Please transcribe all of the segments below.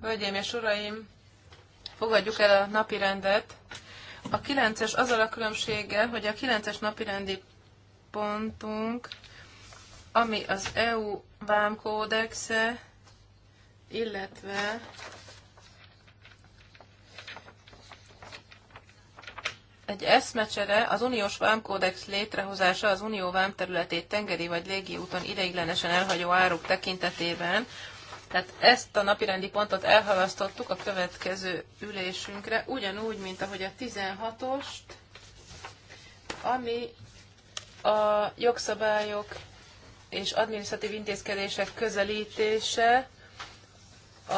Hölgyeim és uraim, fogadjuk el a napi rendet. A 9-es azzal a különbséggel, hogy a 9-es napi rendi pontunk, ami az EU vámkódexe, illetve egy eszmecsere az uniós vámkódex létrehozása az unió vámterületét tengeri vagy légi úton ideiglenesen elhagyó áruk tekintetében, tehát ezt a napirendi pontot elhalasztottuk a következő ülésünkre, ugyanúgy, mint ahogy a 16-ost, ami a jogszabályok és adminisztratív intézkedések közelítése a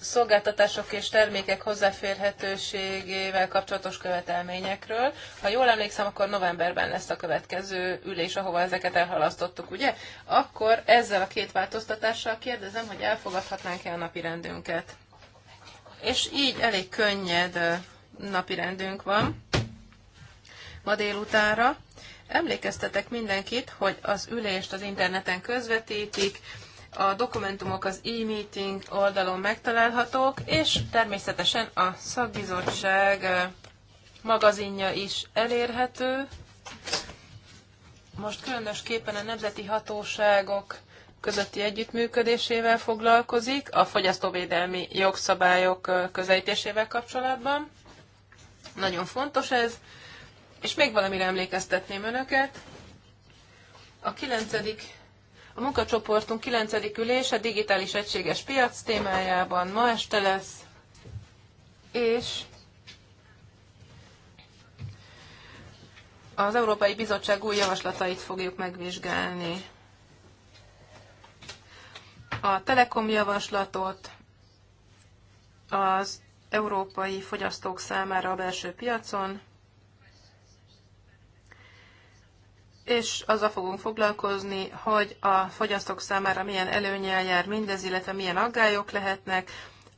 szolgáltatások és termékek hozzáférhetőségével kapcsolatos követelményekről. Ha jól emlékszem, akkor novemberben lesz a következő ülés, ahova ezeket elhalasztottuk, ugye? Akkor ezzel a két változtatással kérdezem, hogy elfogadhatnánk-e a napi rendünket. És így elég könnyed napi rendünk van ma délutára. Emlékeztetek mindenkit, hogy az ülést az interneten közvetítik, a dokumentumok az e-meeting oldalon megtalálhatók, és természetesen a szakbizottság magazinja is elérhető. Most különösképpen a nemzeti hatóságok közötti együttműködésével foglalkozik, a fogyasztóvédelmi jogszabályok közelítésével kapcsolatban. Nagyon fontos ez. És még valamire emlékeztetném önöket. A kilencedik a munkacsoportunk 9. ülése digitális egységes piac témájában ma este lesz, és az Európai Bizottság új javaslatait fogjuk megvizsgálni. A Telekom javaslatot, az európai fogyasztók számára a belső piacon, és azzal fogunk foglalkozni, hogy a fogyasztók számára milyen előnyel jár mindez, illetve milyen aggályok lehetnek.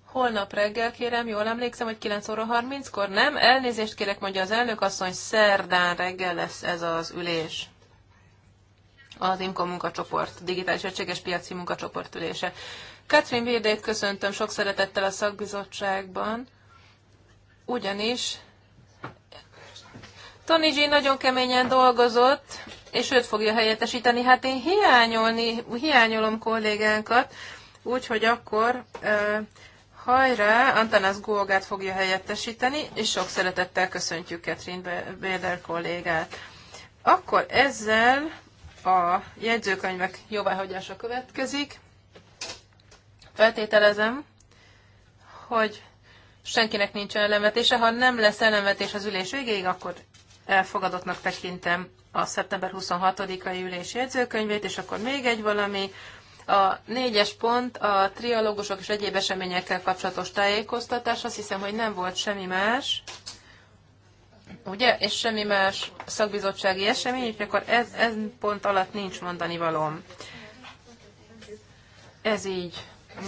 Holnap reggel kérem, jól emlékszem, hogy 9 óra 30-kor nem. Elnézést kérek, mondja az elnök asszony, szerdán reggel lesz ez az ülés az IMCO munkacsoport, digitális egységes piaci munkacsoport ülése. Katrin Védét köszöntöm sok szeretettel a szakbizottságban, ugyanis Tony G nagyon keményen dolgozott, és őt fogja helyettesíteni. Hát én hiányolni, hiányolom kollégánkat, úgyhogy akkor hajrá, Antanas Gógát fogja helyettesíteni, és sok szeretettel köszöntjük Ketrin Béder kollégát. Akkor ezzel a jegyzőkönyvek jóváhagyása következik. Feltételezem, hogy senkinek nincs ellenvetése. Ha nem lesz ellenvetés az ülés végéig, akkor elfogadottnak tekintem a szeptember 26-ai ülés jegyzőkönyvét, és akkor még egy valami, a négyes pont a trialógusok és egyéb eseményekkel kapcsolatos tájékoztatás. Azt hiszem, hogy nem volt semmi más, ugye, és semmi más szakbizottsági esemény, és akkor ez, ez pont alatt nincs mondani valom. Ez így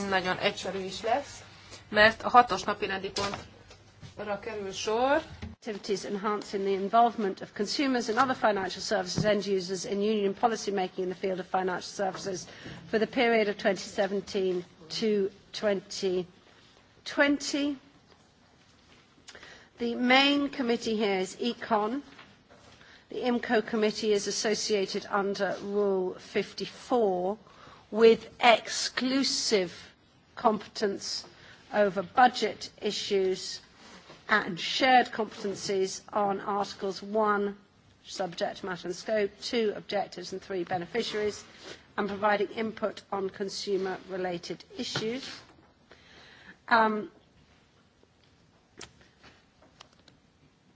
nagyon egyszerű is lesz, mert a hatos napi rendi pontra kerül sor, activities enhancing the involvement of consumers and other financial services end users in union policy making in the field of financial services for the period of 2017 to 2020. The main committee here is Econ. The IMCO committee is associated under Rule 54 with exclusive competence over budget issues and shared competencies on Articles 1, subject matter and scope, 2, objectives, and 3, beneficiaries, and providing input on consumer-related issues. Um,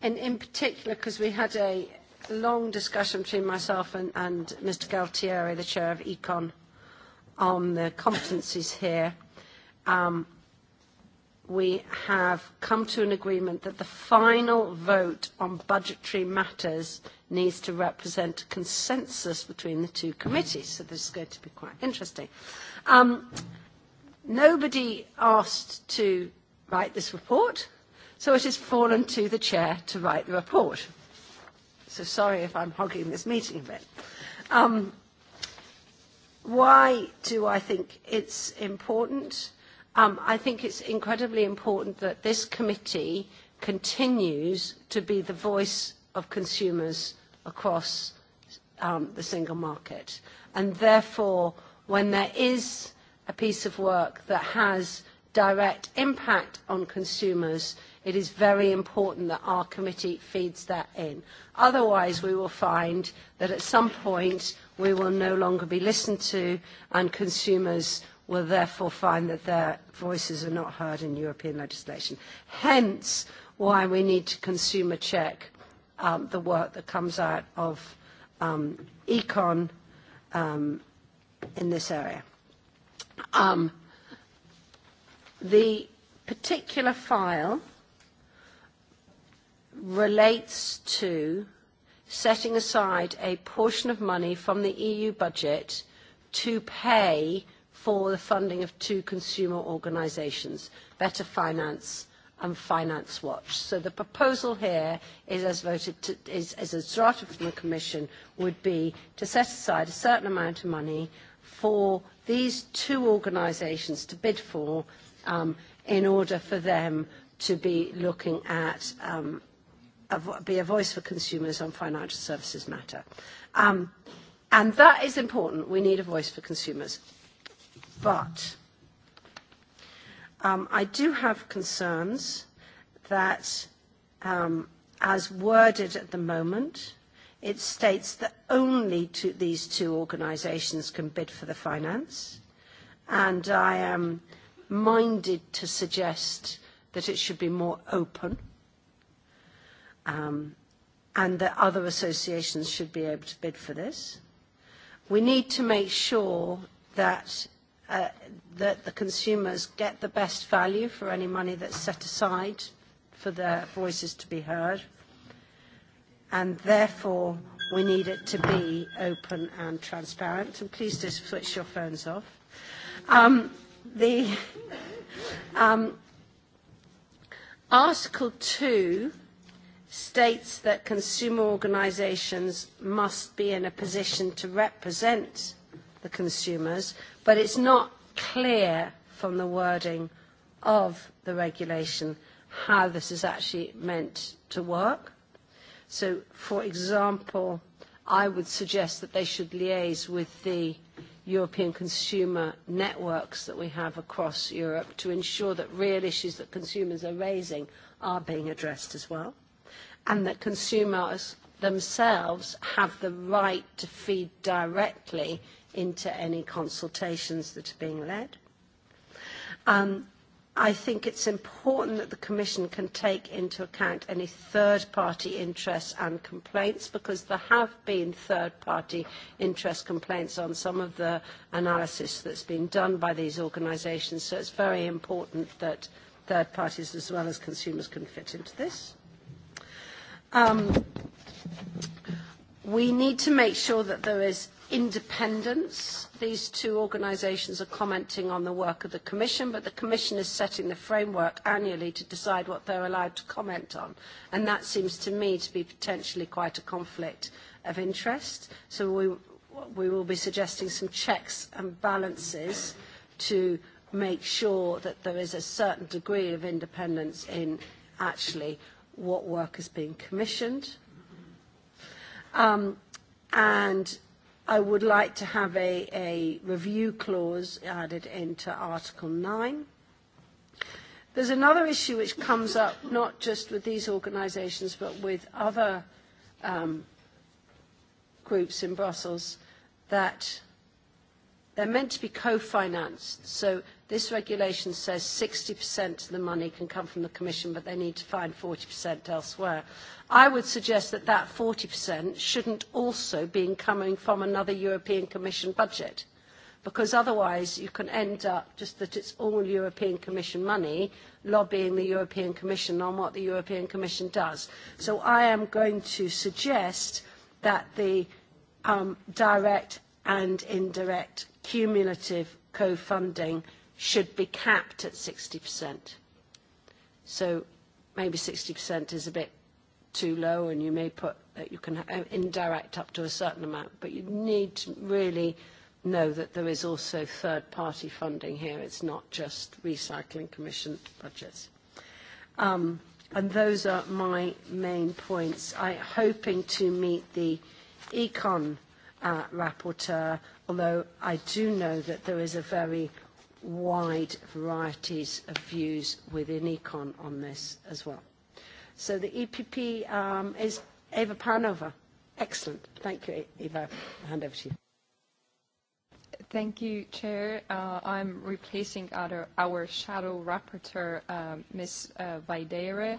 and in particular, because we had a long discussion between myself and, and Mr Galtieri, the Chair of Econ, on the competencies here. Um, we have come to an agreement that the final vote on budgetary matters needs to represent consensus between the two committees. So this is going to be quite interesting. Um, nobody asked to write this report, so it has fallen to the chair to write the report. So sorry if I'm hogging this meeting a bit. Um, why do I think it's important? Um, I think it's incredibly important that this committee continues to be the voice of consumers across um, the single market. And therefore, when there is a piece of work that has direct impact on consumers, it is very important that our committee feeds that in. Otherwise, we will find that at some point we will no longer be listened to and consumers will therefore find that their voices are not heard in European legislation. Hence why we need to consumer check um, the work that comes out of um, econ um, in this area. Um, the particular file relates to setting aside a portion of money from the EU budget to pay for the funding of two consumer organisations, Better Finance and Finance Watch. So the proposal here is as voted to, is, is as drafted from the Commission would be to set aside a certain amount of money for these two organisations to bid for um, in order for them to be looking at um, a, be a voice for consumers on financial services matter. Um, and that is important. We need a voice for consumers. But um, I do have concerns that, um, as worded at the moment, it states that only two, these two organisations can bid for the finance, and I am minded to suggest that it should be more open um, and that other associations should be able to bid for this. We need to make sure that Uh, that the consumers get the best value for any money that's set aside for their voices to be heard. And therefore, we need it to be open and transparent. And please just switch your phones off. Um, the um, Article 2 states that consumer organizations must be in a position to represent the consumers but it's not clear from the wording of the regulation how this is actually meant to work. So, for example, I would suggest that they should liaise with the European consumer networks that we have across Europe to ensure that real issues that consumers are raising are being addressed as well, and that consumers themselves have the right to feed directly into any consultations that are being led. Um, I think it's important that the Commission can take into account any third-party interests and complaints because there have been third-party interest complaints on some of the analysis that's been done by these organisations. So it's very important that third parties as well as consumers can fit into this. Um, we need to make sure that there is independence. These two organisations are commenting on the work of the Commission, but the Commission is setting the framework annually to decide what they're allowed to comment on. And that seems to me to be potentially quite a conflict of interest. So we, we will be suggesting some checks and balances to make sure that there is a certain degree of independence in actually what work is being commissioned. Um, and I would like to have a, a review clause added into Article 9. There's another issue which comes up not just with these organisations but with other um, groups in Brussels that They're meant to be co-financed, so this regulation says 60% of the money can come from the Commission, but they need to find 40% elsewhere. I would suggest that that 40% shouldn't also be coming from another European Commission budget, because otherwise you can end up just that it's all European Commission money lobbying the European Commission on what the European Commission does. So I am going to suggest that the um, direct and indirect cumulative co-funding should be capped at 60%. So maybe 60% is a bit too low and you may put that uh, you can uh, indirect up to a certain amount, but you need to really know that there is also third-party funding here. It's not just recycling commission budgets. Um, and those are my main points. I'm hoping to meet the econ uh, rapporteur although I do know that there is a very wide varieties of views within econ on this as well. So the EPP um, is Eva Panova. Excellent. Thank you, Eva. I'll hand over to you. Thank you, Chair. Uh, I'm replacing our, our shadow rapporteur, um, uh, Ms. Uh, Vaidere.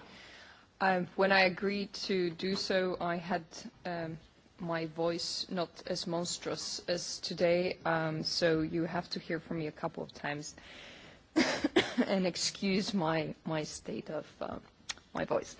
Um, when I agreed to do so, I had um, my voice not as monstrous as today, um, so you have to hear from me a couple of times and excuse my, my state of uh, my voice.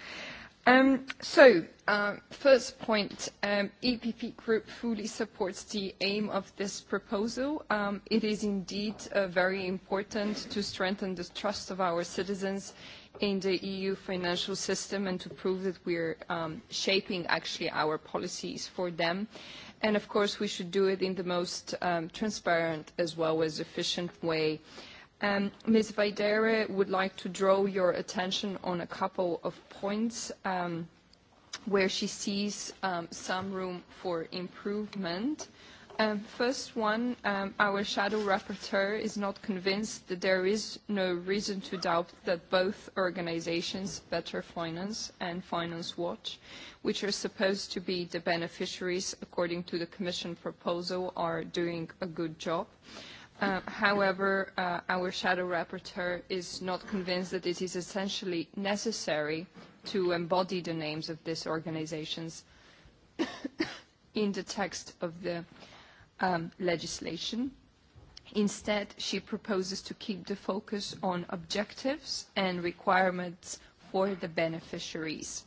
Um, so, uh, first point, um, EPP Group fully supports the aim of this proposal. Um, it is indeed uh, very important to strengthen the trust of our citizens in the EU financial system and to prove that we're um, shaping actually our policies for them. And of course, we should do it in the most um, transparent as well as efficient way. Um, Ms. Vaidere would like to draw your attention on a couple of points um, where she sees um, some room for improvement. Um, first one, um, our shadow rapporteur is not convinced that there is no reason to doubt that both organizations, Better Finance and Finance Watch, which are supposed to be the beneficiaries according to the Commission proposal, are doing a good job. Uh, however, uh, our shadow rapporteur is not convinced that it is essentially necessary to embody the names of these organizations in the text of the um, legislation. Instead, she proposes to keep the focus on objectives and requirements for the beneficiaries.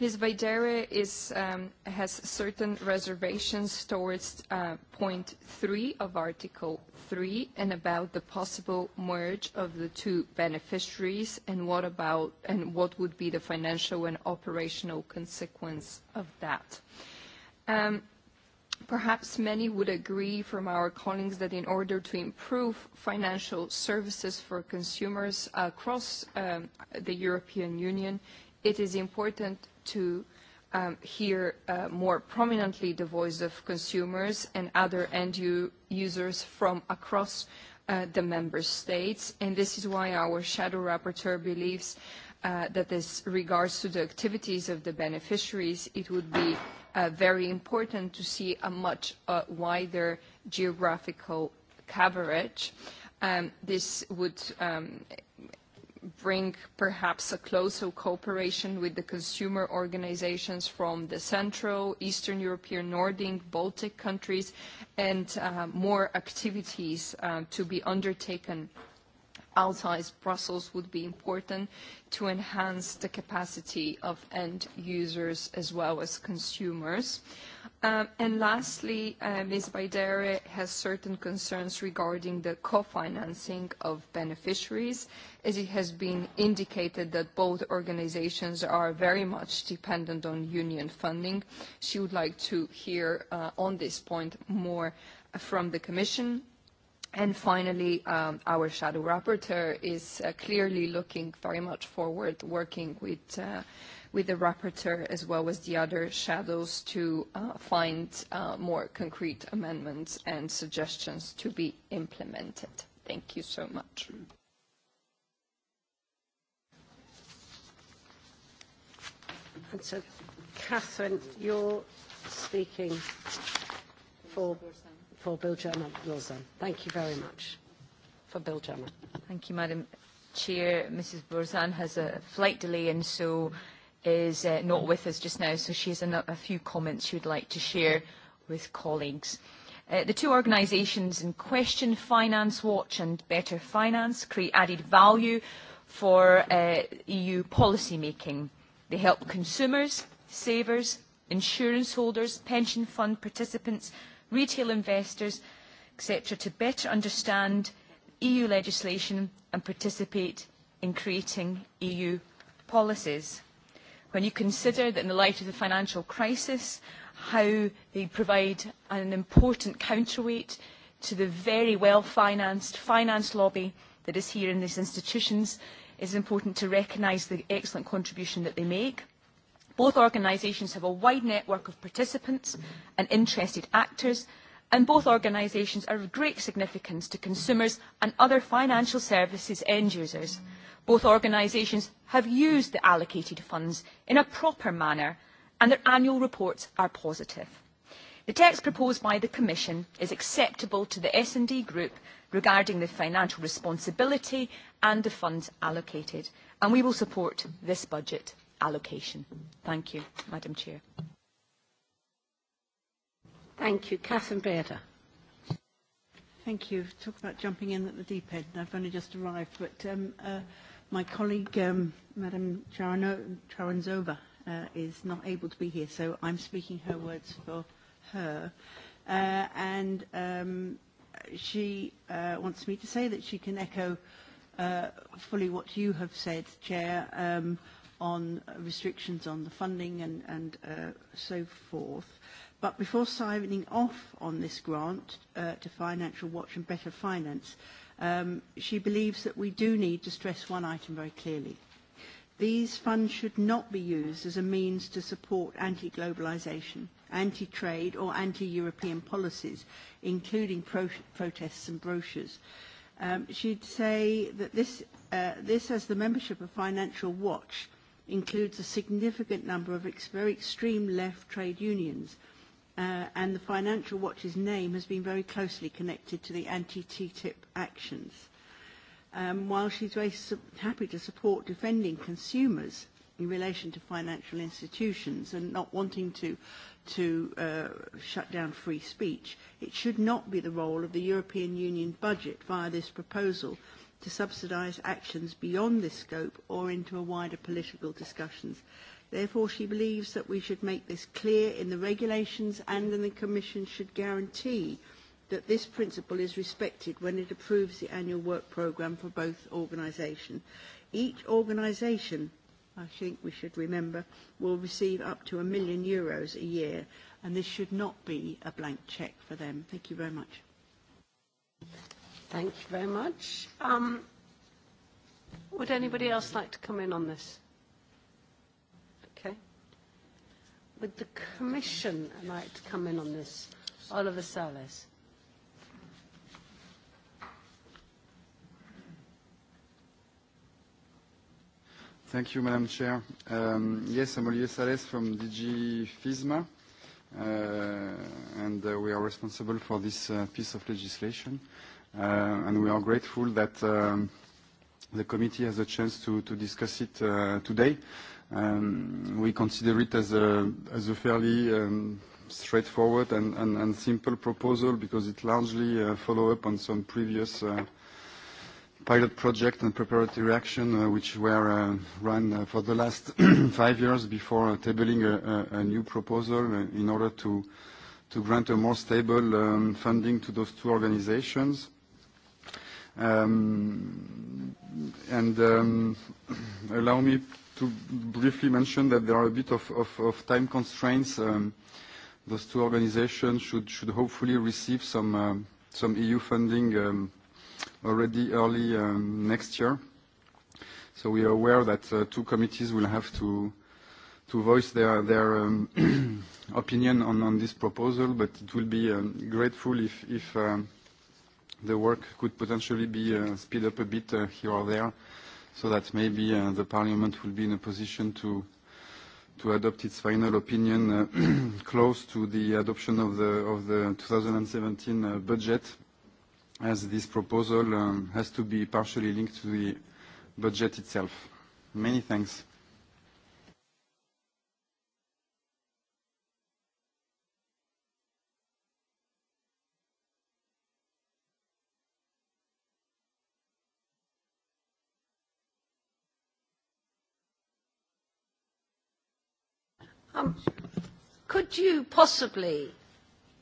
Ms. Vaidere is, um, has certain reservations towards uh, point three of Article 3 and about the possible merge of the two beneficiaries and what about and what would be the financial and operational consequence of that. Um, Perhaps many would agree from our colleagues that in order to improve financial services for consumers across um, the European Union, it is important to um, hear uh, more prominently the voice of consumers and other end users from across uh, the member states. And this is why our shadow rapporteur believes uh, that as regards to the activities of the beneficiaries, it would be Uh, very important to see a much uh, wider geographical coverage. Um, this would um, bring perhaps a closer cooperation with the consumer organizations from the Central, Eastern European, Nordic, Baltic countries, and uh, more activities uh, to be undertaken uh, outside Brussels would be important to enhance the capacity of end users as well as consumers. Um, and lastly, uh, Ms. Baidere has certain concerns regarding the co-financing of beneficiaries, as it has been indicated that both organizations are very much dependent on union funding. She would like to hear uh, on this point more from the Commission finally, um, our shadow rapporteur is uh, clearly looking very much forward working with, uh, with the rapporteur as well as the other shadows to uh, find uh, more concrete amendments and suggestions to be implemented. Thank you so much. And so, Catherine, you're speaking for for Bill German Wilson. Thank you very much. For Bill German. Thank you, Madam Chair. Mrs. Borzan has a flight delay and so is uh, not with us just now, so she has a, a few comments she would like to share with colleagues. Uh, the two organisations in question, Finance Watch and Better Finance, create added value for uh, EU policy making. They help consumers, savers, insurance holders, pension fund participants retail investors, etc., to better understand EU legislation and participate in creating EU policies. When you consider that in the light of the financial crisis, how they provide an important counterweight to the very well-financed finance lobby that is here in these institutions, it is important to recognise the excellent contribution that they make. Both organisations have a wide network of participants and interested actors, and both organisations are of great significance to consumers and other financial services end users. Both organisations have used the allocated funds in a proper manner, and their annual reports are positive. The text proposed by the Commission is acceptable to the S&D Group regarding the financial responsibility and the funds allocated, and we will support this budget allocation. Thank you, Madam Chair. Thank you. Catherine Bearder. Thank you. Talk about jumping in at the deep end. I've only just arrived, but um, uh, my colleague, um, Madam Charanzova, uh, is not able to be here, so I'm speaking her words for her. Uh, and um, she uh, wants me to say that she can echo uh, fully what you have said, Chair. Um, uh, on restrictions on the funding and, and uh, so forth. But before signing off on this grant uh, to Financial Watch and Better Finance, um, she believes that we do need to stress one item very clearly. These funds should not be used as a means to support anti-globalization, anti-trade or anti-European policies, including pro protests and brochures. Um, she'd say that this, uh, this, as the membership of Financial Watch, includes a significant number of ex- very extreme left trade unions, uh, and the Financial Watch's name has been very closely connected to the anti-TTIP actions. Um, while she's very happy to support defending consumers in relation to financial institutions and not wanting to, to uh, shut down free speech, it should not be the role of the European Union budget via this proposal to subsidise actions beyond this scope or into a wider political discussions. Therefore, she believes that we should make this clear in the regulations and then the Commission should guarantee that this principle is respected when it approves the annual work programme for both organisations. Each organisation, I think we should remember, will receive up to a million euros a year, and this should not be a blank cheque for them. Thank you very much. Thank you very much. Um, would anybody else like to come in on this? Okay. Would the Commission like to come in on this? Oliver Salas. Thank you, Madam Chair. Um, yes, I'm Olivier Sales from DG FISMA, uh, and uh, we are responsible for this uh, piece of legislation. Uh, Uh, and we are grateful that um, the committee has a chance to, to discuss it uh, today. Um, we consider it as a, as a fairly um, straightforward and, and, and simple proposal because it largely uh, follow up on some previous uh, pilot project and preparatory action uh, which were uh, run uh, for the last five years before uh, tabling a, a, a new proposal uh, in order to, to grant a more stable um, funding to those two organizations. Um, and um, allow me to briefly mention that there are a bit of, of, of time constraints. Um, those two organizations should, should hopefully receive some, um, some EU funding um, already early um, next year. So we are aware that uh, two committees will have to, to voice their, their um, opinion on, on this proposal, but it will be um, grateful if, if um, the work could potentially be uh, speed up a bit uh, here or there, so that maybe uh, the Parliament will be in a position to to adopt its final opinion uh, close to the adoption of the of the 2017 uh, budget, as this proposal um, has to be partially linked to the budget itself. Many thanks. Um, could you possibly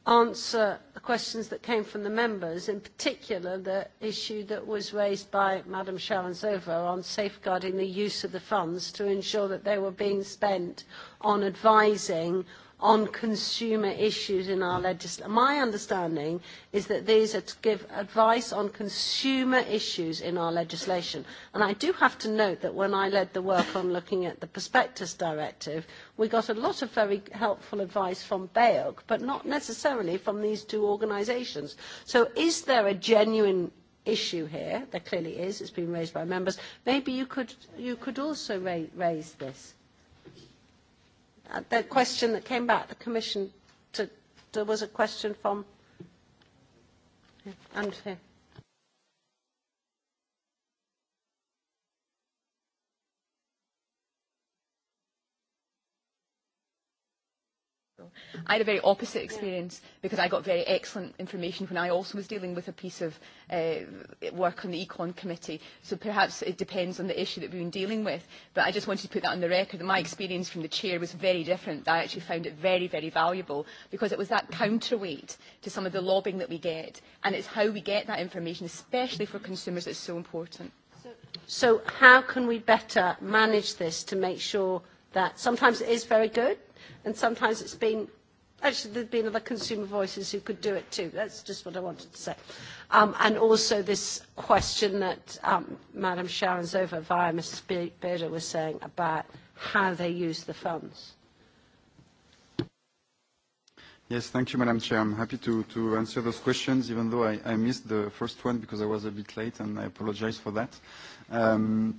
answer the questions that came from the members, in particular the issue that was raised by Madam Sharon Zover on safeguarding the use of the funds to ensure that they were being spent on advising on consumer issues in our legislation. My understanding is that these are to give advice on consumer issues in our legislation. And I do have to note that when I led the work on looking at the prospectus directive, we got a lot of very helpful advice from BAOC, but not necessarily from these two organisations. So is there a genuine issue here? There clearly is. It's been raised by members. Maybe you could, you could also ra raise this. Uh, the question that came back, the Commission, to, there was a question from... And here. I had a very opposite experience because I got very excellent information when I also was dealing with a piece of uh, work on the Econ Committee. So perhaps it depends on the issue that we've been dealing with. But I just wanted to put that on the record that my mm. experience from the chair was very different. I actually found it very, very valuable because it was that mm. counterweight to some of the lobbying that we get. And it's how we get that information, especially for consumers, that's so important. So how can we better manage this to make sure that sometimes it is very good and sometimes it's been Actually, there'd been other consumer voices who could do it too. That's just what I wanted to say. Um, and also this question that um, Madam Sharon Zova via Mrs. Bader was saying about how they use the funds. Yes, thank you, Madam Chair. I'm happy to, to answer those questions, even though I, I missed the first one because I was a bit late, and I apologize for that. Um,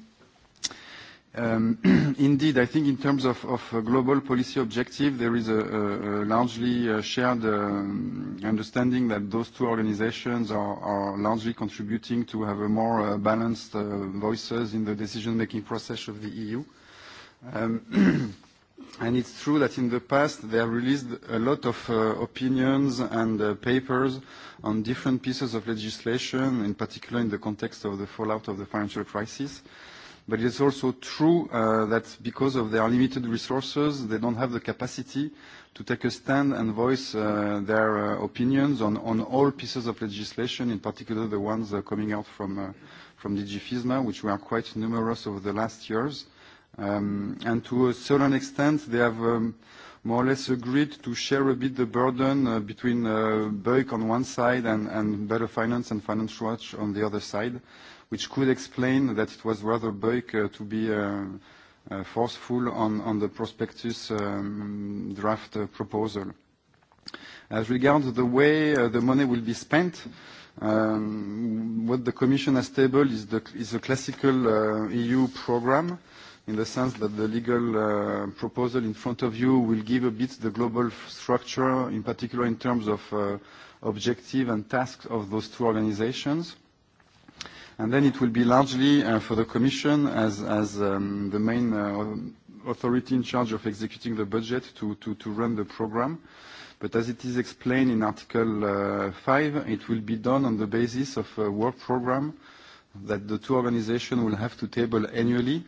Um, indeed, I think in terms of, global policy objective, there is a, largely uh, shared um, understanding that those two organizations are, largely contributing to have a more uh, balanced uh, voices in the decision-making process of the EU. Um, and it's true that in the past they have released a lot of opinions and papers on different pieces of legislation, in particular in the context of the fallout of the financial crisis. But it's also true uh, that because of their limited resources, they don't have the capacity to take a stand and voice uh, their uh, opinions on, on all pieces of legislation, in particular the ones uh, coming out from, uh, from DG FISMA, which were quite numerous over the last years. Um, and to a certain extent, they have um, more or less agreed to share a bit the burden uh, between uh, BEUC on one side and, and Better Finance and Finance Watch on the other side which could explain that it was rather big uh, to be uh, uh, forceful on, on the prospectus um, draft uh, proposal. As regards the way uh, the money will be spent, um, what the Commission has tabled is, the, is a classical uh, EU program in the sense that the legal uh, proposal in front of you will give a bit the global structure, in particular in terms of uh, objective and tasks of those two organizations. And then it will be largely uh, for the Commission as, as um, the main uh, authority in charge of executing the budget to, to, to run the program. But as it is explained in Article uh, 5, it will be done on the basis of a work program that the two organizations will have to table annually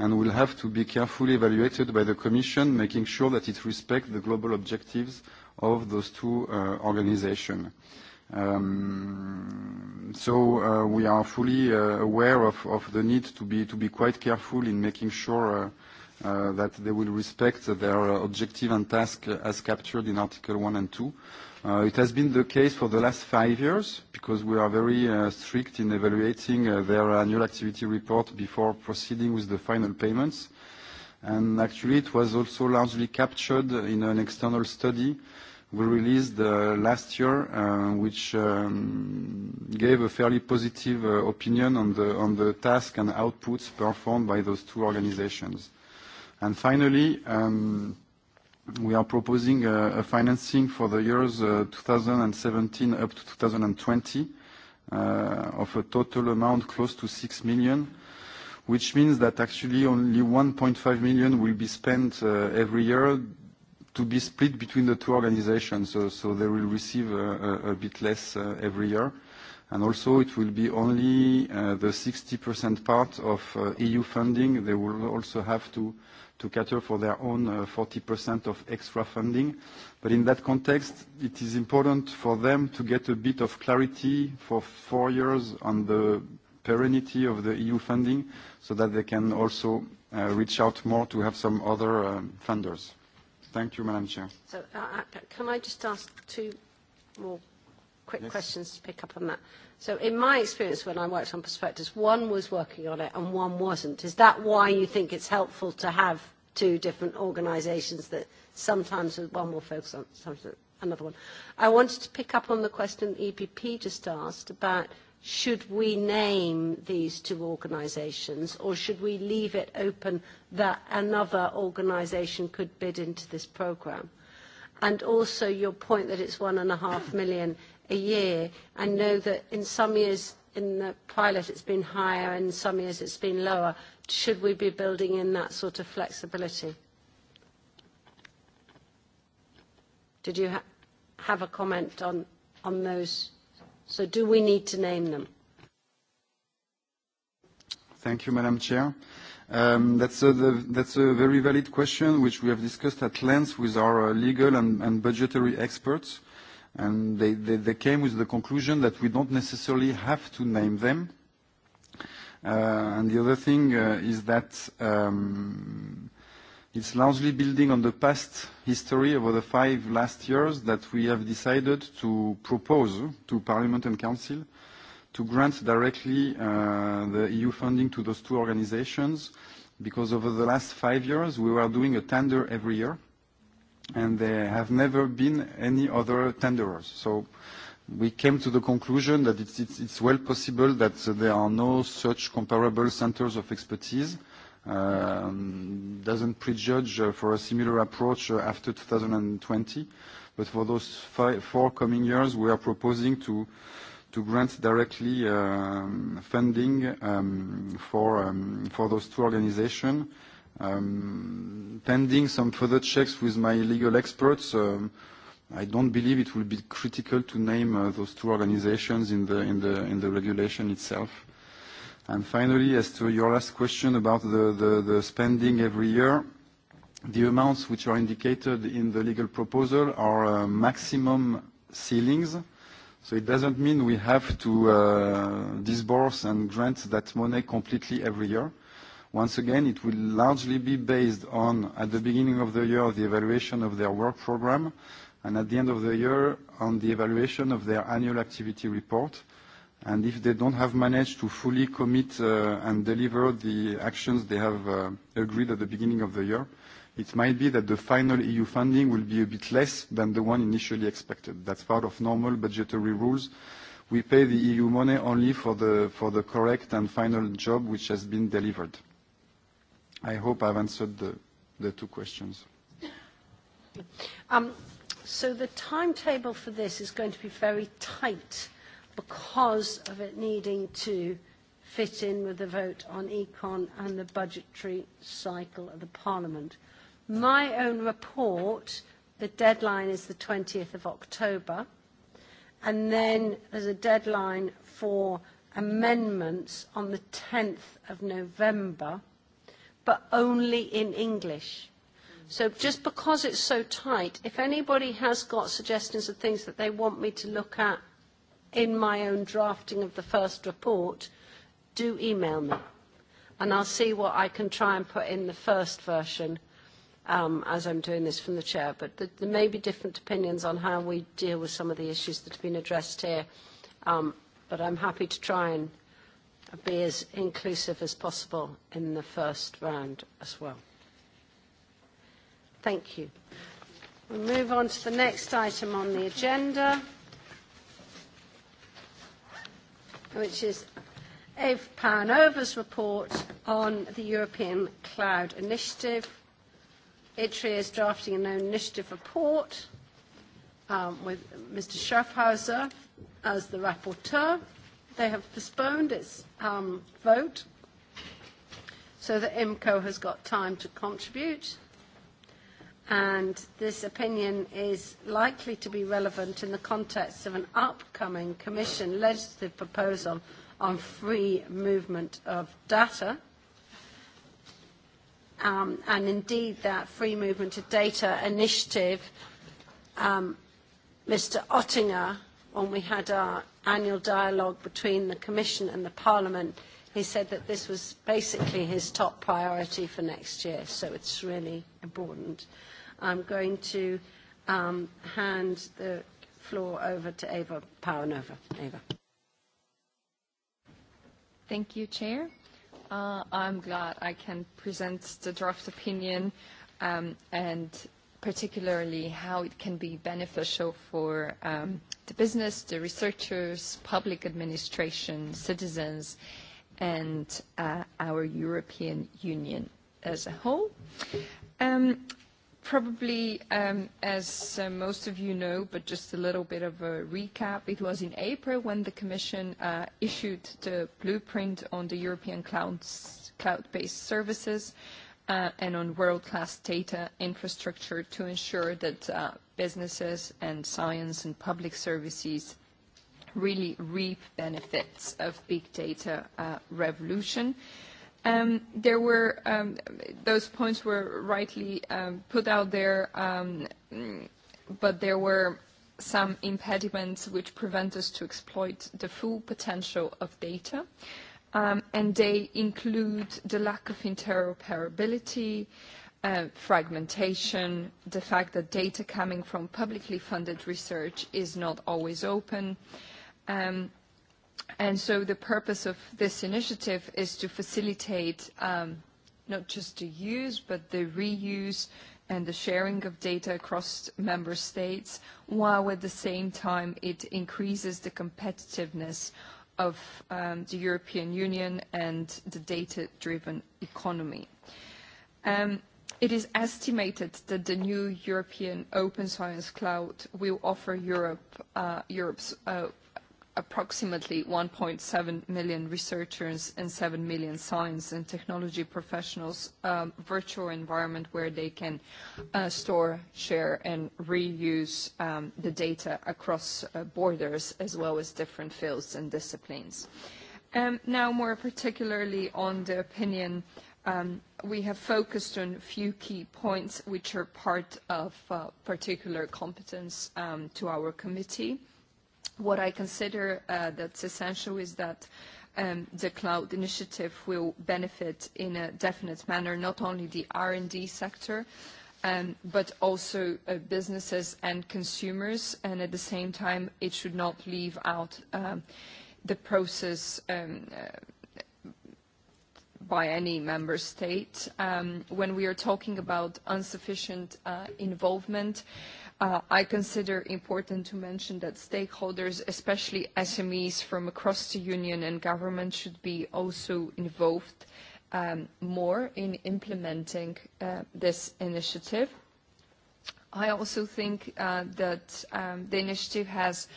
and will have to be carefully evaluated by the Commission, making sure that it respects the global objectives of those two uh, organizations. Um, so uh, we are fully uh, aware of, the need to be, quite careful in making sure uh, that they will respect their objective and task as captured in Article 1 and 2. it has been the case for the last five years because we are very strict in evaluating their annual activity report before proceeding with the final payments. And actually, it was also largely captured in an external study we released uh, last year, uh, which um, gave a fairly positive uh, opinion on the, on the task and outputs performed by those two organizations. And finally, um, we are proposing a, a financing for the years 2017 up to 2020 of a total amount close to 6 million, which means that actually only 1.5 million will be spent every year to be split between the two organizations, so, so they will receive a, a, a bit less uh, every year. And also it will be only uh, the 60% part of uh, EU funding. They will also have to, to cater for their own uh, 40% of extra funding. But in that context, it is important for them to get a bit of clarity for four years on the perennity of the EU funding so that they can also uh, reach out more to have some other um, funders. Thank you, Madam Chair. So uh, uh can I just ask two more quick yes. questions to pick up on that? So in my experience when I worked on prospectus, one was working on it and one wasn't. Is that why you think it's helpful to have two different organisations that sometimes one will focus on, sometimes another one? I wanted to pick up on the question EPP just asked about – should we name these two organisations or should we leave it open that another organisation could bid into this programme? And also your point that it's one and a half million a year. I know that in some years in the pilot it's been higher and in some years it's been lower. Should we be building in that sort of flexibility? Did you ha have a comment on, on those So do we need to name them? Thank you, Madam Chair. Um, that's, a, the, that's a very valid question, which we have discussed at length with our uh, legal and, and budgetary experts. And they, they, they came with the conclusion that we don't necessarily have to name them. Uh, and the other thing uh, is that um, It's largely building on the past history over the five last years that we have decided to propose to Parliament and Council to grant directly uh, the EU funding to those two organizations because over the last five years we were doing a tender every year and there have never been any other tenderers. So we came to the conclusion that it's, well possible that there are no such comparable centers of expertise um, doesn't prejudge uh, for a similar approach uh, after 2020. But for those five, four coming years, we are proposing to to grant directly um, funding um, for um, for those two organizations. Um, pending some further checks with my legal experts, um, I don't believe it will be critical to name uh, those two organizations in the in the in the regulation itself. And finally, as to your last question about the, the, the spending every year, the amounts which are indicated in the legal proposal are uh, maximum ceilings. So it doesn't mean we have to uh, disburse and grant that money completely every year. Once again, it will largely be based on, at the beginning of the year, the evaluation of their work program, and at the end of the year, on the evaluation of their annual activity report, and if they don't have managed to fully commit uh, and deliver the actions they have uh, agreed at the beginning of the year, it might be that the final EU funding will be a bit less than the one initially expected. That's part of normal budgetary rules. We pay the EU money only for the, for the correct and final job which has been delivered. I hope I've answered the, the two questions. Um, so the timetable for this is going to be very tight because of it needing to fit in with the vote on econ and the budgetary cycle of the parliament. My own report, the deadline is the 20th of October, and then there's a deadline for amendments on the 10th of November, but only in English. So just because it's so tight, if anybody has got suggestions of things that they want me to look at in my own drafting of the first report, do email me. And I'll see what I can try and put in the first version um, as I'm doing this from the chair. But th there may be different opinions on how we deal with some of the issues that have been addressed here. Um, but I'm happy to try and be as inclusive as possible in the first round as well. Thank you. We move on to the next item on the agenda. which is Eve Panova's report on the European Cloud Initiative. ITRI is drafting an initiative report um, with Mr. Schaffhauser as the rapporteur. They have postponed its um, vote so that IMCO has got time to contribute and this opinion is likely to be relevant in the context of an upcoming Commission legislative proposal on free movement of data. Um, and indeed, that free movement of data initiative, um, Mr. Ottinger, when we had our annual dialogue between the Commission and the Parliament, he said that this was basically his top priority for next year, so it's really important. I'm going to um, hand the floor over to Eva Paranova. Eva. Thank you, Chair. Uh, I'm glad I can present the draft opinion um, and particularly how it can be beneficial for um, the business, the researchers, public administration, citizens, and uh, our European Union as a whole. Um, Probably, um, as uh, most of you know, but just a little bit of a recap, it was in April when the Commission uh, issued the blueprint on the European cloud-based services uh, and on world-class data infrastructure to ensure that uh, businesses and science and public services really reap benefits of big data uh, revolution. Uh, Um, there were um, those points were rightly um, put out there, um, but there were some impediments which prevent us to exploit the full potential of data, um, and they include the lack of interoperability, uh, fragmentation, the fact that data coming from publicly funded research is not always open. Um, And so the purpose of this initiative is to facilitate um, not just the use, but the reuse and the sharing of data across member states, while at the same time it increases the competitiveness of um, the European Union and the data-driven economy. Um, it is estimated that the new European Open Science Cloud will offer Europe, uh, Europe's uh, approximately 1.7 million researchers and 7 million science and technology professionals um, virtual environment where they can uh, store, share, and reuse um, the data across uh, borders as well as different fields and disciplines. Um, now, more particularly on the opinion, um, we have focused on a few key points which are part of uh, particular competence um, to our committee. What I consider uh, that's essential is that um, the cloud initiative will benefit in a definite manner not only the R&D sector, um, but also uh, businesses and consumers, and at the same time, it should not leave out um, the process um, uh, by any member state. Um, when we are talking about insufficient uh, involvement, uh, Uh, I consider important to mention that stakeholders, especially SMEs from across the union and government, should be also involved um, more in implementing uh, this initiative. I also think uh, that um, the initiative has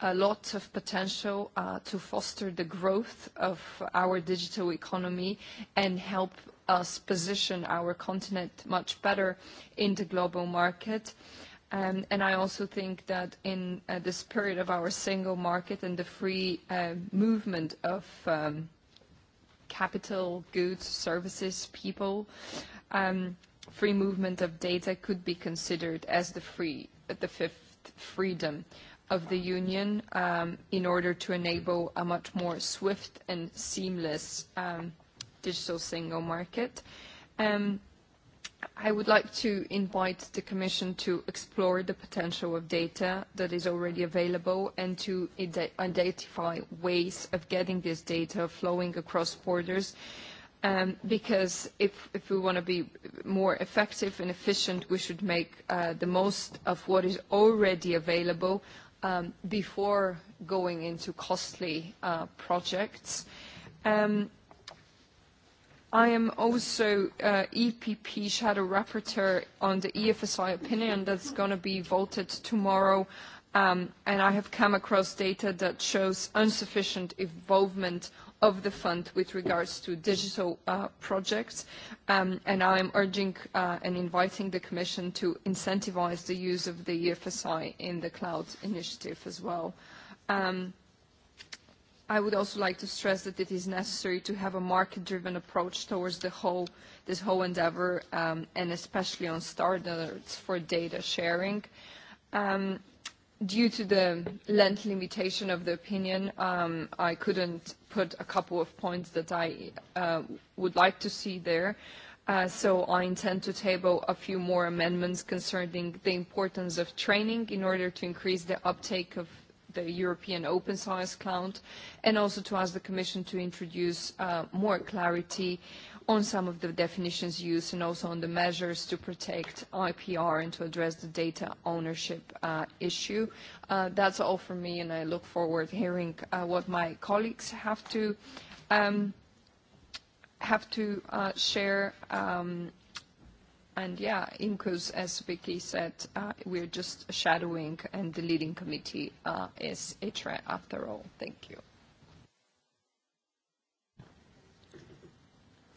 a lot of potential uh, to foster the growth of our digital economy and help us position our continent much better in the global market. Uh, Um, and I also think that in uh, the spirit of our single market and the free uh, movement of um, capital, goods, services, people, um, free movement of data could be considered as the, free, the fifth freedom of the Union um, in order to enable a much more swift and seamless um, digital single market. Um, I would like to invite the Commission to explore the potential of data that is already available and to identify ways of getting this data flowing across borders. Um, because if, if we want to be more effective and efficient, we should make uh, the most of what is already available um, before going into costly uh, projects. Um, I am also uh, EPP Shadow Rapporteur on the EFSI opinion that's going to be voted tomorrow. Um, and I have come across data that shows insufficient involvement of the fund with regards to digital uh, projects. Um, and I am urging uh, and inviting the Commission to incentivize the use of the EFSI in the cloud initiative as well. Um, I would also like to stress that it is necessary to have a market-driven approach towards the whole, this whole endeavor, um, and especially on standards for data sharing. Um, due to the length limitation of the opinion, um, I couldn't put a couple of points that I uh, would like to see there. Uh, so I intend to table a few more amendments concerning the importance of training in order to increase the uptake of the European Open Science Cloud, and also to ask the Commission to introduce uh, more clarity on some of the definitions used and also on the measures to protect IPR and to address the data ownership uh, issue. Uh, that's all from me, and I look forward to hearing uh, what my colleagues have to um, have to uh, share um, And yeah, IMCOS, as Vicky said, uh, we're just shadowing, and the leading committee uh, is ITRE after all. Thank you.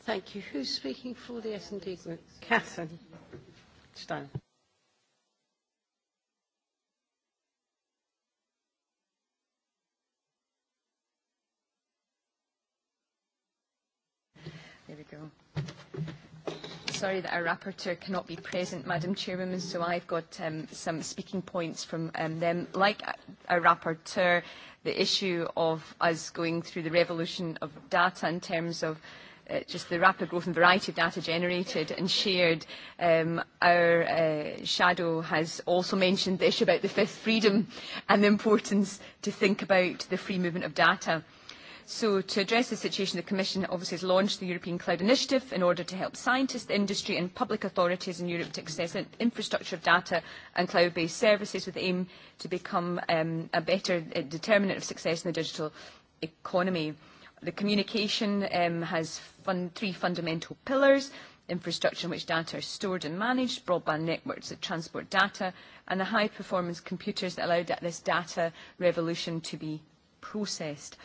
Thank you. Who's speaking for the S&D group? Catherine Stein. There we go sorry that our rapporteur cannot be present, Madam Chairwoman, so I've got um, some speaking points from um, them. Like our rapporteur, the issue of us going through the revolution of data in terms of uh, just the rapid growth and variety of data generated and shared. Um, our uh, shadow has also mentioned the issue about the fifth freedom and the importance to think about the free movement of data So to address the situation, the Commission obviously has launched the European Cloud Initiative in order to help scientists, industry and public authorities in Europe to access infrastructure of data and cloud-based services with the aim to become um, a better uh, determinant of success in the digital economy. The communication um, has fun three fundamental pillars, infrastructure in which data are stored and managed, broadband networks that transport data, and the high-performance computers that allow this data revolution to be processed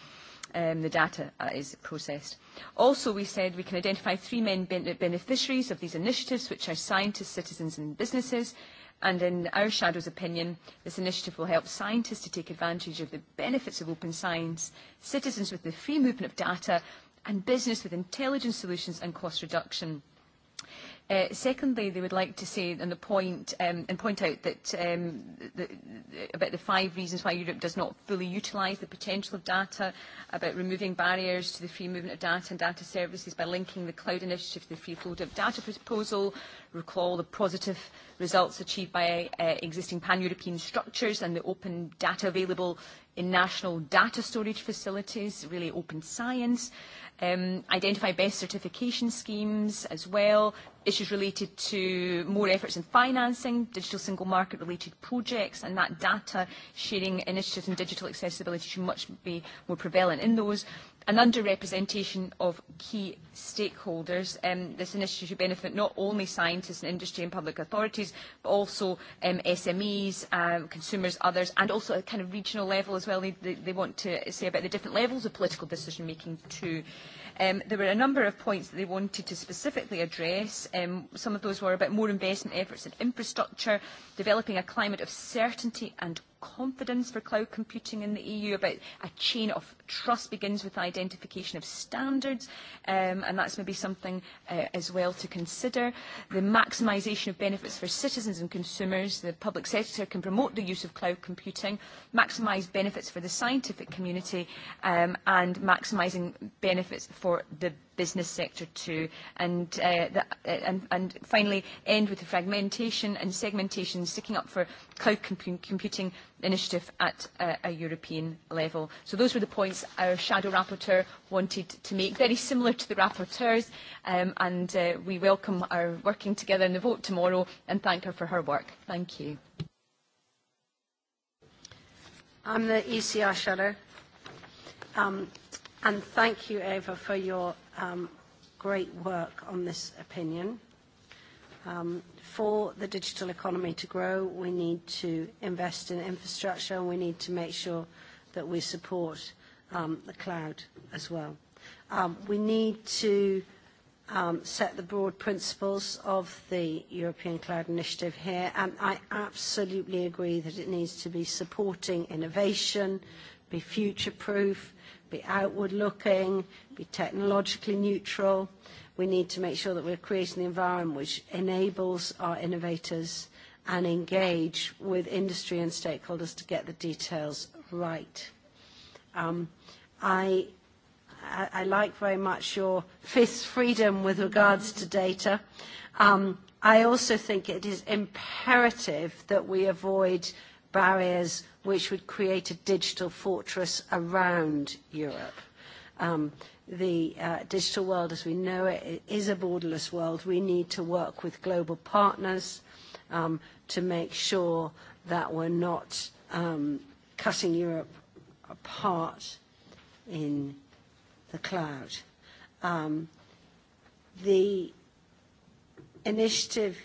um, the data uh, is processed. Also, we said we can identify three main ben beneficiaries of these initiatives, which are scientists, citizens and businesses. And in our Shadow's opinion, this initiative will help scientists to take advantage of the benefits of open science, citizens with the free movement of data, and business with intelligent solutions and cost reduction. Uh, secondly, they would like to say on the point um, and point out that um, the, about the five reasons why Europe does not fully utilise the potential of data, about removing barriers to the free movement of data and data services by linking the cloud initiative to the free flow of data proposal, recall the positive results achieved by uh, existing pan-European structures and the open data available in national data storage facilities, really open science, um, identify best certification schemes as well, issues related to more efforts in financing, digital single market related projects, and that data sharing initiatives and digital accessibility should much be more prevalent in those an underrepresentation of key stakeholders. Um, this initiative should benefit not only scientists and industry and public authorities, but also um, SMEs, um, consumers, others, and also at a kind of regional level as well. They, they, they want to say about the different levels of political decision making too. Um, there were a number of points that they wanted to specifically address. Um, some of those were about more investment efforts in infrastructure, developing a climate of certainty and confidence for cloud computing in the EU, about a chain of trust begins with identification of standards, um, and that's maybe something uh, as well to consider. The maximisation of benefits for citizens and consumers. The public sector can promote the use of cloud computing, maximise benefits for the scientific community, um, and maximising benefits for the business sector too. And, uh, the, uh, and, and finally, end with the fragmentation and segmentation, sticking up for cloud comp computing initiative at a, a European level. So those were the points our shadow rapporteur wanted to make, very similar to the rapporteurs, um, and uh, we welcome our working together in the vote tomorrow and thank her for her work. Thank you. I'm the ECR shadow. Um, and thank you, Eva, for your um, great work on this opinion. Um, for the digital economy to grow, we need to invest in infrastructure and we need to make sure that we support um, the cloud as well. Um, we need to um, set the broad principles of the European Cloud Initiative here, and I absolutely agree that it needs to be supporting innovation, be future-proof, be outward-looking, be technologically neutral, we need to make sure that we're creating the environment which enables our innovators and engage with industry and stakeholders to get the details right. Um, I, I, I like very much your fifth freedom with regards to data. Um, I also think it is imperative that we avoid barriers which would create a digital fortress around Europe. Um, the uh, digital world as we know it, it is a borderless world. We need to work with global partners um, to make sure that we're not um, cutting Europe apart in the cloud. Um, the initiative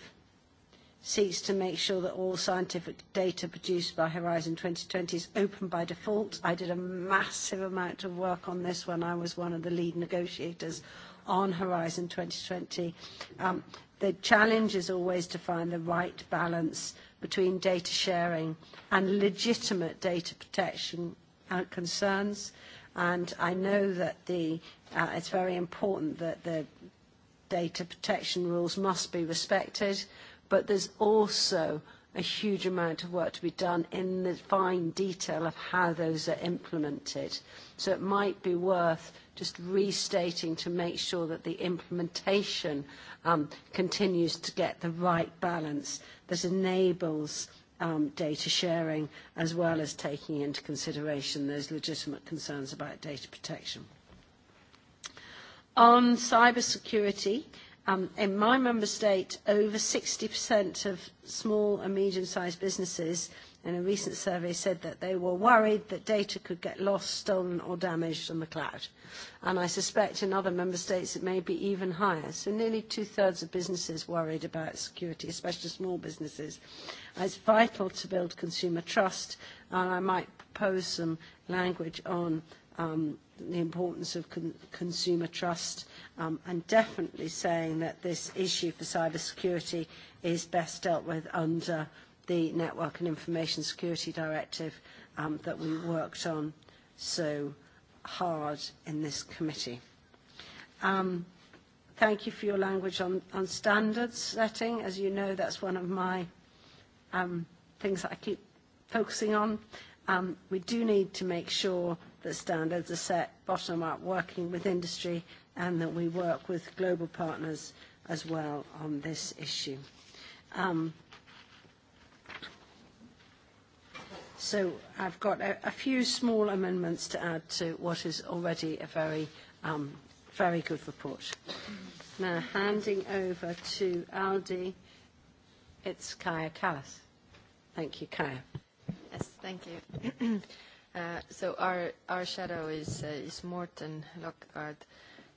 seeks to make sure that all scientific data produced by Horizon 2020 is open by default. I did a massive amount of work on this when I was one of the lead negotiators on Horizon 2020. Um, the challenge is always to find the right balance between data sharing and legitimate data protection uh, concerns. And I know that the, uh, it's very important that the data protection rules must be respected but there's also a huge amount of work to be done in the fine detail of how those are implemented. So it might be worth just restating to make sure that the implementation um, continues to get the right balance that enables um, data sharing as well as taking into consideration those legitimate concerns about data protection. On cybersecurity, Um, in my member state, over 60% of small and medium-sized businesses in a recent survey said that they were worried that data could get lost, stolen or damaged on the cloud. And I suspect in other member states it may be even higher. So nearly two-thirds of businesses worried about security, especially small businesses. It's vital to build consumer trust, and I might propose some language on um, the importance of con consumer trust Um, I'm definitely saying that this issue for cybersecurity is best dealt with under the Network and Information Security Directive um, that we worked on so hard in this committee. Um, thank you for your language on, on standards setting. As you know, that's one of my um, things that I keep focusing on. Um, we do need to make sure that standards are set bottom up, working with industry and that we work with global partners as well on this issue. Um, so I've got a, a few small amendments to add to what is already a very, um, very good report. Now, handing over to Aldi, it's Kaya Callas. Thank you, Kaya. Yes, thank you. uh, so our, our shadow is, uh, is Morten Lockhart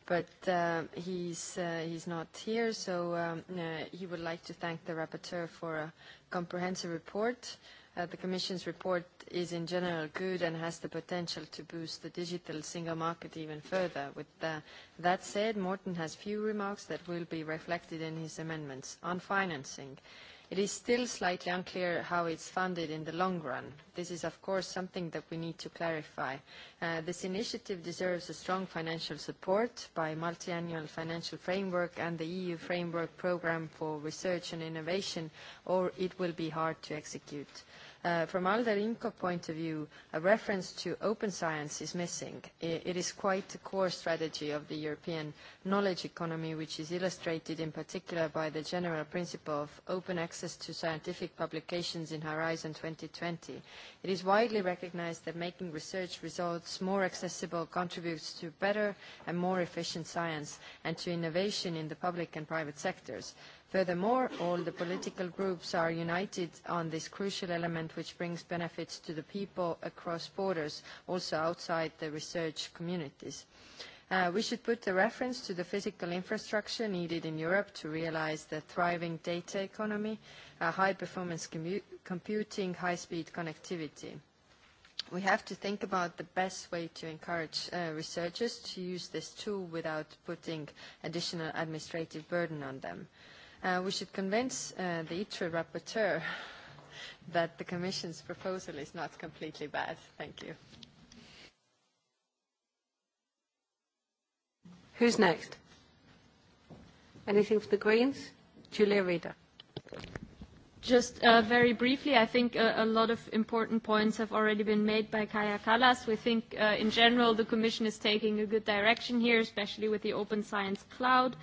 but uh, he's, uh, he's not here, so um, uh, he would like to thank the rapporteur for a comprehensive report. Uh, the Commission's report is in general good and has the potential to boost the digital single market even further. With uh, that said, Morton has few remarks that will be reflected in his amendments. On financing, uh, It is still slightly unclear how it's funded in the long run. This is, of course, something that we need to clarify. Uh, this initiative deserves a strong financial support by multiannual financial framework and the EU framework program for research and innovation, or it will be hard to execute. Uh, Uh, from Alder point of view, a reference to open science is missing. It, it is quite a core strategy of the European knowledge economy, which is illustrated in particular by the general principle of open access to scientific publications in Horizon 2020. It is widely recognized that making research results more accessible contributes to better and more efficient science and to innovation in the public and private sectors. Furthermore, all the political groups are united on this crucial element which brings benefits to the people across borders, also outside the research communities. Uh, we should put the reference to the physical infrastructure needed in Europe to realize the thriving data economy, uh, high-performance computing, high-speed connectivity. We have to think about the best way to encourage uh, researchers to use this tool without putting additional administrative burden on them. Uh, we should convince uh, the ITRE rapporteur that the Commission's proposal is not completely bad. Thank you. Who's next? Anything for the Greens? Julia Rita. Just uh, very briefly, I think a, a lot of important points have already been made by Kaya Kalas. We think, uh, in general, the Commission is taking a good direction here, especially with the Open Science Cloud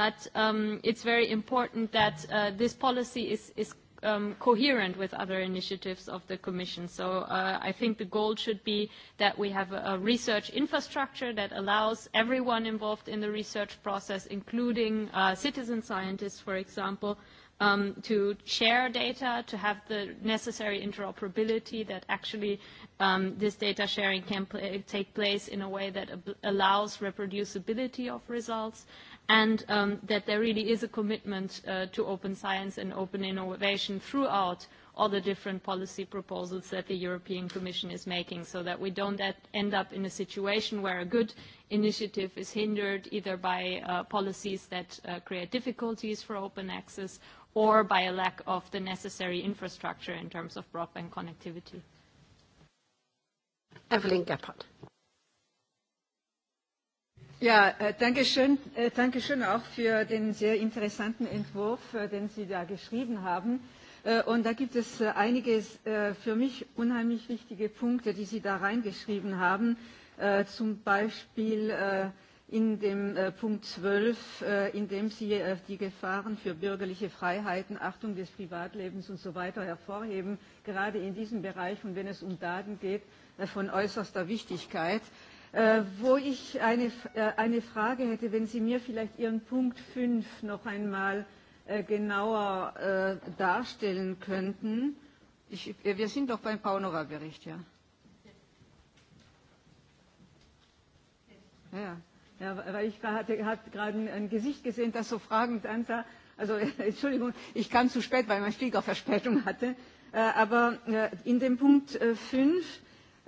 but um, it's very important that uh, this policy is, is um, coherent with other initiatives of the Commission. So uh, I think the goal should be that we have a, a research infrastructure that allows everyone involved in the research process, including uh, citizen scientists, for example, um, to share data, to have the necessary interoperability that actually um, this data sharing can pl take place in a way that allows reproducibility of results and um, that there really is a commitment uh, to open science and open innovation throughout all the different policy proposals that the European Commission is making so that we don't at, end up in a situation where a good initiative is hindered either by uh, policies that uh, create difficulties for open access or by a lack of the necessary infrastructure in terms of broadband connectivity. Evelyn Gephardt. Ja, äh, danke schön, äh, danke schön auch für den sehr interessanten Entwurf, äh, den Sie da geschrieben haben. Und da gibt es einige für mich unheimlich wichtige Punkte, die Sie da reingeschrieben haben. Zum Beispiel in dem Punkt 12, in dem Sie die Gefahren für bürgerliche Freiheiten, Achtung des Privatlebens und so weiter hervorheben, gerade in diesem Bereich und wenn es um Daten geht, von äußerster Wichtigkeit. Äh, wo ich eine, äh, eine Frage hätte, wenn Sie mir vielleicht Ihren Punkt 5 noch einmal äh, genauer darstellen könnten. Ich, wir sind doch beim paunora bericht ja? Ja, ja, weil ich hatte, hatte gerade ein Gesicht gesehen, das so fragend ansah. Also Entschuldigung, ich kam zu spät, weil mein Flieger Verspätung hatte. aber in dem Punkt 5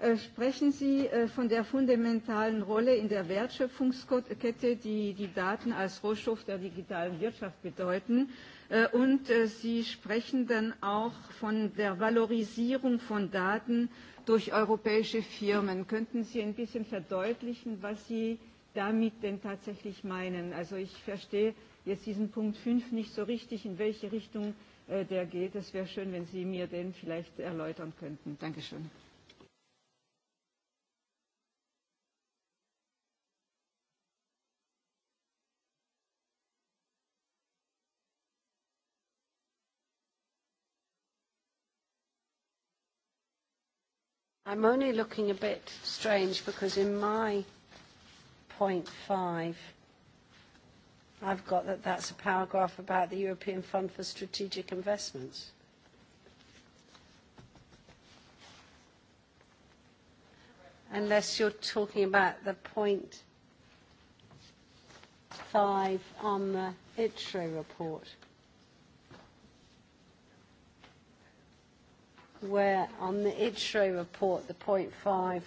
Äh, sprechen Sie äh, von der fundamentalen Rolle in der Wertschöpfungskette, die die Daten als Rohstoff der digitalen Wirtschaft bedeuten. Äh, und Sie sprechen dann auch von der Valorisierung von Daten durch europäische Firmen. Könnten Sie ein bisschen verdeutlichen, was Sie damit denn tatsächlich meinen? Also ich verstehe jetzt diesen Punkt 5 nicht so richtig, in welche Richtung der geht. Es wäre schön, wenn Sie mir den vielleicht erläutern könnten. Dankeschön. I'm only looking a bit strange because in my point five, I've got that that's a paragraph about the European Fund for Strategic Investments. Unless you're talking about the point five on the ITRE report. where on the IDSRO report, the point five,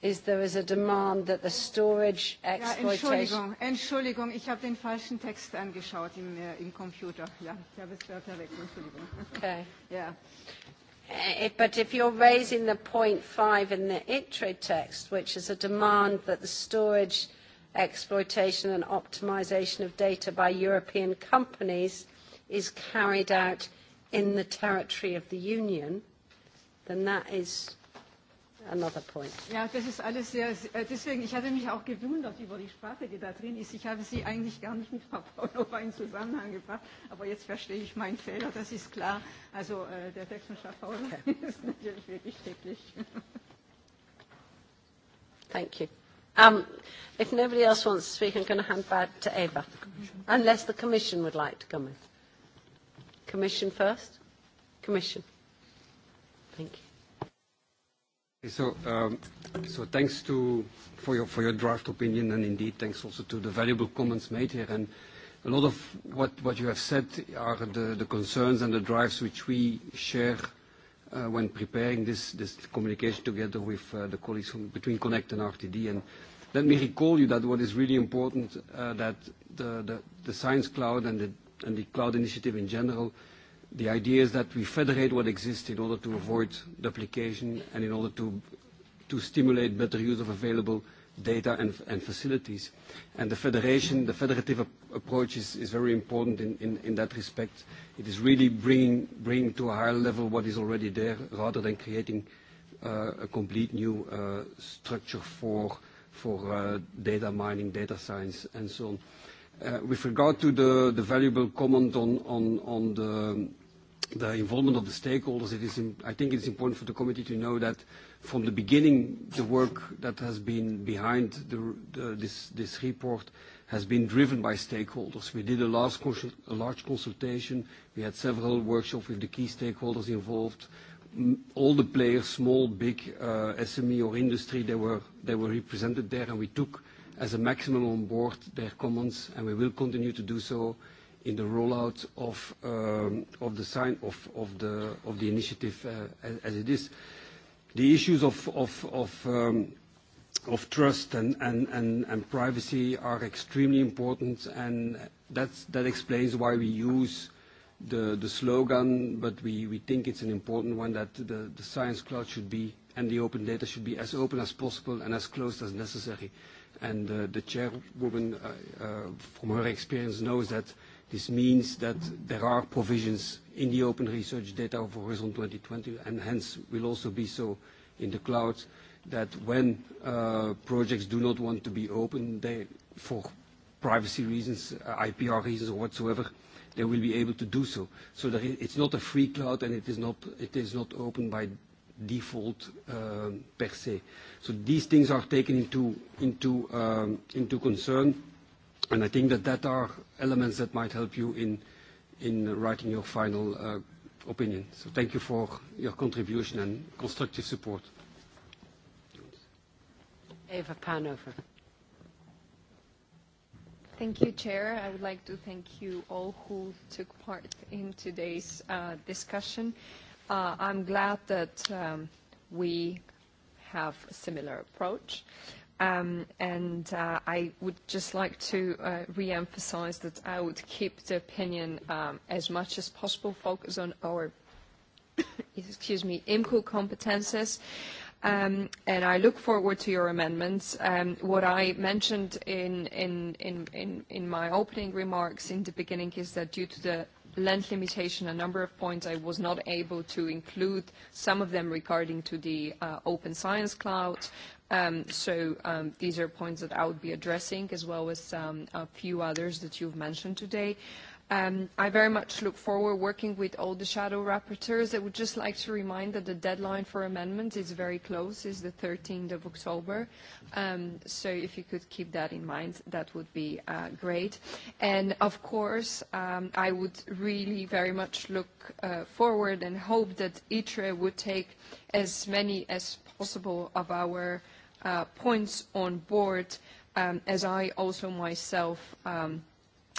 is there is a demand that the storage exploitation... Ja, Entschuldigung, Entschuldigung, ich habe den falschen Text angeschaut im, äh, im Computer. Ja, ich habe es perfekt, Entschuldigung. Okay. Yeah. It, eh, but if you're raising the point five in the ITRE text, which is a demand that the storage exploitation and optimization of data by European companies is carried out in the territory of the Union, then that is another point. Ja, das ist alles sehr, deswegen, ich hatte mich auch gewundert über die Sprache, die da drin ist. Ich habe sie eigentlich gar nicht mit Frau Paulova in Zusammenhang gebracht, aber jetzt verstehe ich meinen Fehler, das ist klar. Also äh, der Text von Frau Paulova okay. ist natürlich wirklich schrecklich. Thank you. Um, if nobody else wants to speak, I'm going to hand back to Eva, unless the Commission would like to come in. Commission first? Commission. Thank you. So, um, so thanks to, for, your, for your draft opinion and indeed thanks also to the valuable comments made here. And a lot of what, what you have said are the, the concerns and the drives which we share uh, when preparing this, this communication together with uh, the colleagues from, between Connect and RTD. And let me recall you that what is really important uh, that the, the, the science cloud and the and the cloud initiative in general, the idea is that we federate what exists in order to avoid duplication and in order to, to stimulate better use of available data and, and facilities. And the federation, the federative ap approach is, is very important in, in, in that respect. It is really bringing, bringing to a higher level what is already there rather than creating uh, a complete new uh, structure for, for uh, data mining, data science, and so on. Uh, with regard to the, valuable comment on, the, involvement of the stakeholders, it is I think it's important for the committee to know that from the beginning, the work that has been behind this, report has been driven by stakeholders. We did a large, consultation. We had several workshops with the key stakeholders involved. All the players, small, big, uh, SME or industry, they were represented there, and we took as a maximum on board their commons, and we will continue to do so in the rollout of, um, of the sign of, of, the, of the initiative uh, as, as it is. The issues of, of, of, um, of trust and, and, and, and privacy are extremely important, and that's, that explains why we use the, the slogan, but we, we think it's an important one that the, the Science Cloud should be, and the open data should be as open as possible and as closed as necessary. And uh, the chairwoman, uh, uh, from her experience, knows that this means that there are provisions in the open research data of Horizon 2020, and hence will also be so in the cloud, that when uh, projects do not want to be open, they, for privacy reasons, uh, IPR reasons or whatsoever, they will be able to do so. So that it's not a free cloud and it is not, it is not open by default uh, per se. So these things are taken into, into, um, into concern, and I think that that are elements that might help you in, in writing your final uh, opinion. So thank you for your contribution and constructive support. Eva Panover. Thank you, Chair. I would like to thank you all who took part in today's uh, discussion. Uh, I'm glad that um, we have a similar approach. Um, and uh, I would just like to uh, re-emphasize that I would keep the opinion um, as much as possible focused on our excuse me, IMCO competences. Um, and I look forward to your amendments. Um, what I mentioned in, in, in, in, in my opening remarks in the beginning is that due to the length limitation, a number of points I was not able to include, some of them regarding to the uh, open science cloud. Um, so um, these are points that I would be addressing, as well as um, a few others that you've mentioned today. Um, I very much look forward working with all the shadow rapporteurs. I would just like to remind that the deadline for amendments is very close, is the 13th of October. Um, so if you could keep that in mind, that would be uh, great. And of course, um, I would really very much look uh, forward and hope that ITRE would take as many as possible of our uh, points on board um, as I also myself um,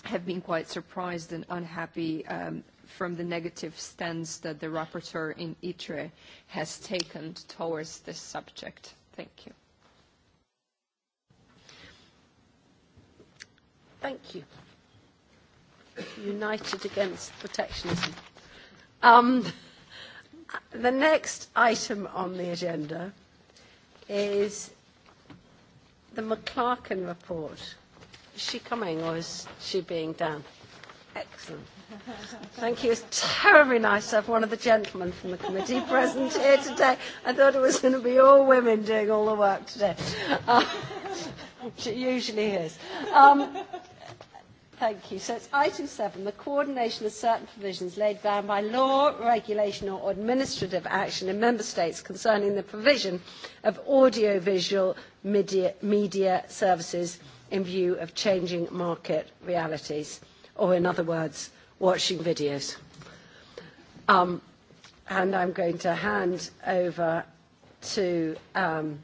have been quite surprised and unhappy um, from the negative stance that the rapporteur in ITRE has taken towards this subject. Thank you. Thank you. United against protectionism. Um, the next item on the agenda is the McClarkin report is she coming or is she being down? Excellent. Thank you. It's terribly nice to have one of the gentlemen from the committee present here today. I thought it was going to be all women doing all the work today, uh, which it usually is. Um, thank you. So it's item seven, the coordination of certain provisions laid down by law, regulation or administrative action in member states concerning the provision of audiovisual media, media services – in view of changing market realities, or in other words, watching videos. Um, and I'm going to hand over to um,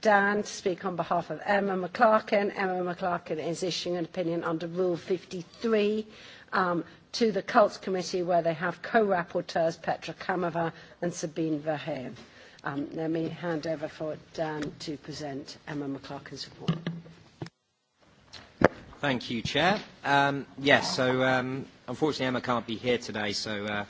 Dan to speak on behalf of Emma McClarkin. Emma McClarkin is issuing an opinion under Rule 53 um, to the Cults Committee where they have co-rapporteurs Petra Kamova and Sabine Verheyen. Um, let me hand over for Dan to present Emma McClarkin's report. Thank you, Chair. Um, yes, so um, unfortunately Emma can't be here today, so uh,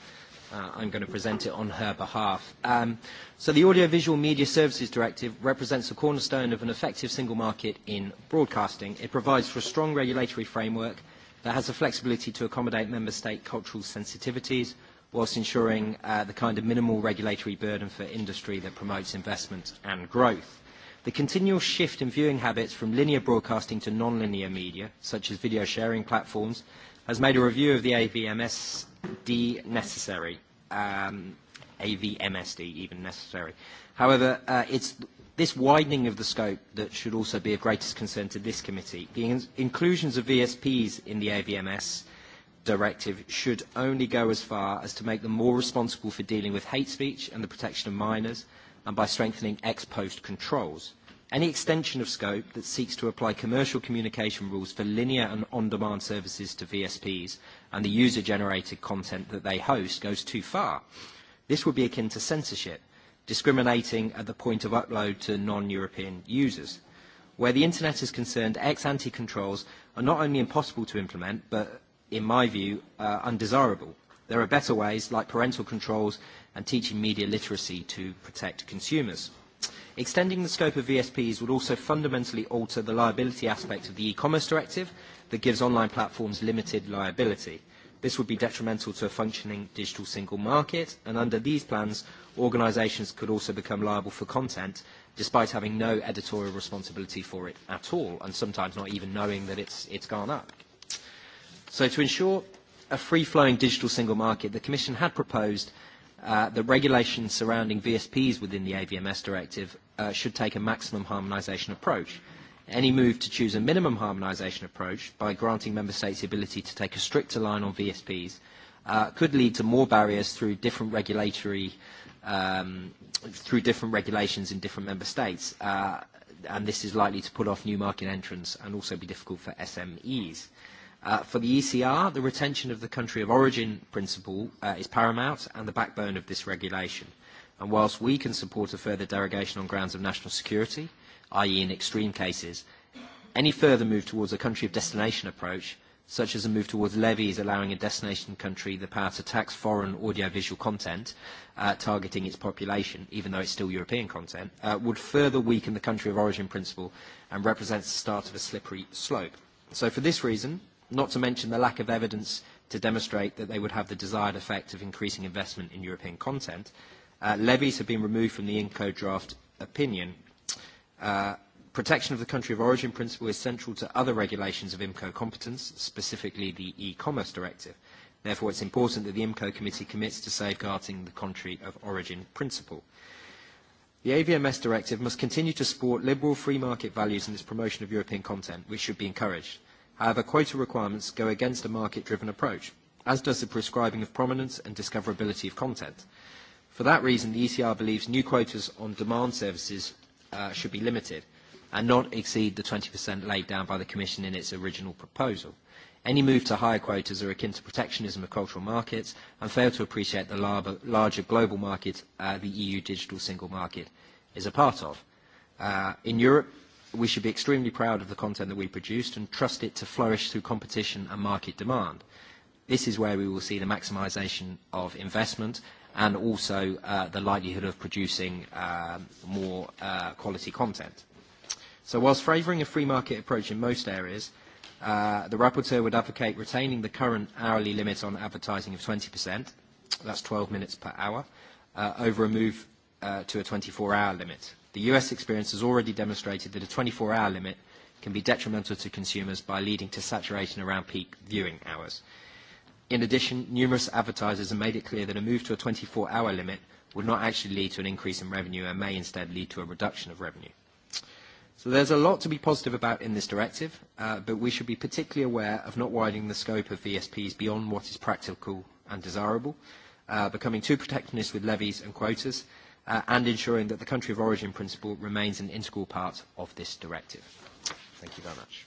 uh, I'm going to present it on her behalf. Um, so the Audiovisual Media Services Directive represents the cornerstone of an effective single market in broadcasting. It provides for a strong regulatory framework that has the flexibility to accommodate member state cultural sensitivities whilst ensuring uh, the kind of minimal regulatory burden for industry that promotes investment and growth. The continual shift in viewing habits from linear broadcasting to non-linear media, such as video sharing platforms, has made a review of the AVMSD necessary. Um, AVMSD even necessary. However, uh, it's this widening of the scope that should also be of greatest concern to this committee. The in inclusions of VSPs in the AVMS directive should only go as far as to make them more responsible for dealing with hate speech and the protection of minors – and by strengthening ex-post controls. Any extension of scope that seeks to apply commercial communication rules for linear and on-demand services to VSPs and the user-generated content that they host goes too far. This would be akin to censorship, discriminating at the point of upload to non-European users. Where the internet is concerned, ex-ante controls are not only impossible to implement, but in my view, uh, undesirable. There are better ways, like parental controls and teaching media literacy to protect consumers. Extending the scope of VSPs would also fundamentally alter the liability aspect of the e-commerce directive that gives online platforms limited liability. This would be detrimental to a functioning digital single market, and under these plans, organisations could also become liable for content, despite having no editorial responsibility for it at all, and sometimes not even knowing that it's, it's gone up. So to ensure a free-flowing digital single market, the Commission had proposed Uh, the regulations surrounding VSPs within the AVMS directive uh, should take a maximum harmonisation approach. Any move to choose a minimum harmonisation approach by granting member states the ability to take a stricter line on VSPs uh, could lead to more barriers through different regulatory um, through different regulations in different member states, uh, and this is likely to put off new market entrants and also be difficult for SMEs. Uh, Uh, for the ECR, the retention of the country of origin principle uh, is paramount and the backbone of this regulation. And whilst we can support a further derogation on grounds of national security, i.e. in extreme cases, any further move towards a country of destination approach, such as a move towards levies allowing a destination country the power to tax foreign audiovisual content uh, targeting its population, even though it's still European content, uh, would further weaken the country of origin principle and represents the start of a slippery slope. So for this reason, not to mention the lack of evidence to demonstrate that they would have the desired effect of increasing investment in European content. Uh, levies have been removed from the INCO draft opinion. Uh, protection of the country of origin principle is central to other regulations of IMCO competence, specifically the e-commerce directive. Therefore, it's important that the IMCO committee commits to safeguarding the country of origin principle. The AVMS directive must continue to support liberal free market values in its promotion of European content, which should be encouraged. However, quota requirements go against a market-driven approach, as does the prescribing of prominence and discoverability of content. For that reason, the ECR believes new quotas on demand services uh, should be limited and not exceed the 20% laid down by the Commission in its original proposal. Any move to higher quotas are akin to protectionism of cultural markets and fail to appreciate the lar larger global market uh, the EU digital single market is a part of. Uh, in Europe, we should be extremely proud of the content that we produced and trust it to flourish through competition and market demand. This is where we will see the maximisation of investment and also uh, the likelihood of producing uh, more uh, quality content. So whilst favouring a free market approach in most areas, uh, the rapporteur would advocate retaining the current hourly limit on advertising of 20%, that's 12 minutes per hour, uh, over a move uh, to a 24-hour limit. The US experience has already demonstrated that a 24-hour limit can be detrimental to consumers by leading to saturation around peak viewing hours. In addition, numerous advertisers have made it clear that a move to a 24-hour limit would not actually lead to an increase in revenue and may instead lead to a reduction of revenue. So there's a lot to be positive about in this directive, uh, but we should be particularly aware of not widening the scope of VSPs beyond what is practical and desirable, uh, becoming too protectionist with levies and quotas, uh, and ensuring that the country of origin principle remains an integral part of this directive. Thank you very much.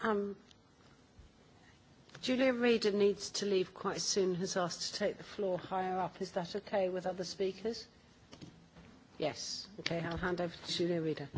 Um, Julia Reader needs to leave quite soon, has asked to take the floor higher up. Is that okay with other speakers? Yes. Okay, I'll hand over to Julia Reader.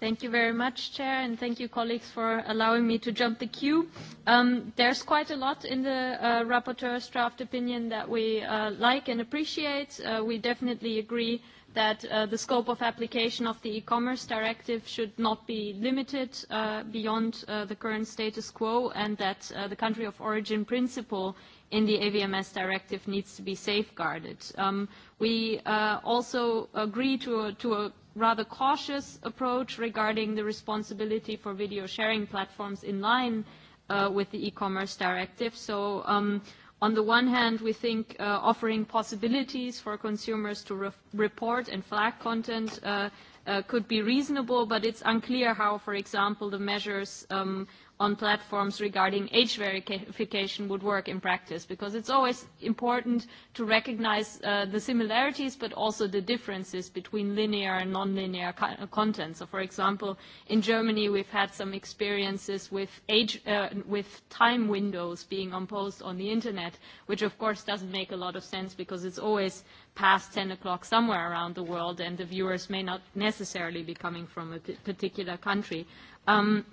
Thank you very much, Chair, and thank you, colleagues, for allowing me to jump the queue. Um, there's quite a lot in the uh, rapporteur's draft opinion that we uh, like and appreciate. Uh, we definitely agree that uh, the scope of application of the e-commerce directive should not be limited uh, beyond uh, the current status quo and that uh, the country of origin principle in the AVMS directive needs to be safeguarded. Um, we uh, also agree to a, to a rather cautious approach regarding the responsibility for video sharing platforms in line uh, with the e-commerce directive. So um, on the one hand, we think uh, offering possibilities for consumers to re report and flag content uh, uh, could be reasonable, but it's unclear how, for example, the measures um, on platforms regarding age verification would work in practice because it's always important to recognize uh, the similarities but also the differences between linear and nonlinear co uh, content. So for example, in Germany we've had some experiences with, age, uh, with time windows being imposed on the internet, which of course doesn't make a lot of sense because it's always past 10 o'clock somewhere around the world and the viewers may not necessarily be coming from a particular country. Um,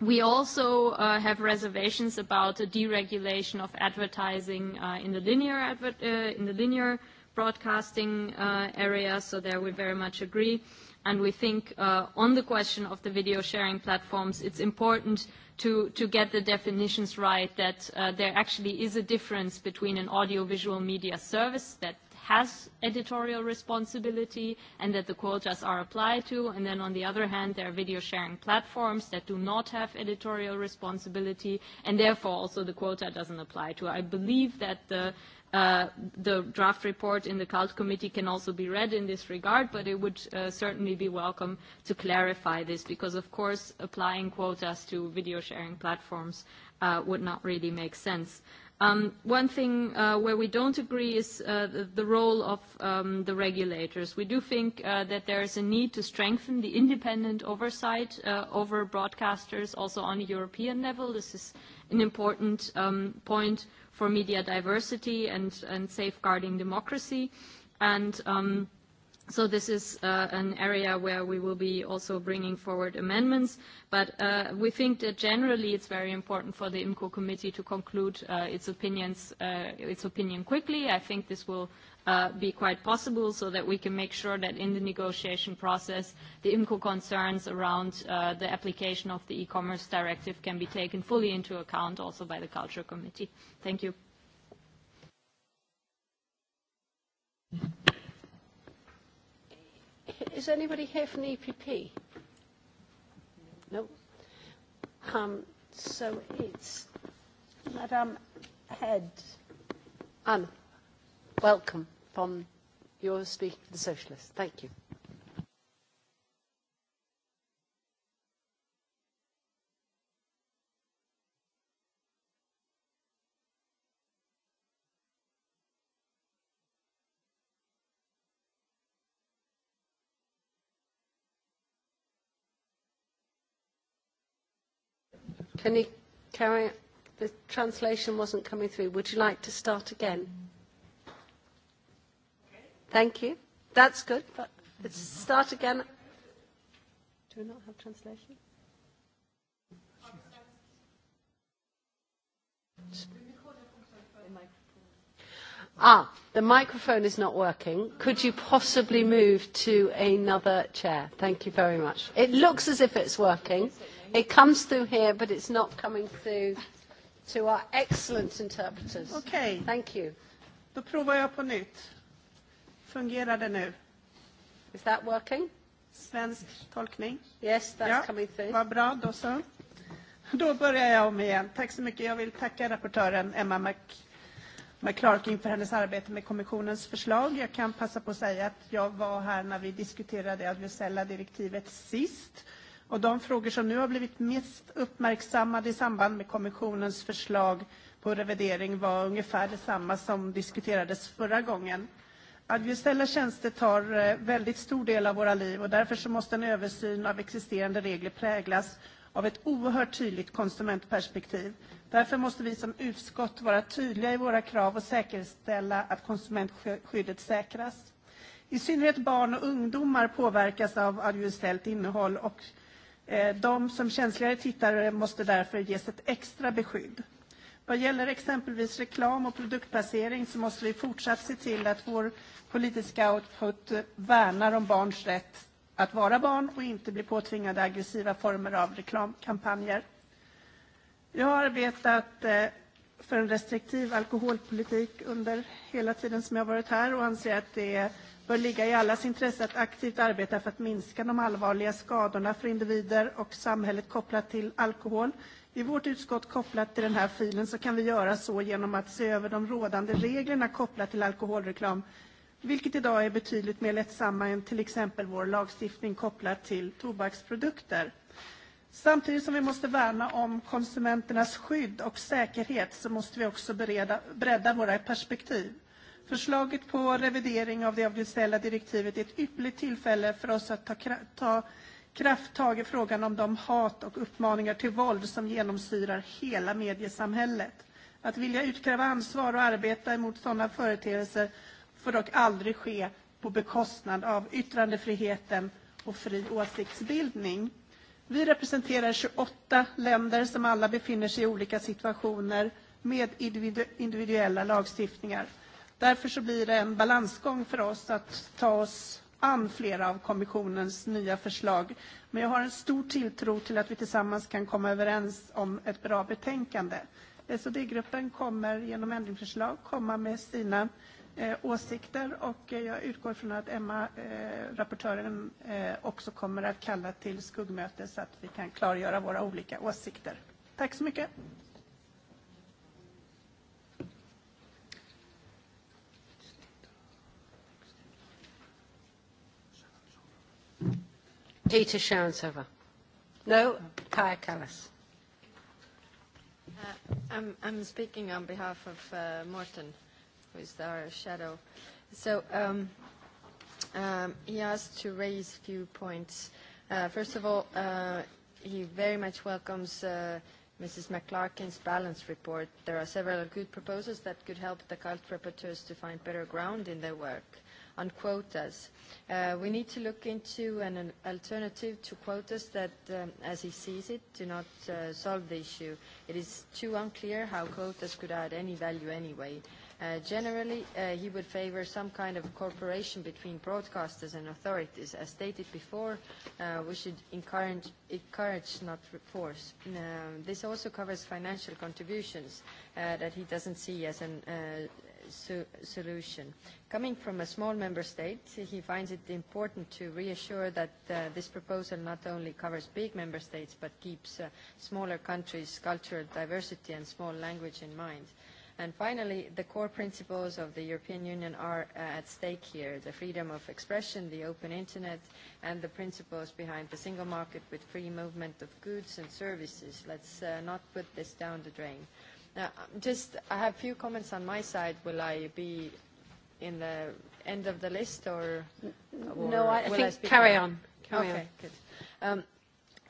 We also uh, have reservations about the deregulation of advertising uh, in the linear adver uh, in the linear broadcasting uh, area, so there we very much agree. And we think uh, on the question of the video sharing platforms, it's important to, to get the definitions right that uh, there actually is a difference between an audiovisual media service that has editorial responsibility and that the quotas are applied to. And then on the other hand, there are video sharing platforms that do not have editorial responsibility and therefore also the quota doesn't apply to. I believe that the Uh, the draft report in the cult committee can also be read in this regard, but it would uh, certainly be welcome to clarify this because, of course, applying quotas to video sharing platforms uh, would not really make sense. Um, one thing uh, where we don't agree is uh, the, the role of um, the regulators. We do think uh, that there is a need to strengthen the independent oversight uh, over broadcasters also on a European level. This is an important um, point for media diversity and, and safeguarding democracy. And um, So this is uh, an area where we will be also bringing forward amendments, but uh, we think that generally it's very important for the IMCO committee to conclude uh, its, opinions, uh, its opinion quickly. I think this will uh, be quite possible so that we can make sure that in the negotiation process, the IMCO concerns around uh, the application of the e-commerce directive can be taken fully into account also by the Culture Committee. Thank you. Is anybody here from the EPP? No. Um, so it's Madame Head. Anne, welcome from your speaking for the Socialists. Thank you. Can you carry the translation wasn't coming through. Would you like to start again? Thank you. That's good, but let's start again. Do we not have translation? Ah, the microphone is not working. Could you possibly move to another chair? Thank you very much. It looks as if it's working. Yes, It comes through here, but it's not coming through to our excellent interpreters. Okay. Thank you. Då provar jag på nytt. Fungerar det nu? Is that working? Svensk tolkning? Yes, that's ja, coming through. Vad bra, då så. Då börjar jag om igen. Tack så mycket. Jag vill tacka rapportören Emma Mc McClarkin inför hennes arbete med kommissionens förslag. Jag kan passa på att säga att jag var här när vi diskuterade Adviocella-direktivet sist. Och de frågor som nu har blivit mest uppmärksammade i samband med kommissionens förslag på revidering var ungefär detsamma som diskuterades förra gången. Adjuställa tjänster tar eh, väldigt stor del av våra liv och därför så måste en översyn av existerande regler präglas av ett oerhört tydligt konsumentperspektiv. Därför måste vi som utskott vara tydliga i våra krav och säkerställa att konsumentskyddet säkras. I synnerhet barn och ungdomar påverkas av adjuställt innehåll och Eh, de som känsligare tittare måste därför ges ett extra beskydd. Vad gäller exempelvis reklam och produktplacering så måste vi fortsatt se till att vår politiska output värnar om barns rätt att vara barn och inte bli påtvingade aggressiva former av reklamkampanjer. Jag har arbetat eh, för en restriktiv alkoholpolitik under hela tiden som jag varit här och anser att det är bör ligga i allas intresse att aktivt arbeta för att minska de allvarliga skadorna för individer och samhället kopplat till alkohol. I vårt utskott kopplat till den här filen så kan vi göra så genom att se över de rådande reglerna kopplat till alkoholreklam, vilket idag är betydligt mer lättsamma än till exempel vår lagstiftning kopplat till tobaksprodukter. Samtidigt som vi måste värna om konsumenternas skydd och säkerhet så måste vi också bereda, bredda våra perspektiv. Förslaget på revidering av det audiovisuella direktivet är ett ypperligt tillfälle för oss att ta, ta krafttag i frågan om de hat och uppmaningar till våld som genomsyrar hela mediesamhället. Att vilja utkräva ansvar och arbeta emot sådana företeelser får dock aldrig ske på bekostnad av yttrandefriheten och fri åsiktsbildning. Vi representerar 28 länder som alla befinner sig i olika situationer med individuella lagstiftningar. Därför så blir det en balansgång för oss att ta oss an flera av kommissionens nya förslag. Men jag har en stor tilltro till att vi tillsammans kan komma överens om ett bra betänkande. Eh, sod gruppen kommer genom ändringsförslag komma med sina eh, åsikter och eh, jag utgår från att Emma, eh, rapportören, eh, också kommer att kalla till skuggmöte så att vi kan klargöra våra olika åsikter. Tack så mycket! Peter Schoenhofer. No, Kaya Kallas. Uh, I'm, I'm speaking on behalf of uh, Morten, who is our shadow. So um, um, he asked to raise a few points. Uh, first of all, uh, he very much welcomes uh, Mrs. McClarkin's balance report. There are several good proposals that could help the cult rapporteurs to find better ground in their work. Uh, on quotas. Uh, we need to look into an alternative to quotas that, um, as he sees it, do not uh, solve the issue. It is too unclear how quotas could add any value anyway. Uh, generally, uh, he would favor some kind of cooperation between broadcasters and authorities. As stated before, uh, we should encourage, encourage not force. Um, this also covers financial contributions uh, that he doesn't see as an uh, so solution. Coming from a small member state, he finds it important to reassure that uh, this proposal not only covers big member states but keeps uh, smaller countries' cultural diversity and small language in mind. And finally, the core principles of the European Union are uh, at stake here, the freedom of expression, the open internet, and the principles behind the single market with free movement of goods and services. Let's uh, not put this down the drain just I have few comments on my side. Will I be in the end of the list or? or no, I, I think I speak carry on. Carry okay, on. good. Um,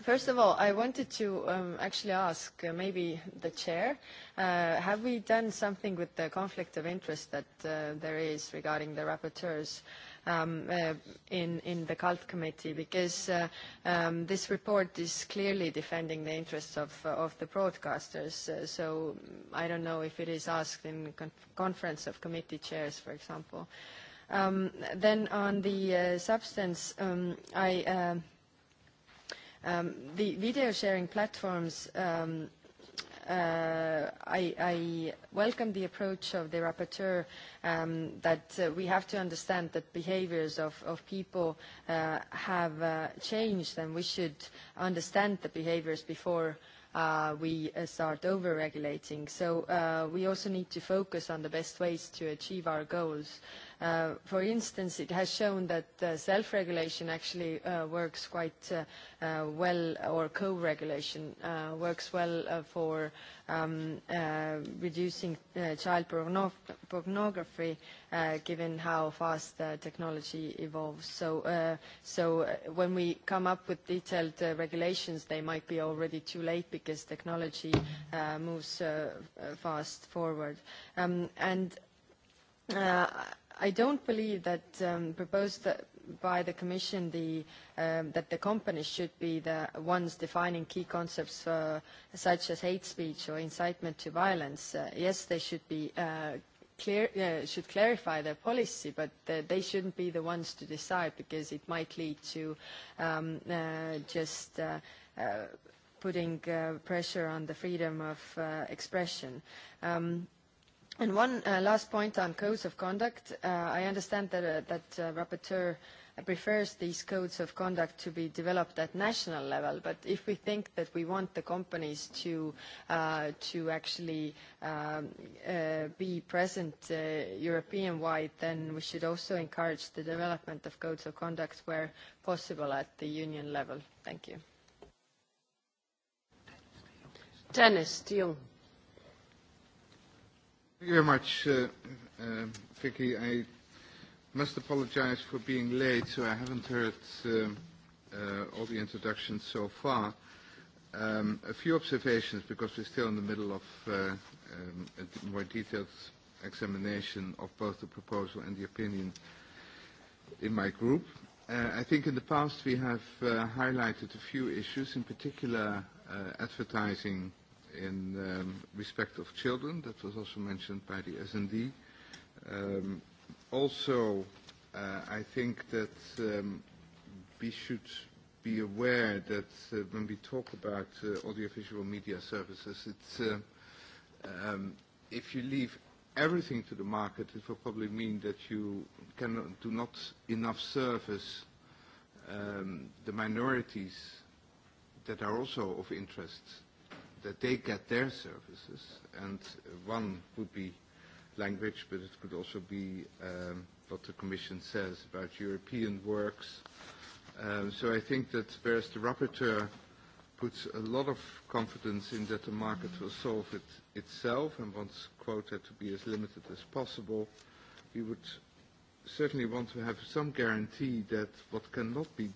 First of all, I wanted to um, actually ask uh, maybe the chair, uh, have we done something with the conflict of interest that uh, there is regarding the rapporteurs? Uh, um, uh, in, in the CULT committee because uh, um, this report is clearly defending the interests of, uh, of the broadcasters. Uh, so I don't know if it is asked in con conference of committee chairs, for example. Um, then on the uh, substance, um, I, uh, um, the video sharing platforms um, uh, I, I welcome the approach of the rapporteur um, that uh, we have to understand that behaviors of, of people uh, have uh, changed and we should understand the behaviors before uh, we uh, start over-regulating. So uh, we also need to focus on the best ways to achieve our goals. Uh, Uh, for instance, it has shown that uh, self-regulation actually uh, works quite uh, uh, well, or co-regulation uh, works well uh, for um, uh, reducing uh, child porno pornography, uh, given how fast uh, technology evolves. So, uh, so uh, when we come up with detailed uh, regulations, they might be already too late because technology uh, moves uh, fast forward. Um, and uh, I don't believe that um, proposed by the Commission the, um, that the companies should be the ones defining key concepts uh, such as hate speech or incitement to violence. Uh, yes, they should be uh, clear, uh, should clarify their policy, but the, they shouldn't be the ones to decide because it might lead to um, uh, just uh, uh, putting uh, pressure on the freedom of uh, expression. Um, And one uh, last point on codes of conduct. Uh, I understand that, uh, that uh, Rapporteur prefers these codes of conduct to be developed at national level, but if we think that we want the companies to, uh, to actually um, uh, be present uh, European-wide, then we should also encourage the development of codes of conduct where possible at the union level. Thank you. Dennis de Jong. Thank you very much, uh, uh, Vicky. I must apologize for being late, so I haven't heard uh, uh, all the introductions so far. Um, a few observations, because we're still in the middle of uh, um, a more detailed examination of both the proposal and the opinion in my group. Uh, I think in the past we have uh, highlighted a few issues, in particular uh, advertising uh, in um, respect of children, that was also mentioned by the S&D. Um, also, uh, I think that um, we should be aware that uh, when we talk about uh, audiovisual media services, it's, uh, um, if you leave everything to the market, it will probably mean that you cannot, do not enough service um, the minorities that are also of interest that they get their services. And one would be language, but it could also be um, what the Commission says about European works. Um, so I think that whereas the rapporteur puts a lot of confidence in that the market will solve it itself and wants quota to be as limited as possible, we would certainly want to have some guarantee that what cannot be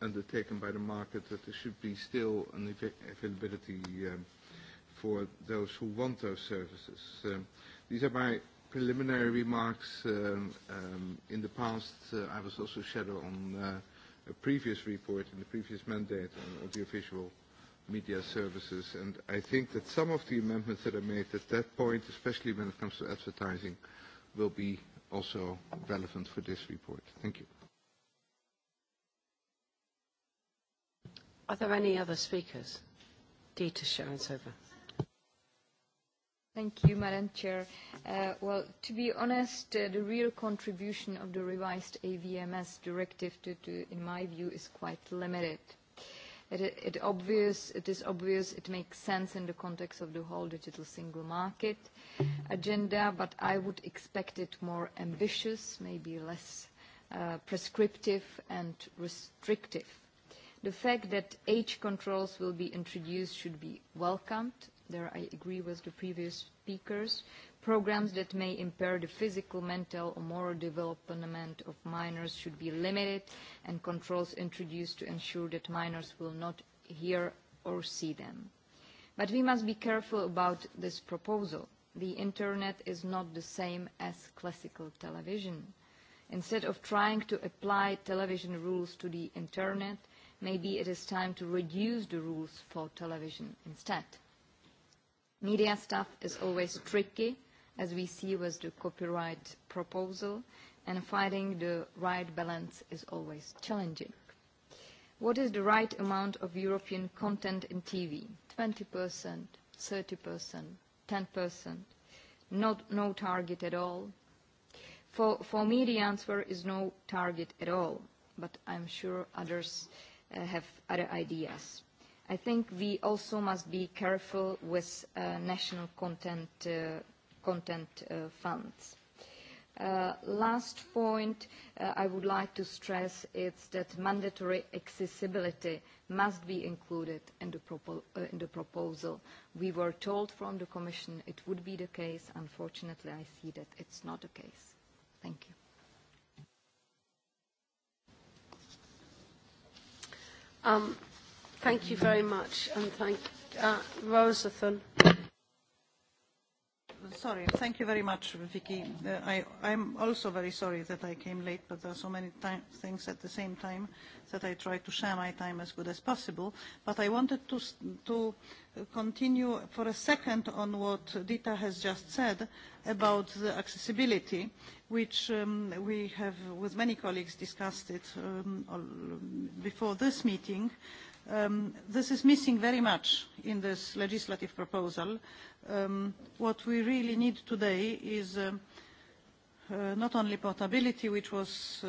undertaken by the market that there should be still an availability um, for those who want those services. Um, these are my preliminary remarks. Um, um, in the past, uh, I was also shadow on uh, a previous report in the previous mandate on audiovisual media services, and I think that some of the amendments that are made at that point, especially when it comes to advertising, will be also relevant for this report. Thank you. Are there any other speakers? Dieter Sharon's Thank you, Madam Chair. Uh, well, to be honest, uh, the real contribution of the revised AVMS directive, to, to, in my view, is quite limited. it, it, obvious, it is obvious it makes sense in the context of the whole digital single market agenda, but I would expect it more ambitious, maybe less uh, prescriptive and restrictive. The fact that age controls will be introduced should be welcomed. There I agree with the previous speakers. Programs that may impair the physical, mental or moral development of minors should be limited and controls introduced to ensure that minors will not hear or see them. But we must be careful about this proposal. The Internet is not the same as classical television. Instead of trying to apply television rules to the Internet, maybe it is time to reduce the rules for television instead. Media stuff is always tricky, as we see with the copyright proposal, and finding the right balance is always challenging. What is the right amount of European content in TV? 20%, 30%, 10%, not, no target at all. For, for me, the answer is no target at all, but I'm sure others uh, have other ideas. I think we also must be careful with uh, national content, uh, content uh, funds. Uh, last point uh, I would like to stress is that mandatory accessibility must be included in the, uh, in the proposal. We were told from the Commission it would be the case. Unfortunately, I see that it's not the case. Thank you. Um, thank you very much, and thank uh, Rosathon sorry. Thank you very much, Vicky. Uh, I'm also very sorry that I came late, but there are so many things at the same time that I try to share my time as good as possible. But I wanted to, continue for a second on what Dita has just said about the accessibility, which um, we have, with many colleagues, discussed it um, before this meeting Um, this is missing very much in this legislative proposal. Um, what we really need today is um, uh, not only portability, which was uh,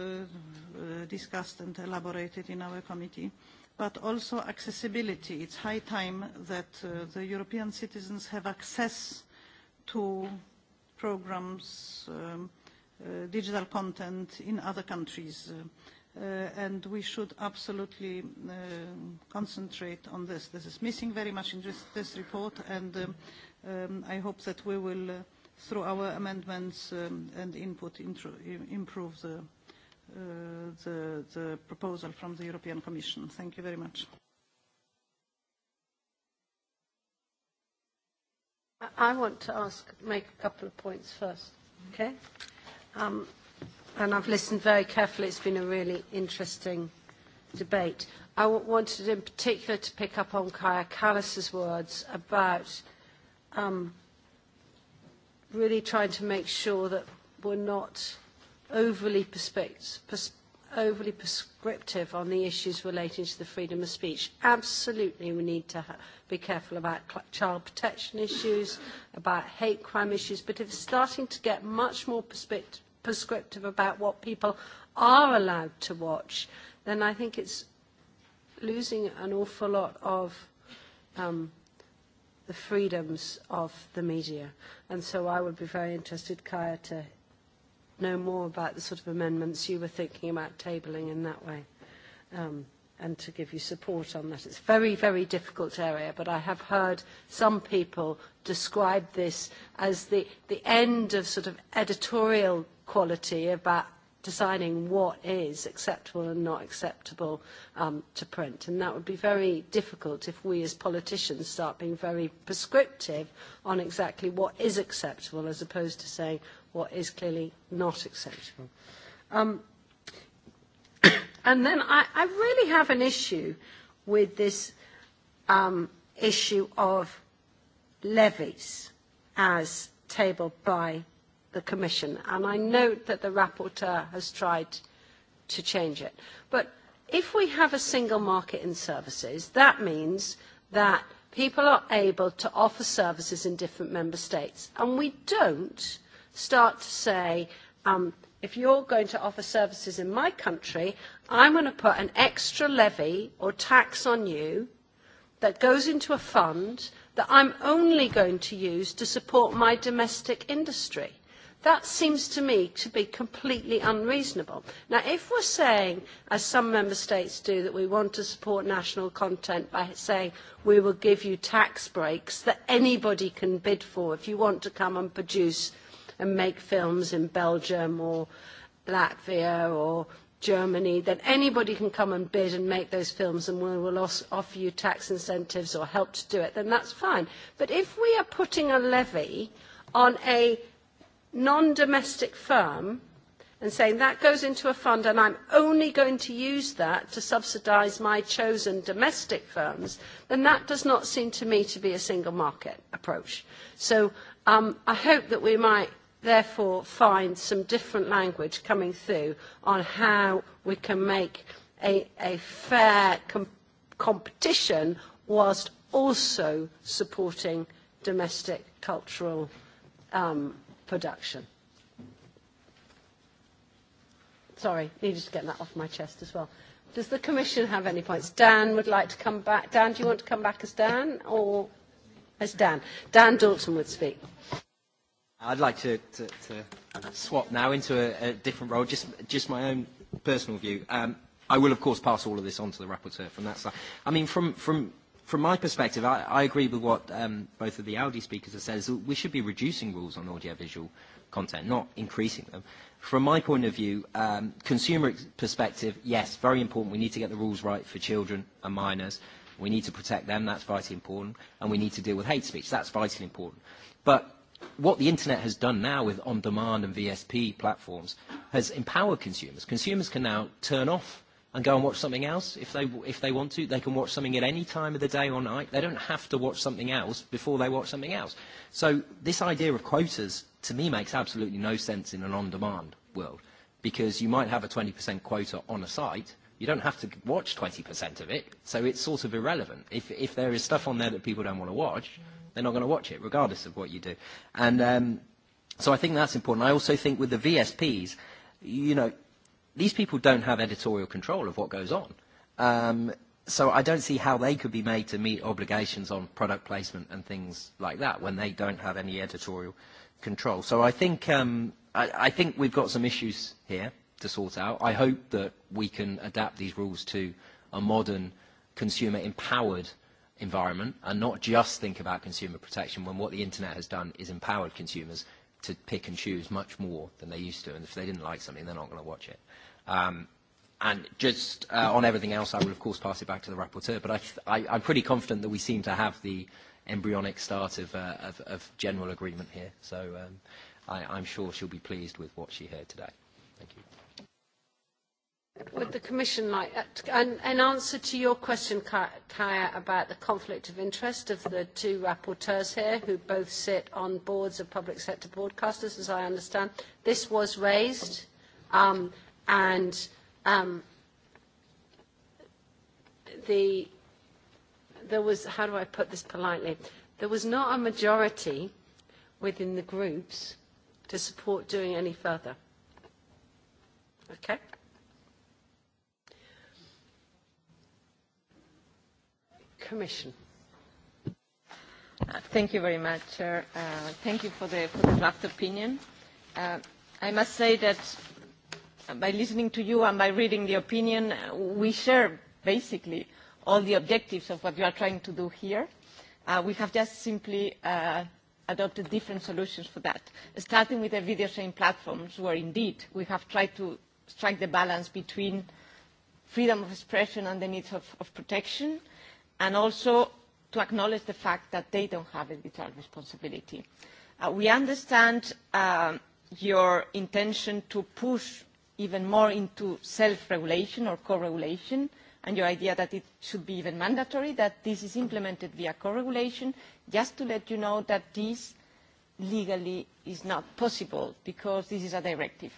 uh, discussed and elaborated in our committee, but also accessibility. it is high time that the European citizens have access to programmes digital content in other countries. Uh, and we should absolutely uh, concentrate on this. This is missing very much in this, this report, and um, um, I hope that we will, uh, through our amendments um, and input, improve the, uh, the, the proposal from the European Commission. Thank you very much. I want to ask, make a couple of points first, okay? Um, and I've listened very carefully. It's been a really interesting debate. I wanted in particular to pick up on Kaya Callas's words about um, really trying to make sure that we're not overly, perspect- pers- overly prescriptive on the issues relating to the freedom of speech. Absolutely, we need to ha- be careful about child protection issues, about hate crime issues, but if it's starting to get much more prescriptive prescriptive about what people are allowed to watch, then I think it's losing an awful lot of um, the freedoms of the media. And so I would be very interested, Kaya, to know more about the sort of amendments you were thinking about tabling in that way um, and to give you support on that. It's very, very difficult area, but I have heard some people describe this as the, the end of sort of editorial quality about deciding what is acceptable and not acceptable um, to print. And that would be very difficult if we as politicians start being very prescriptive on exactly what is acceptable as opposed to saying what is clearly not acceptable. Um, and then I, I really have an issue with this um, issue of levies as tabled by the Commission. And I note that the rapporteur has tried to change it. But if we have a single market in services, that means that people are able to offer services in different member states. And we don't start to say, um, if you're going to offer services in my country, I'm going to put an extra levy or tax on you that goes into a fund that I'm only going to use to support my domestic industry. That seems to me to be completely unreasonable. Now, if we're saying, as some member states do, that we want to support national content by saying we will give you tax breaks that anybody can bid for if you want to come and produce and make films in Belgium or Latvia or Germany, then anybody can come and bid and make those films and we will offer you tax incentives or help to do it, then that's fine. But if we are putting a levy on a non-domestic firm and saying that goes into a fund and I'm only going to use that to subsidise my chosen domestic firms, then that does not seem to me to be a single market approach. So um, I hope that we might therefore find some different language coming through on how we can make a, a fair com competition whilst also supporting domestic cultural um, production. Sorry, needed to get that off my chest as well. Does the Commission have any points? Dan would like to come back. Dan, do you want to come back as Dan or as Dan? Dan Dalton would speak. I'd like to, to, to swap now into a, a different role, just, just my own personal view. Um, I will, of course, pass all of this on to the rapporteur from that side. I mean, from, from from my perspective, I, I agree with what um, both of the Audi speakers have said, is that we should be reducing rules on audiovisual content, not increasing them. From my point of view, um, consumer perspective, yes, very important. We need to get the rules right for children and minors. We need to protect them, that's vitally important. And we need to deal with hate speech, that's vitally important. But what the internet has done now with on-demand and VSP platforms has empowered consumers. Consumers can now turn off and go and watch something else. If they, if they want to, they can watch something at any time of the day or night. They don't have to watch something else before they watch something else. So this idea of quotas, to me, makes absolutely no sense in an on-demand world because you might have a 20% quota on a site. You don't have to watch 20% of it, so it's sort of irrelevant. If, if there is stuff on there that people don't want to watch, they're not going to watch it, regardless of what you do. And um, so I think that's important. I also think with the VSPs, you know, these people don't have editorial control of what goes on. Um, so I don't see how they could be made to meet obligations on product placement and things like that when they don't have any editorial control. So I think, um, I, I think we've got some issues here to sort out. I hope that we can adapt these rules to a modern consumer-empowered environment and not just think about consumer protection when what the internet has done is empowered consumers to pick and choose much more than they used to. And if they didn't like something, they're not going to watch it. Um, and just uh, on everything else, I will of course pass it back to the rapporteur, but I, th I, I'm pretty confident that we seem to have the embryonic start of, uh, of, of general agreement here. So um, I, I'm sure she'll be pleased with what she heard today. Thank you. Would the Commission like uh, an, an answer to your question, Kaya, about the conflict of interest of the two rapporteurs here, who both sit on boards of public sector broadcasters, as I understand? This was raised. Um, and um, the there was how do I put this politely? There was not a majority within the groups to support doing any further. Okay. Commission. Uh, thank you very much, Chair. Uh, thank you for the, for the draft opinion. Uh, I must say that by listening to you and by reading the opinion, uh, we share basically all the objectives of what you are trying to do here. Uh, we have just simply uh, adopted different solutions for that, starting with the video sharing platforms, where indeed we have tried to strike the balance between freedom of expression and the needs of, of protection, and also to acknowledge the fact that they don't have a vital responsibility. Uh, we understand uh, your intention to push even more into self-regulation or co-regulation, and your idea that it should be even mandatory, that this is implemented via co-regulation, just to let you know that this legally is not possible because this is a directive.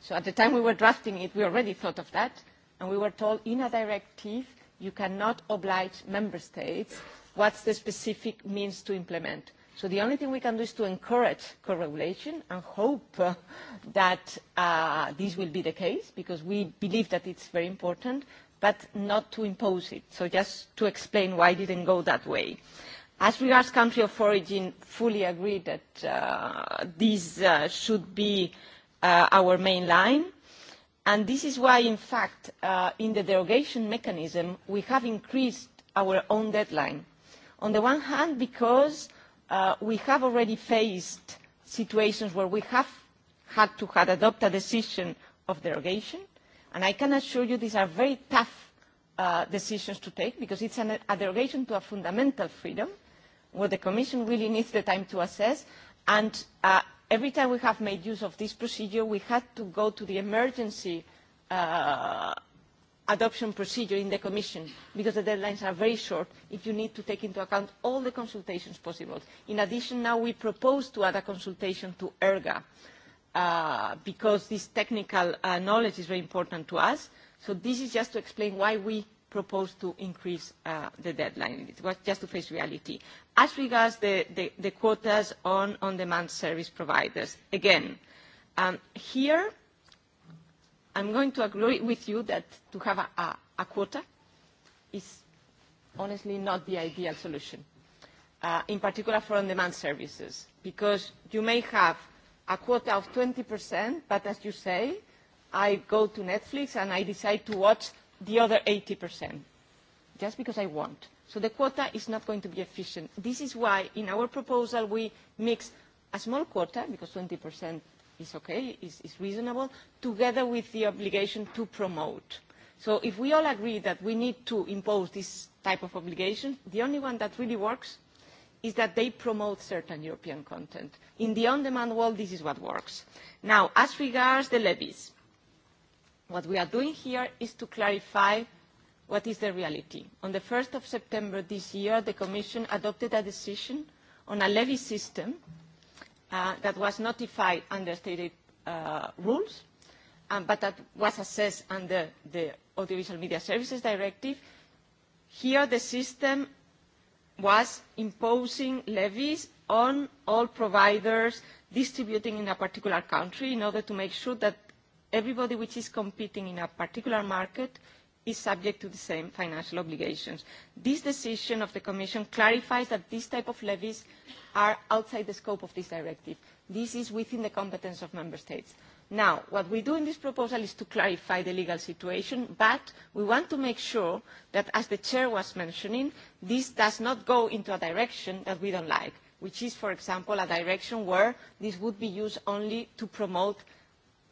So at the time we were drafting it, we already thought of that, and we were told in a directive you cannot oblige member states what's the specific means to implement. So the only thing we can do is to encourage co-regulation and hope uh, that uh, this will be the case because we believe that it's very important, but not to impose it. So just to explain why it didn't go that way. As regards country of origin, fully agree that uh, this uh, should be uh, our main line. And this is why, in fact, uh, in the derogation mechanism, we have increased our own deadline. On the one hand, because Uh, we have already faced situations where we have had to adopt a decision of derogation, and I can assure you these are very tough uh, decisions to take because it's an, a derogation to a fundamental freedom where the Commission really needs the time to assess, and uh, every time we have made use of this procedure, we had to go to the emergency uh, adoption procedure in the Commission because the deadlines are very short if you need to take into account all the consultations possible. In addition, now we propose to add a consultation to ERGA uh, because this technical uh, knowledge is very important to us. So this is just to explain why we propose to increase uh, the deadline. It was just to face reality. As regards the, the, the quotas on on-demand service providers, again, um, here I'm going to agree with you that to have a, a, a quota is honestly not the ideal solution, uh, in particular for on-demand services, because you may have a quota of 20%, but as you say, I go to Netflix and I decide to watch the other 80%, just because I want. So the quota is not going to be efficient. This is why in our proposal we mix a small quota, because 20% is okay, is, is reasonable, together with the obligation to promote. So if we all agree that we need to impose this type of obligation, the only one that really works is that they promote certain European content. In the on-demand world, this is what works. Now, as regards the levies, what we are doing here is to clarify what is the reality. On the 1st of September this year, the Commission adopted a decision on a levy system uh, that was notified under stated uh, rules, um, but that was assessed under the Audiovisual Media Services Directive. Here the system was imposing levies on all providers distributing in a particular country in order to make sure that everybody which is competing in a particular market is subject to the same financial obligations. This decision of the Commission clarifies that these type of levies are outside the scope of this directive. This is within the competence of Member States. Now, what we do in this proposal is to clarify the legal situation, but we want to make sure that, as the Chair was mentioning, this does not go into a direction that we don't like, which is, for example, a direction where this would be used only to promote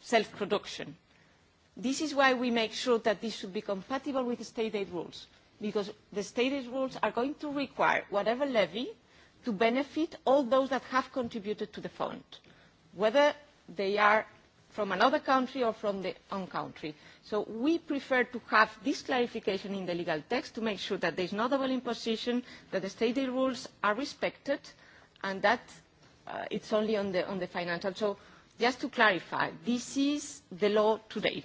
self-production This is why we make sure that this should be compatible with the state aid rules, because the state aid rules are going to require whatever levy to benefit all those that have contributed to the fund, whether they are from another country or from their own country. So we prefer to have this clarification in the legal text to make sure that there is no double imposition, that the state aid rules are respected, and that uh, it's only on the, on the financial. So just to clarify, this is the law today.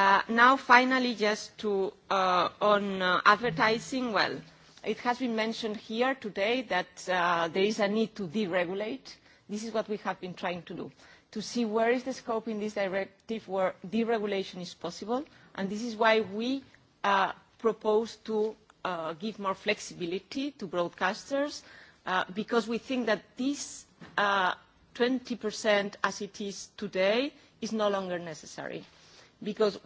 Uh, now, finally, just to, uh, on uh, advertising, well, it has been mentioned here today that uh, there is a need to deregulate. This is what we have been trying to do, to see where is the scope in this directive where deregulation is possible, and this is why we uh, propose to uh, give more flexibility to broadcasters, uh, because we think that this uh, 20% as it is today is no longer necessary because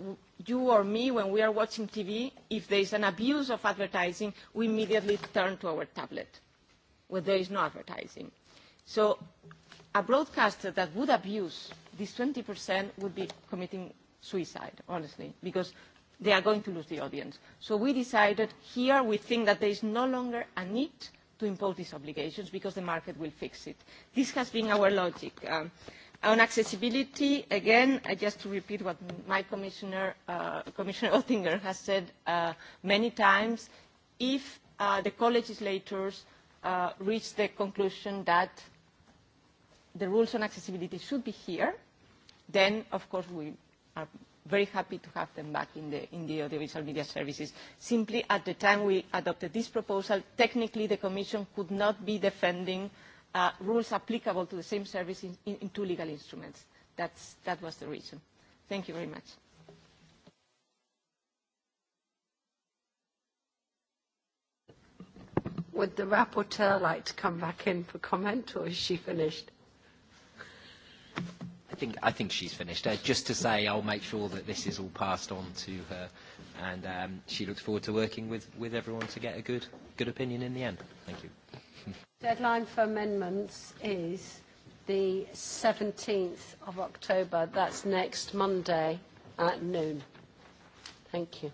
you or me, when we are watching TV, if there is an abuse of advertising, we immediately turn to our tablet where there is no advertising. So a broadcaster that would abuse this 20% would be committing suicide, honestly, because they are going to lose the audience. So we decided here we think that there is no longer a need to impose these obligations because the market will fix it. This has been our logic. Um, On accessibility, again, I just to repeat what my commissioner, uh, Commissioner Oettinger has said uh, many times, if uh, the co-legislators uh, reach the conclusion that the rules on accessibility should be here, then of course we are very happy to have them back in the, in the audiovisual media services. Simply at the time we adopted this proposal, technically the Commission could not be defending uh, Uh, rules applicable to the same service in, in, in two legal instruments. That's, that was the reason. Thank you very much. Would the rapporteur like to come back in for comment, or is she finished? I think, I think she's finished. Uh, just to say, I'll make sure that this is all passed on to her, and um, she looks forward to working with, with everyone to get a good, good opinion in the end. Thank you. Deadline for amendments is the 17th of October. That's next Monday at noon. Thank you.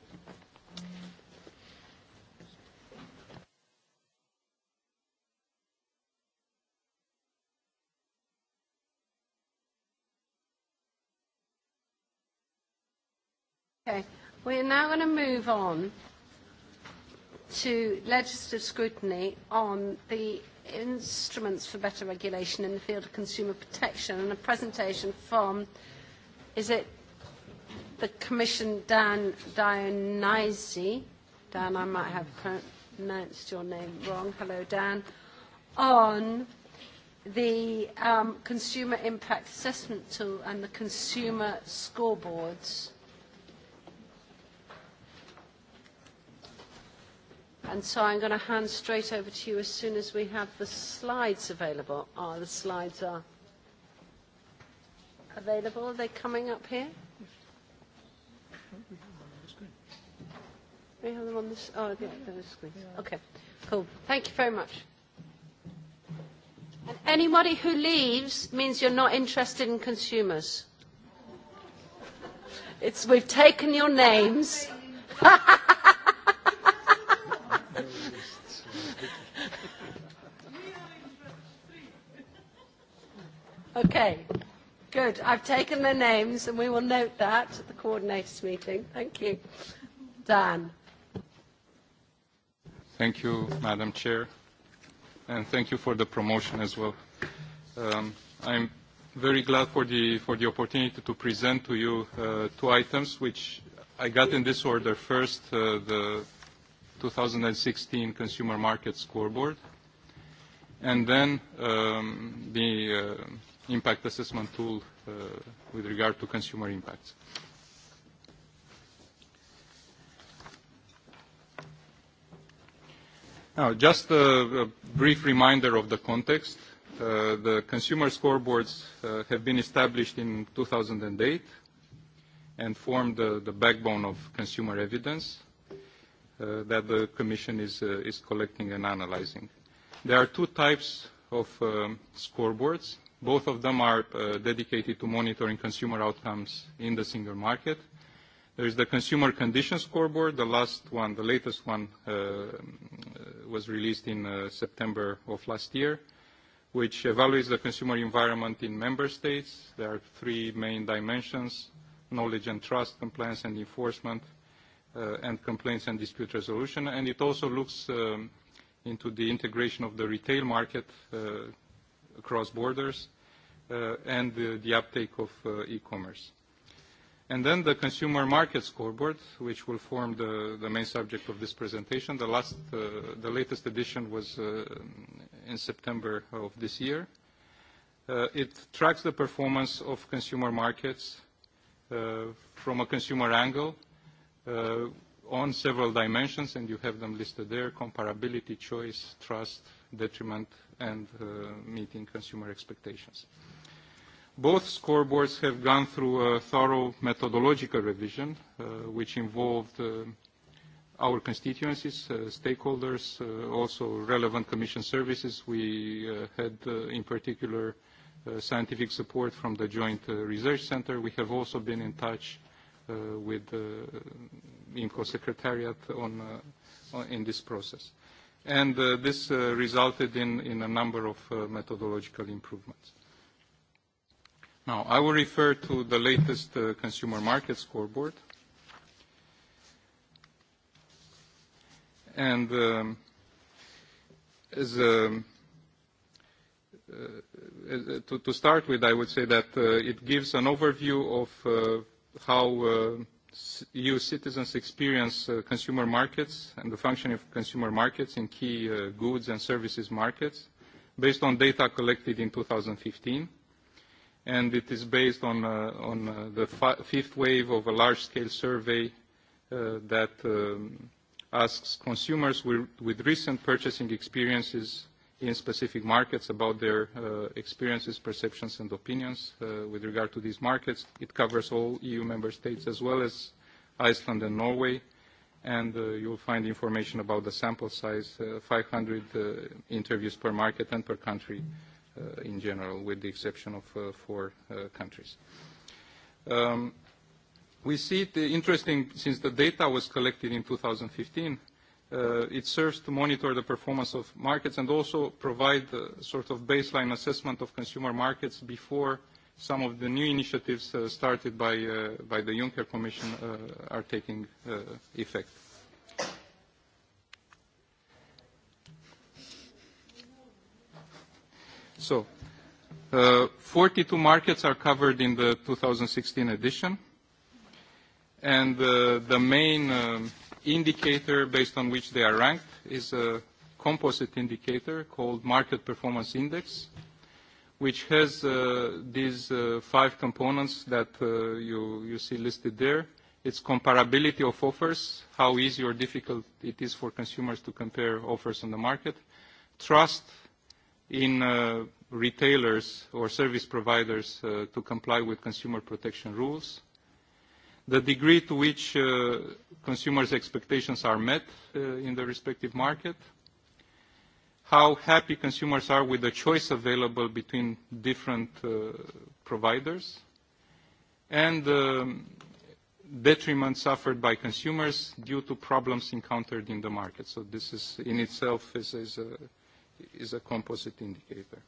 Okay, we're now going to move on to legislative scrutiny on the instruments for better regulation in the field of consumer protection and a presentation from, is it the Commission Dan Dionysi? Dan, I might have pronounced your name wrong. Hello, Dan. On the um, consumer impact assessment tool and the consumer scoreboards. And so I'm going to hand straight over to you as soon as we have the slides available. Are the slides are uh, available. Are they coming up here? We have them on the screen. Oh, yeah, they're on the screen. Okay, cool. Thank you very much. And anybody who leaves means you're not interested in consumers. It's, we've taken your names. Okay, good. I've taken their names and we will note that at the coordinators meeting. Thank you. Dan. Thank you, Madam Chair, and thank you for the promotion as well. Um, I'm very glad for the, for the opportunity to present to you uh, two items, which I got in this order. First, uh, the 2016 Consumer Market Scoreboard, and then um, the uh, impact assessment tool uh, with regard to consumer impacts. Now, just a, a brief reminder of the context. Uh, the consumer scoreboards uh, have been established in 2008 and formed the, the backbone of consumer evidence uh, that the Commission is, uh, is collecting and analyzing. There are two types of um, scoreboards, Both of them are uh, dedicated to monitoring consumer outcomes in the single market. There is the Consumer Condition Scoreboard. The last one, the latest one, uh, was released in uh, September of last year, which evaluates the consumer environment in member states. There are three main dimensions, knowledge and trust, compliance and enforcement, uh, and complaints and dispute resolution. And it also looks um, into the integration of the retail market uh, across borders uh, and the, the uptake of uh, e-commerce. And then the consumer market scoreboard, which will form the, the main subject of this presentation. The, last, uh, the latest edition was uh, in September of this year. Uh, it tracks the performance of consumer markets uh, from a consumer angle, uh, on several dimensions, and you have them listed there, comparability, choice, trust, detriment, and uh, meeting consumer expectations. Both scoreboards have gone through a thorough methodological revision, uh, which involved uh, our constituencies, uh, stakeholders, uh, also relevant commission services. We uh, had, uh, in particular, uh, scientific support from the Joint uh, Research Center. We have also been in touch uh, with the uh, IMCO Secretariat on, uh, on, in this process. And uh, this uh, resulted in, in a number of uh, methodological improvements. Now, I will refer to the latest uh, consumer market scoreboard. And um, as um, uh, uh to, to start with, I would say that uh, it gives an overview of uh, how uh, EU citizens experience uh, consumer markets and the functioning of consumer markets in key uh, goods and services markets based on data collected in 2015. And it is based on, uh, on uh, the fi fifth wave of a large-scale survey uh, that um, asks consumers with, with recent purchasing experiences in specific markets about their uh, experiences, perceptions, and opinions uh, with regard to these markets. It covers all EU member states as well as Iceland and Norway, and uh, you'll find information about the sample size, uh, 500 uh, interviews per market and per country uh, in general, with the exception of uh, four uh, countries. Um, we see it interesting, since the data was collected in 2015, Uh, it serves to monitor the performance of markets and also provide a sort of baseline assessment of consumer markets before some of the new initiatives uh, started by, uh, by the Juncker Commission uh, are taking uh, effect. So, uh, 42 markets are covered in the 2016 edition, and uh, the main um, indicator based on which they are ranked is a composite indicator called Market Performance Index, which has uh, these uh, five components that uh, you, you see listed there. It's comparability of offers, how easy or difficult it is for consumers to compare offers on the market, trust in uh, retailers or service providers uh, to comply with consumer protection rules, the degree to which uh, consumers' expectations are met uh, in the respective market, how happy consumers are with the choice available between different uh, providers, and um, detriment suffered by consumers due to problems encountered in the market. So this is in itself is, is, a, is a composite indicator.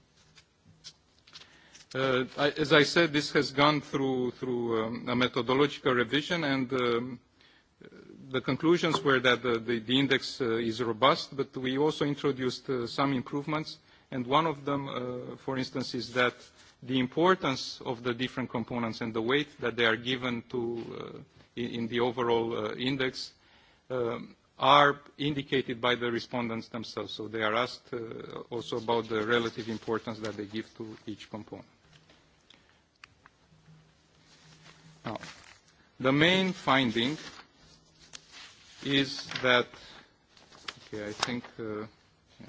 Uh, I, as I said, this has gone through, through um, a methodological revision, and um, the conclusions were that the, the, the index uh, is robust, but we also introduced uh, some improvements, and one of them, uh, for instance, is that the importance of the different components and the weight that they are given to uh, in, in the overall uh, index um, are indicated by the respondents themselves. So they are asked uh, also about the relative importance that they give to each component. Now, the main finding is that, okay, I think, uh, yeah.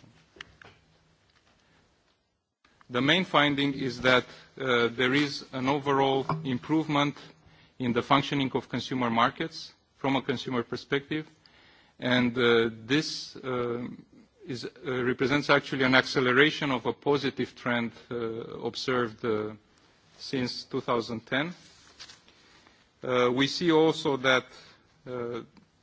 the main finding is that uh, there is an overall improvement in the functioning of consumer markets from a consumer perspective, and uh, this uh, is, uh, represents actually an acceleration of a positive trend uh, observed uh, since 2010 Uh, we see also that uh,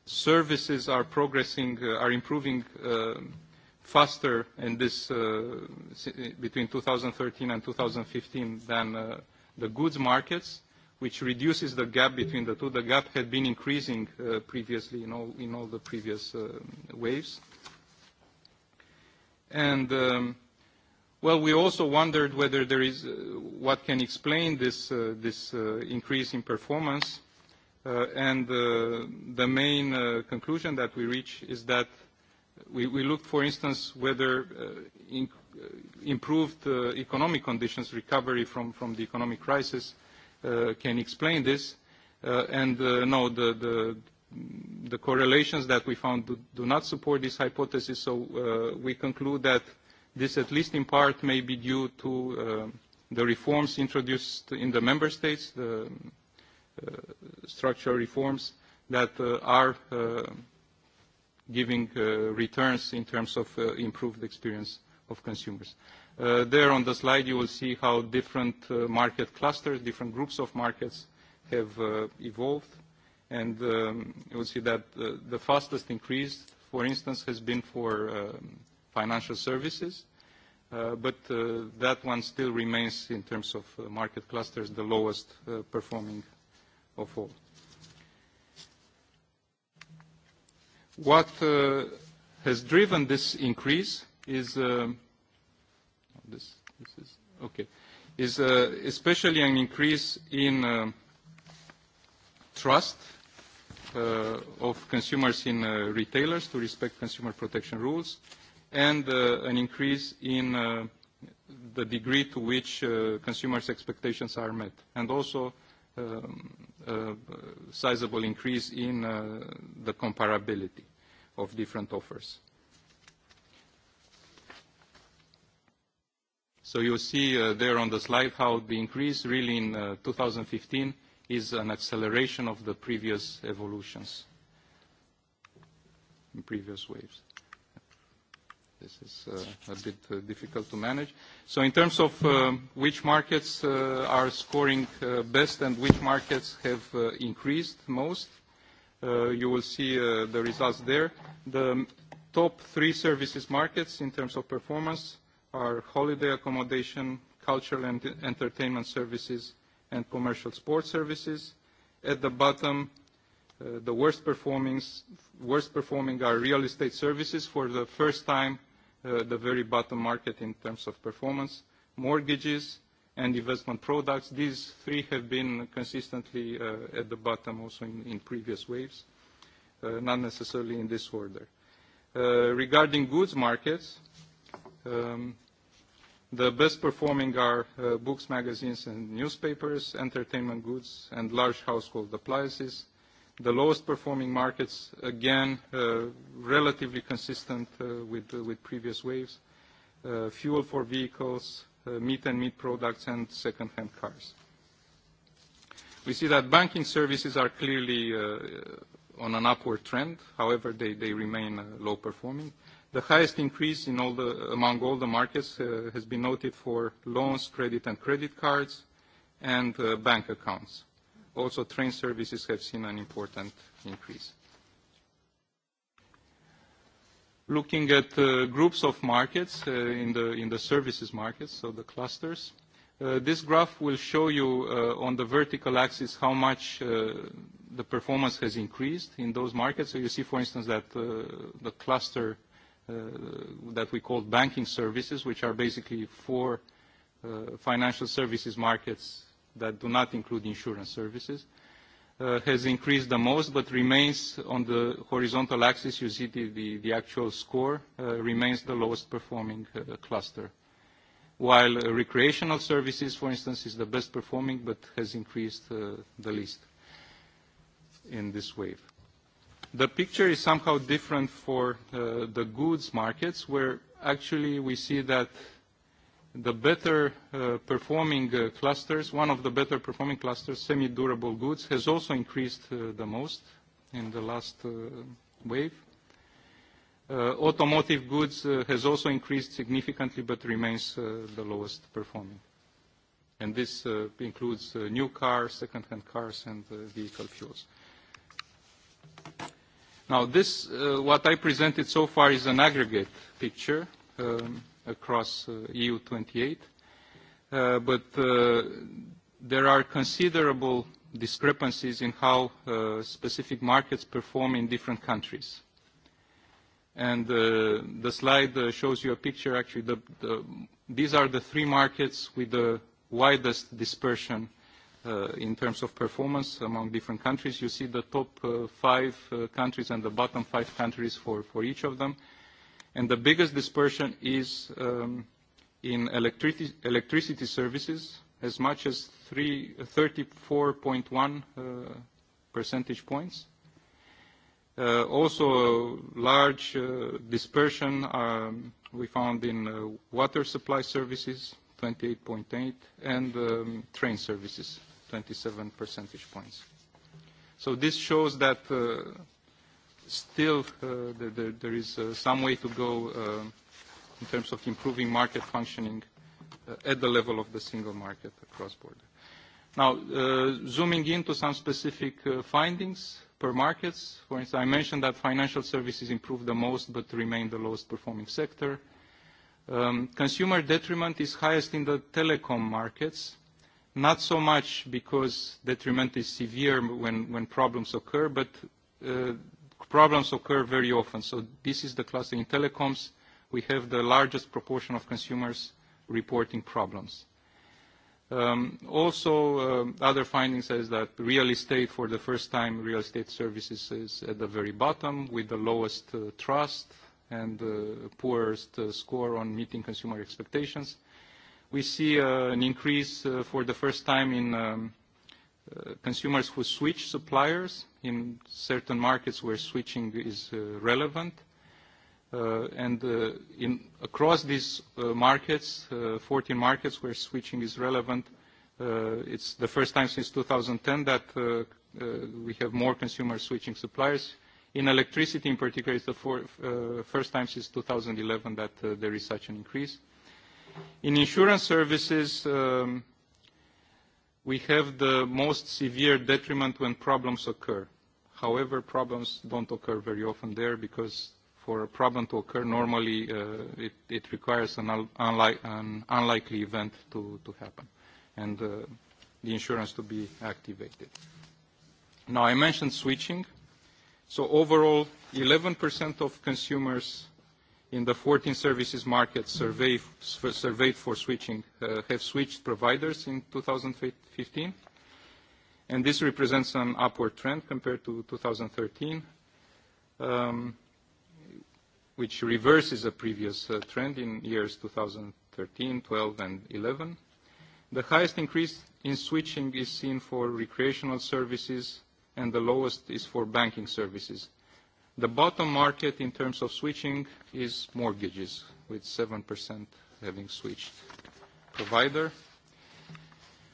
services are progressing, uh, are improving um, faster in this between 2013 and 2015 than the goods markets, which reduces the gap between the two. The gap had been increasing previously in all, the previous um, waves. And um, Well, we also wondered whether there is uh, what can explain this, uh, this uh, increase in performance. Uh, and uh, the main uh, conclusion that we reach is that we, we looked, for instance, whether uh, in, uh, improved uh, economic conditions, recovery from, from the economic crisis, uh, can explain this. Uh, and uh, no, the, the, the correlations that we found do, do not support this hypothesis, so uh, we conclude that – This, at least in part, may be due to uh, the reforms introduced in the member states, the uh, structural reforms that uh, are uh, giving uh, returns in terms of uh, improved experience of consumers. Uh, there on the slide you will see how different uh, market clusters, different groups of markets have uh, evolved. And um, you will see that uh, the fastest increase, for instance, has been for um, financial services, uh, but uh, that one still remains, in terms of uh, market clusters, the lowest uh, performing of all. What uh, has driven this increase is, um, this, this is, okay, is uh, especially an increase in uh, trust uh, of consumers in uh, retailers to respect consumer protection rules, uh, and uh, an increase in uh, the degree to which uh, consumers' expectations are met, and also um, a sizable increase in uh, the comparability of different offers. So you see uh, there on the slide how the increase really in uh, 2015 is an acceleration of the previous evolutions, in previous waves this is uh, a bit uh, difficult to manage. So in terms of uh, which markets uh, are scoring uh, best and which markets have uh, increased most, uh, you will see uh, the results there. The top three services markets in terms of performance are holiday accommodation, cultural and entertainment services, and commercial sports services. At the bottom, uh, the worst, worst performing are real estate services. For the first time, Uh, the very bottom market in terms of performance, mortgages, and investment products. These three have been consistently uh, at the bottom also in, in previous waves, uh, not necessarily in this order. Uh, regarding goods markets, um, the best performing are uh, books, magazines, and newspapers, entertainment goods, and large household appliances. The lowest performing markets, again, uh, relatively consistent uh, with, uh, with previous waves. Uh, fuel for vehicles, uh, meat and meat products, and second-hand cars. We see that banking services are clearly uh, on an upward trend. However, they, they remain uh, low performing. The highest increase in all the, among all the markets uh, has been noted for loans, credit and credit cards, and uh, bank accounts also train services have seen an important increase. Looking at uh, groups of markets uh, in, the, in the services markets, so the clusters, uh, this graph will show you uh, on the vertical axis how much uh, the performance has increased in those markets. So you see, for instance, that uh, the cluster uh, that we call banking services, which are basically four uh, financial services markets that do not include insurance services, uh, has increased the most, but remains on the horizontal axis, you see the, the, the actual score, uh, remains the lowest performing uh, cluster. While uh, recreational services, for instance, is the best performing, but has increased uh, the least in this wave. The picture is somehow different for uh, the goods markets, where actually we see that the better uh, performing uh, clusters, one of the better performing clusters, semi-durable goods, has also increased uh, the most in the last uh, wave. Uh, automotive goods uh, has also increased significantly but remains uh, the lowest performing. And this uh, includes uh, new cars, second-hand cars, and uh, vehicle fuels. Now, this, uh, what I presented so far is an aggregate picture. Um, across uh, EU 28. Uh, but uh, there are considerable discrepancies in how uh, specific markets perform in different countries. And uh, the slide uh, shows you a picture, actually. The, the, these are the three markets with the widest dispersion uh, in terms of performance among different countries. You see the top uh, five uh, countries and the bottom five countries for, for each of them. Uh, and the biggest dispersion is um, in electricity, electricity services, as much as 34.1 uh, percentage points. Uh, also, a large uh, dispersion um, we found in uh, water supply services, 28.8, and um, train services, 27 percentage points. So this shows that uh, still uh, there, is uh, some way to go um, in terms of improving market functioning uh, at the level of the single market across border. Now, uh, zooming into some specific uh, findings per markets, for instance, I mentioned that financial services improved the most but remain the lowest performing sector. Um, consumer detriment is highest in the telecom markets, not so much because detriment is severe when, when problems occur, but uh, problems occur very often. So this is the cluster in telecoms. We have the largest proportion of consumers reporting problems. Um, also, uh, other findings says that real estate, for the first time, real estate services is at the very bottom with the lowest uh, trust and uh, poorest uh, score on meeting consumer expectations. We see uh, an increase uh, for the first time in um, Uh, consumers who switch suppliers in certain markets where switching is uh, relevant. Uh, and uh, in, across these uh, markets, uh, 14 markets where switching is relevant, uh, it's the first time since 2010 that uh, uh, we have more consumers switching suppliers. In electricity in particular, it's the four, uh, first time since 2011 that uh, there is such an increase. In insurance services, um, we have the most severe detriment when problems occur. However, problems don't occur very often there because for a problem to occur, normally uh, it, it requires an, unli an unlikely event to, to happen and uh, the insurance to be activated. Now, I mentioned switching. So overall, 11% of consumers in the 14 services market survey, surveyed for switching uh, have switched providers in 2015, and this represents an upward trend compared to 2013, um, which reverses a previous uh, trend in years 2013, 12, and 11. The highest increase in switching is seen for recreational services, and the lowest is for banking services The bottom market in terms of switching is mortgages, with 7% having switched provider.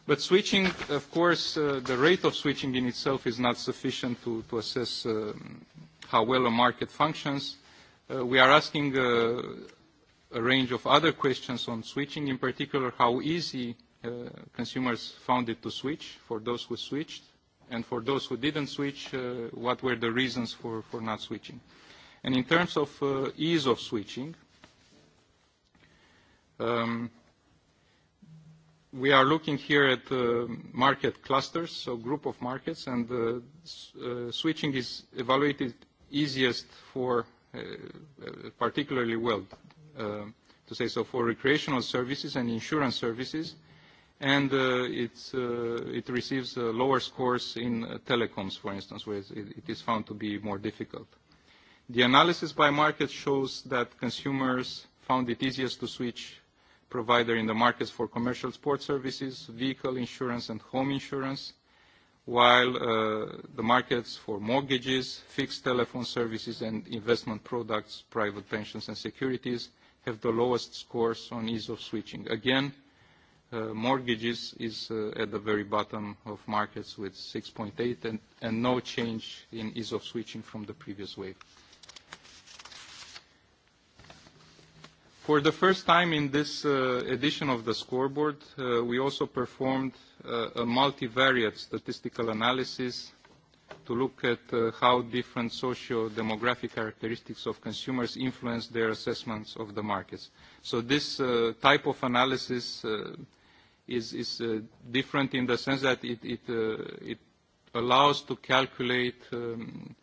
But switching, of course, uh, the rate of switching in itself is not sufficient to, assess um, how well a market functions. Uh, we are asking uh, a range of other questions on switching, in particular how easy consumers found it to switch for those who switched, and for those who didn't switch, uh, what were the reasons for, for not switching. And in terms of uh, ease of switching, um, we are looking here at uh, market clusters, so group of markets, and uh, uh, switching is evaluated easiest for uh, uh, particularly well, uh, to say so, for recreational services and insurance services, and uh, it's, uh, it receives uh, lower scores in uh, telecoms, for instance, where it, it is found to be more difficult. The analysis by market shows that consumers found it easiest to switch provider in the markets for commercial sports services, vehicle insurance, and home insurance, while uh, the markets for mortgages, fixed telephone services, and investment products, private pensions and securities have the lowest scores on ease of switching. Again, Uh, mortgages is uh, at the very bottom of markets with 6.8 and, and no change in ease of switching from the previous wave. For the first time in this uh, edition of the scoreboard, uh, we also performed uh, a multivariate statistical analysis to look at uh, how different socio-demographic characteristics of consumers influence their assessments of the markets. So this uh, type of analysis uh, is, is uh, different in the sense that it, it, uh, it allows to calculate um,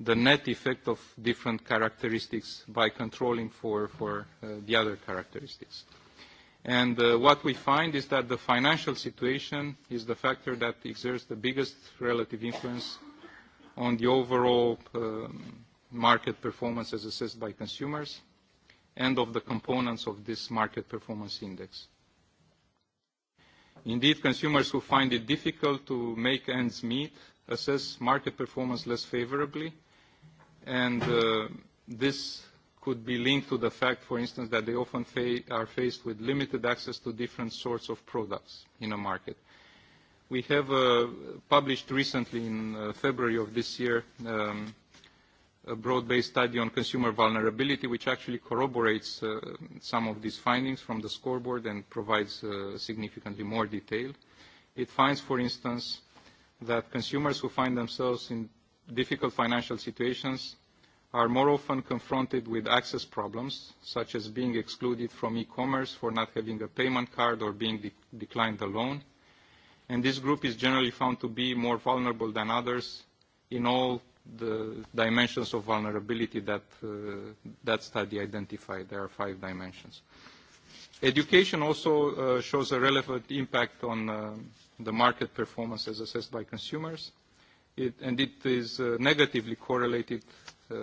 the net effect of different characteristics by controlling for, for uh, the other characteristics. And uh, what we find is that the financial situation is the factor that exerts the biggest relative influence on the overall um, market performance as assessed by consumers and of the components of this market performance index. Indeed, consumers who find it difficult to make ends meet assess market performance less favorably, and uh, this could be linked to the fact, for instance, that they often fa are faced with limited access to different sorts of products in a market. We have uh, published recently in uh, February of this year um, a broad-based study on consumer vulnerability, which actually corroborates uh, some of these findings from the scoreboard and provides uh, significantly more detail. It finds, for instance, that consumers who find themselves in difficult financial situations are more often confronted with access problems, such as being excluded from e-commerce for not having a payment card or being de declined a loan. And this group is generally found to be more vulnerable than others in all the dimensions of vulnerability that uh, that study identified. There are five dimensions. Education also uh, shows a relevant impact on uh, the market performance as assessed by consumers, it, and it is uh, negatively correlated uh,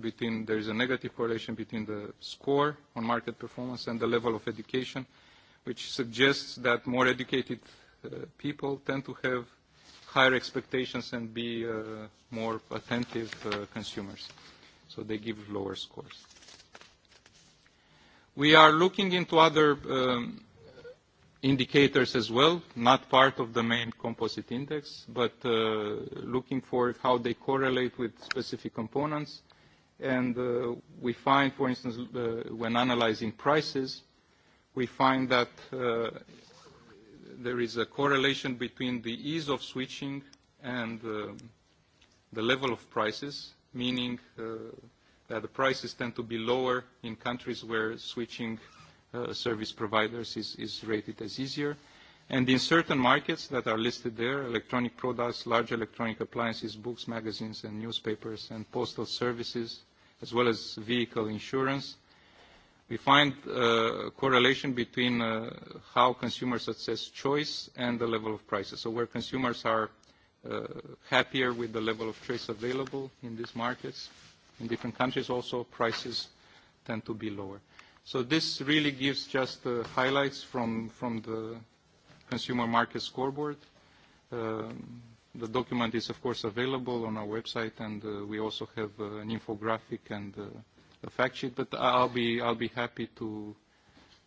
between, there is a negative correlation between the score on market performance and the level of education, which suggests that more educated uh, people tend to have higher expectations and be uh, more attentive uh, consumers. So they give lower scores. We are looking into other um, indicators as well, not part of the main composite index, but uh, looking for how they correlate with specific components. And uh, we find, for instance, uh, when analyzing prices, we find that uh, there is a correlation between the ease of switching and uh, the level of prices, meaning uh, that the prices tend to be lower in countries where switching uh, service providers is, is rated as easier. And in certain markets that are listed there, electronic products, large electronic appliances, books, magazines, and newspapers, and postal services, as well as vehicle insurance, we find uh, correlation between uh, how consumers assess choice and the level of prices. So where consumers are uh, happier with the level of choice available in these markets, in different countries also, prices tend to be lower. So this really gives just the uh, highlights from, from the Consumer Market Scoreboard. Um, the document is, of course, available on our website, and uh, we also have uh, an infographic and uh, a fact sheet, but I'll be, I'll be happy to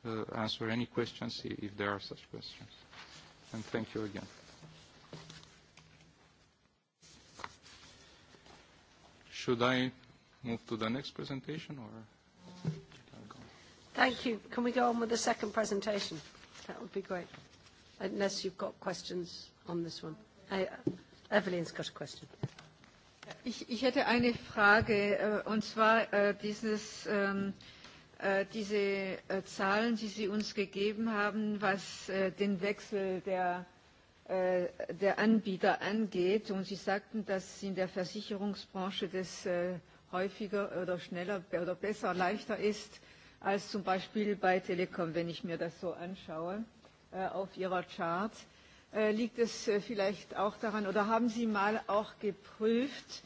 uh, answer any questions if there are such questions. And thank you again. Should I move to the next presentation or? Thank you. Can we go on with the second presentation? That would be great. Unless you've got questions on this one. I, Evelyn's got a question. Yeah. Ich, ich hätte eine Frage, äh, und zwar äh, dieses, ähm, äh, diese Zahlen, die Sie uns gegeben haben, was den Wechsel der, der Anbieter angeht. Und Sie sagten, dass in der Versicherungsbranche das häufiger oder schneller oder besser, leichter ist als zum Beispiel bei Telekom, wenn ich mir das so anschaue, auf Ihrer Chart. Äh, liegt es äh, vielleicht auch daran oder haben Sie mal auch geprüft,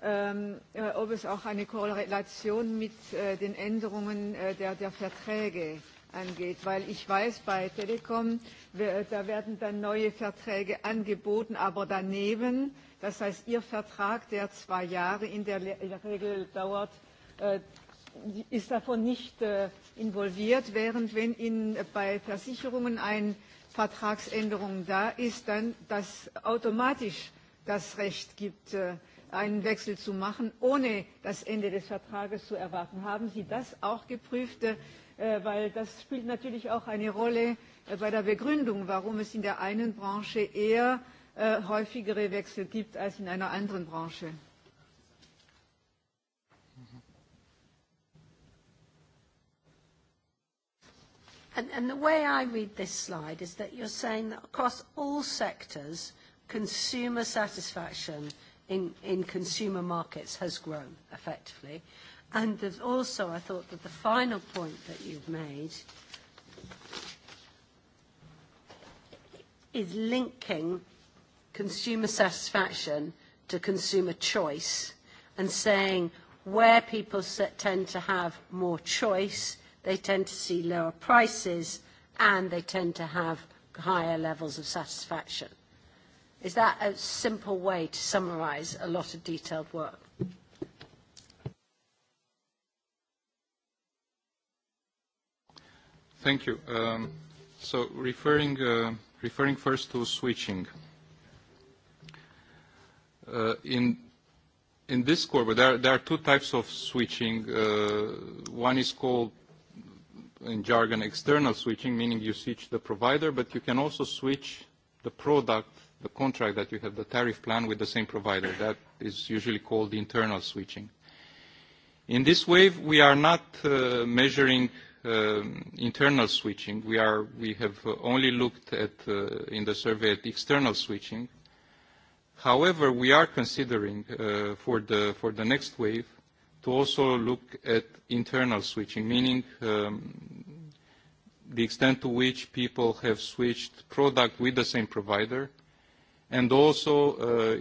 ähm, äh, ob es auch eine Korrelation mit den Änderungen der, der Verträge angeht? Weil ich weiß, bei Telekom, da werden dann neue Verträge angeboten, aber daneben, das heißt, Ihr Vertrag, der zwei Jahre in der Regel dauert, ist davon nicht involviert, während wenn in, bei Versicherungen ein Vertragsänderung da ist, dann dass automatisch das Recht gibt, äh, einen Wechsel zu machen, ohne das Ende des Vertrages zu erwarten. Haben Sie das auch geprüft? Äh, weil das spielt natürlich auch eine Rolle äh, bei der Begründung, warum es in der einen Branche eher häufigere Wechsel gibt als in einer anderen Branche. And, and the way I read this slide is that you're saying that across all sectors, consumer satisfaction in, in consumer markets has grown effectively. And there's also, I thought that the final point that you've made is linking consumer satisfaction to consumer choice and saying where people tend to have more choice, they tend to see lower prices, and they tend to have higher levels of satisfaction. Is that a simple way to summarize a lot of detailed work? Thank you. Um, so referring, uh, referring first to switching. Uh, in, in this scoreboard, there, there are two types of switching. Uh, one is called in jargon external switching, meaning you switch the provider, but you can also switch the product, the contract that you have, the tariff plan with the same provider. That is usually called internal switching. In this wave, we are not uh, measuring um, internal switching. We, are, we have only looked at, uh, in the survey at external switching. However, we are considering uh, for, the, for the next wave to also look at internal switching, meaning um, the extent to which people have switched product with the same provider. And also, uh,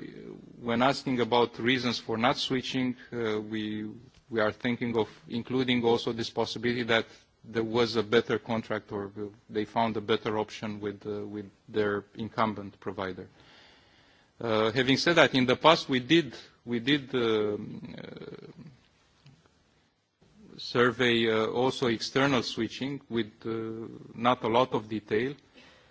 when asking about reasons for not switching, uh, we, we are thinking of including also this possibility that there was a better contract or they found a better option with, uh, with their incumbent provider. Uh, having said that, in the past we did, we did um, uh, uh, survey uh, also external switching with uh, not a lot of detail,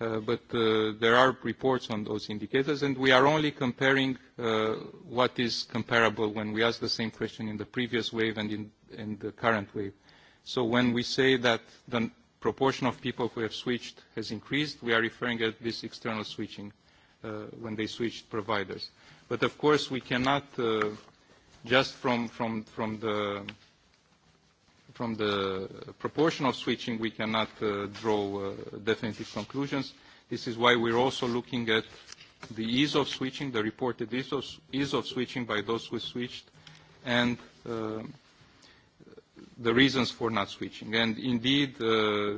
uh, but uh, there are reports on those indicators, and we are only comparing uh, what is comparable when we ask the same question in the previous wave and in, in the current wave. So when we say that the proportion of people who have switched has increased, we are referring at this external switching uh, when they switched providers. But of course, we cannot uh, just from, from, from the from the proportion of switching, we cannot uh, draw uh, definitive conclusions. This is why we're also looking at the ease of switching, the reported ease of, ease of switching by those who switched, and uh, the reasons for not switching. And indeed, uh,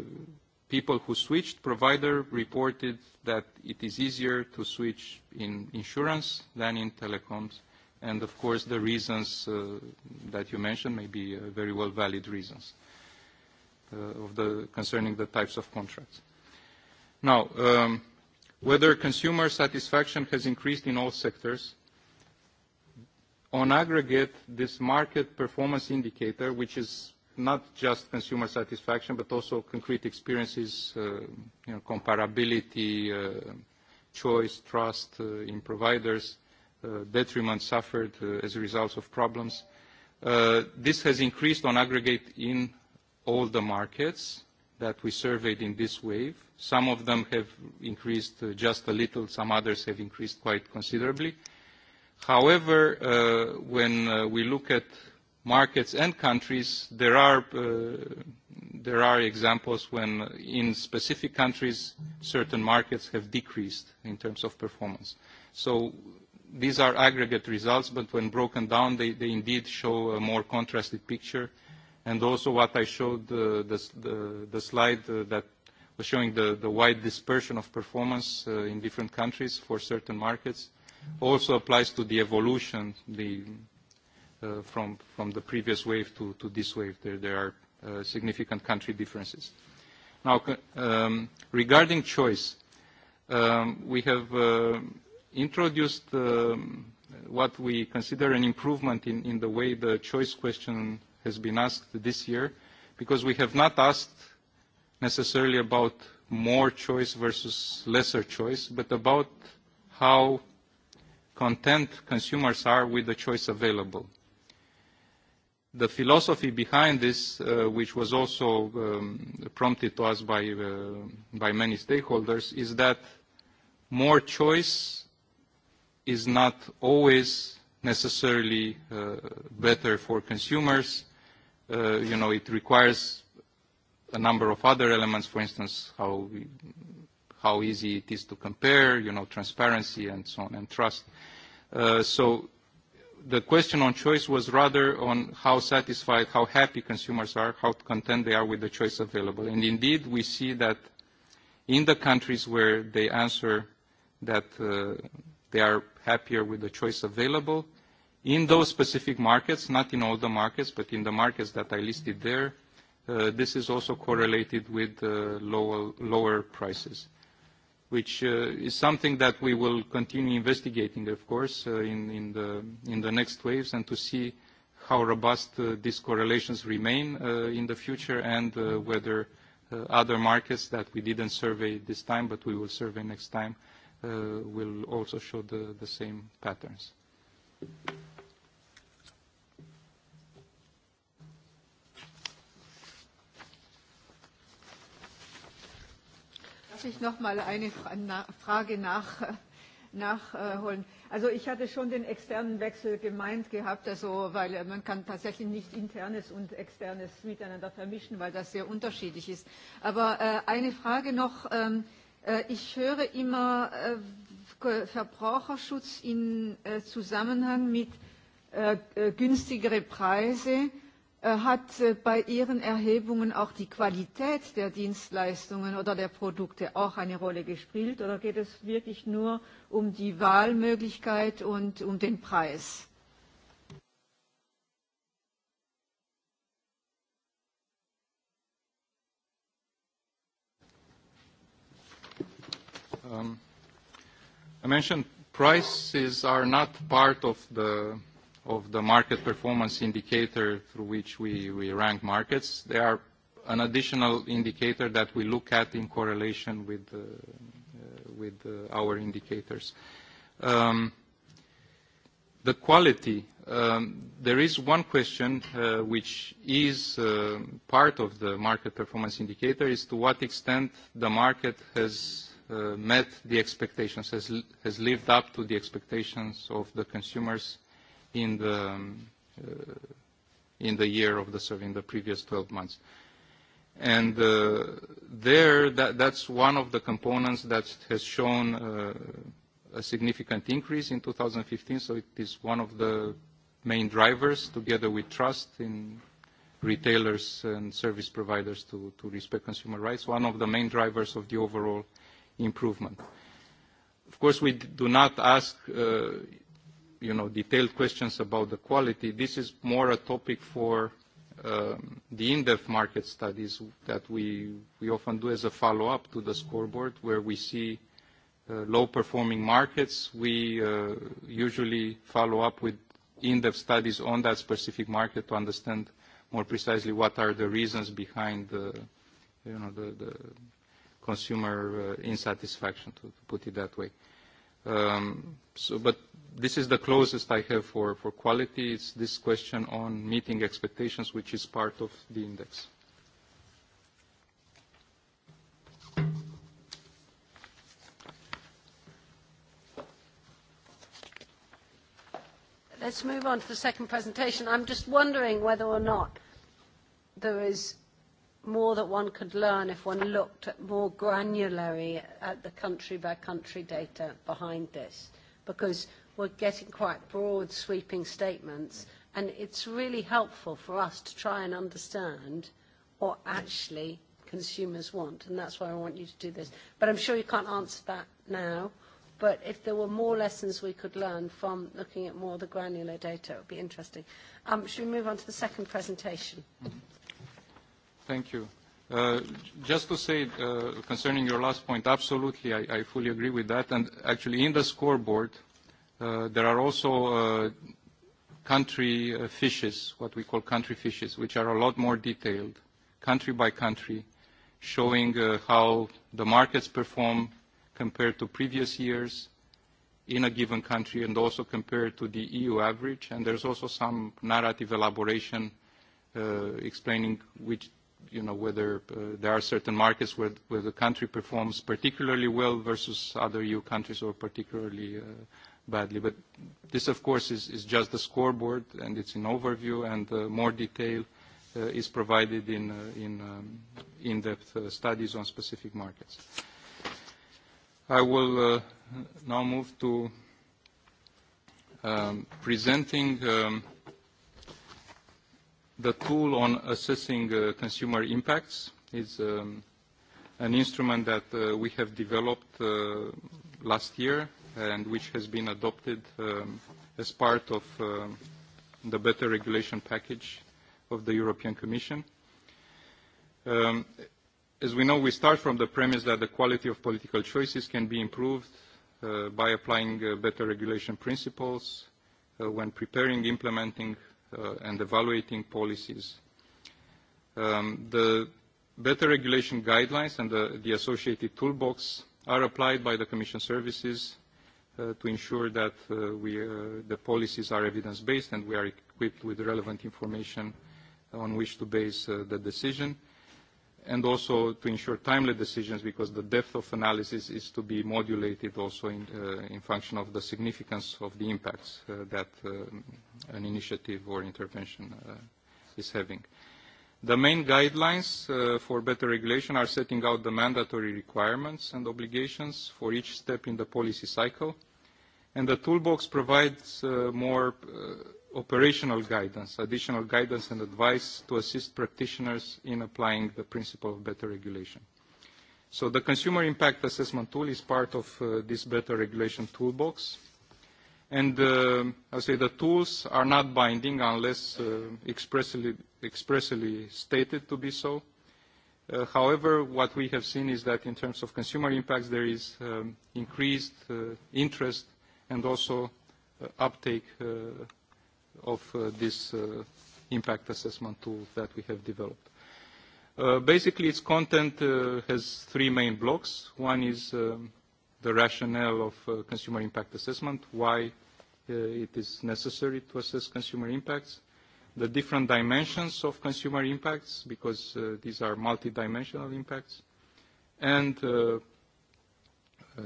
people who switched provider reported that it is easier to switch in insurance than in telecoms And of course, the reasons uh, that you mentioned may be uh, very well valid reasons uh, of the, concerning the types of contracts. Now, um, whether consumer satisfaction has increased in all sectors, on aggregate, this market performance indicator, which is not just consumer satisfaction, but also concrete experiences, uh, you know, comparability, uh, choice, trust uh, in providers, uh, detriment suffered uh, as a result of problems. Uh, this has increased on aggregate in all the markets that we surveyed in this wave. Some of them have increased uh, just a little, some others have increased quite considerably. However, uh, when uh, we look at markets and countries, there are, uh, there are examples when uh, in specific countries certain markets have decreased in terms of performance. So these are aggregate results, but when broken down, they, they indeed show a more contrasted picture. And also what I showed, uh, the, the, the slide uh, that was showing the, the wide dispersion of performance uh, in different countries for certain markets, also applies to the evolution the, uh, from, from the previous wave to, to this wave. There, there are uh, significant country differences. Now, um, regarding choice, um, we have uh, introduced um, what we consider an improvement in, in the way the choice question has been asked this year, because we have not asked necessarily about more choice versus lesser choice, but about how content consumers are with the choice available. The philosophy behind this, uh, which was also um, prompted to us by, uh, by many stakeholders, is that more choice is not always necessarily uh, better for consumers. Uh, you know, it requires a number of other elements, for instance, how, we, how easy it is to compare, you know, transparency and so on, and trust. Uh, so the question on choice was rather on how satisfied, how happy consumers are, how content they are with the choice available. And indeed, we see that in the countries where they answer that uh, they are happier with the choice available. In those specific markets, not in all the markets, but in the markets that I listed there, uh, this is also correlated with uh, lower, lower prices, which uh, is something that we will continue investigating, of course, uh, in, in, the, in the next waves and to see how robust uh, these correlations remain uh, in the future and uh, whether uh, other markets that we didn't survey this time but we will survey next time uh, uh, will also show the, the same patterns. Darf ich noch mal eine Frage nach, nachholen? Also ich hatte schon den externen Wechsel gemeint gehabt, also weil äh, man kann tatsächlich nicht internes und externes miteinander vermischen, weil das sehr unterschiedlich ist. Aber äh, eine Frage noch. Ähm, Äh, ich höre immer äh, Verbraucherschutz in äh, Zusammenhang mit günstigere Preise hat bei Ihren Erhebungen auch die Qualität der Dienstleistungen oder der Produkte auch eine Rolle gespielt? Oder geht es wirklich nur um die Wahlmöglichkeit und um den Preis? Um, I mentioned prices are not part of the of the market performance indicator through which we, we rank markets. They are an additional indicator that we look at in correlation with, uh, uh, with uh, our indicators. Um, the quality, um, there is one question uh, which is uh, part of the market performance indicator is to what extent the market has uh, met the expectations, has, has lived up to the expectations of the consumers in the, um, uh, in the year of the survey, in the previous 12 months. And uh, there, that, that's one of the components that has shown uh, a significant increase in 2015, so it is one of the main drivers, together with trust in retailers and service providers to, to respect consumer rights, one of the main drivers of the overall uh, improvement. Of course, we do not ask, uh, you know, detailed questions about the quality. This is more a topic for um, the in-depth market studies that we, we often do as a follow-up to the scoreboard, where we see uh, low-performing markets. We uh, usually follow up with in-depth studies on that specific market to understand more precisely what are the reasons behind the, you know, the, the consumer uh, insatisfaction, to, put it that way. Um, so, but this is the closest I have for, for quality. It's this question on meeting expectations, which is part of the index. Let's move on to the second presentation. I'm just wondering whether or not there is more that one could learn if one looked at more granularly at the country by country data behind this, because we're getting quite broad sweeping statements, and it's really helpful for us to try and understand what actually consumers want, and that's why I want you to do this. But I'm sure you can't answer that now, but if there were more lessons we could learn from looking at more of the granular data, it would be interesting. Um, should we move on to the second presentation? Mm-hmm. Thank you. Uh, just to say, uh, concerning your last point, absolutely, I, fully agree with that. And actually, in the scoreboard, uh, there are also country fishes, what we call country fishes, which are a lot more detailed, country by country, showing how the markets perform compared to previous years in a given country and also compared to the EU average. And there's also some narrative elaboration explaining which you know, whether uh, there are certain markets where, where the country performs particularly well versus other EU countries or particularly uh, badly. But this, of course, is, is just the scoreboard, and it's an overview, and uh, more detail uh, is provided in, uh, in um, in-depth uh, studies on specific markets. I will uh, now move to um, presenting um, – The tool on assessing uh, consumer impacts is um, an instrument that uh, we have developed uh, last year and which has been adopted um, as part of uh, the better regulation package of the European Commission. Um, as we know, we start from the premise that the quality of political choices can be improved uh, by applying uh, better regulation principles uh, when preparing, implementing, uh, uh, and evaluating policies. Um, the better regulation guidelines and the, the associated toolbox are applied by the Commission services uh, to ensure that uh, we, uh, the policies are evidence-based and we are equipped with relevant information on which to base uh, the decision. Uh, and also to ensure timely decisions because the depth of analysis is to be modulated also in, uh, in function of the significance of the impacts uh, that uh, an initiative or intervention uh, is having. The main guidelines uh, for better regulation are setting out the mandatory requirements and obligations for each step in the policy cycle, and the toolbox provides uh, more uh, operational guidance, additional guidance and advice to assist practitioners in applying the principle of better regulation. So the consumer impact assessment tool is part of uh, this better regulation toolbox. And uh, I'll say the tools are not binding unless uh, expressly, expressly stated to be so. Uh, however, what we have seen is that in terms of consumer impacts, there is um, increased uh, interest and also uh, uptake uh, of uh, this uh, impact assessment tool that we have developed. Uh, basically, its content uh, has three main blocks. One is um, the rationale of uh, consumer impact assessment, why uh, it is necessary to assess consumer impacts, the different dimensions of consumer impacts, because uh, these are multidimensional impacts, and uh, uh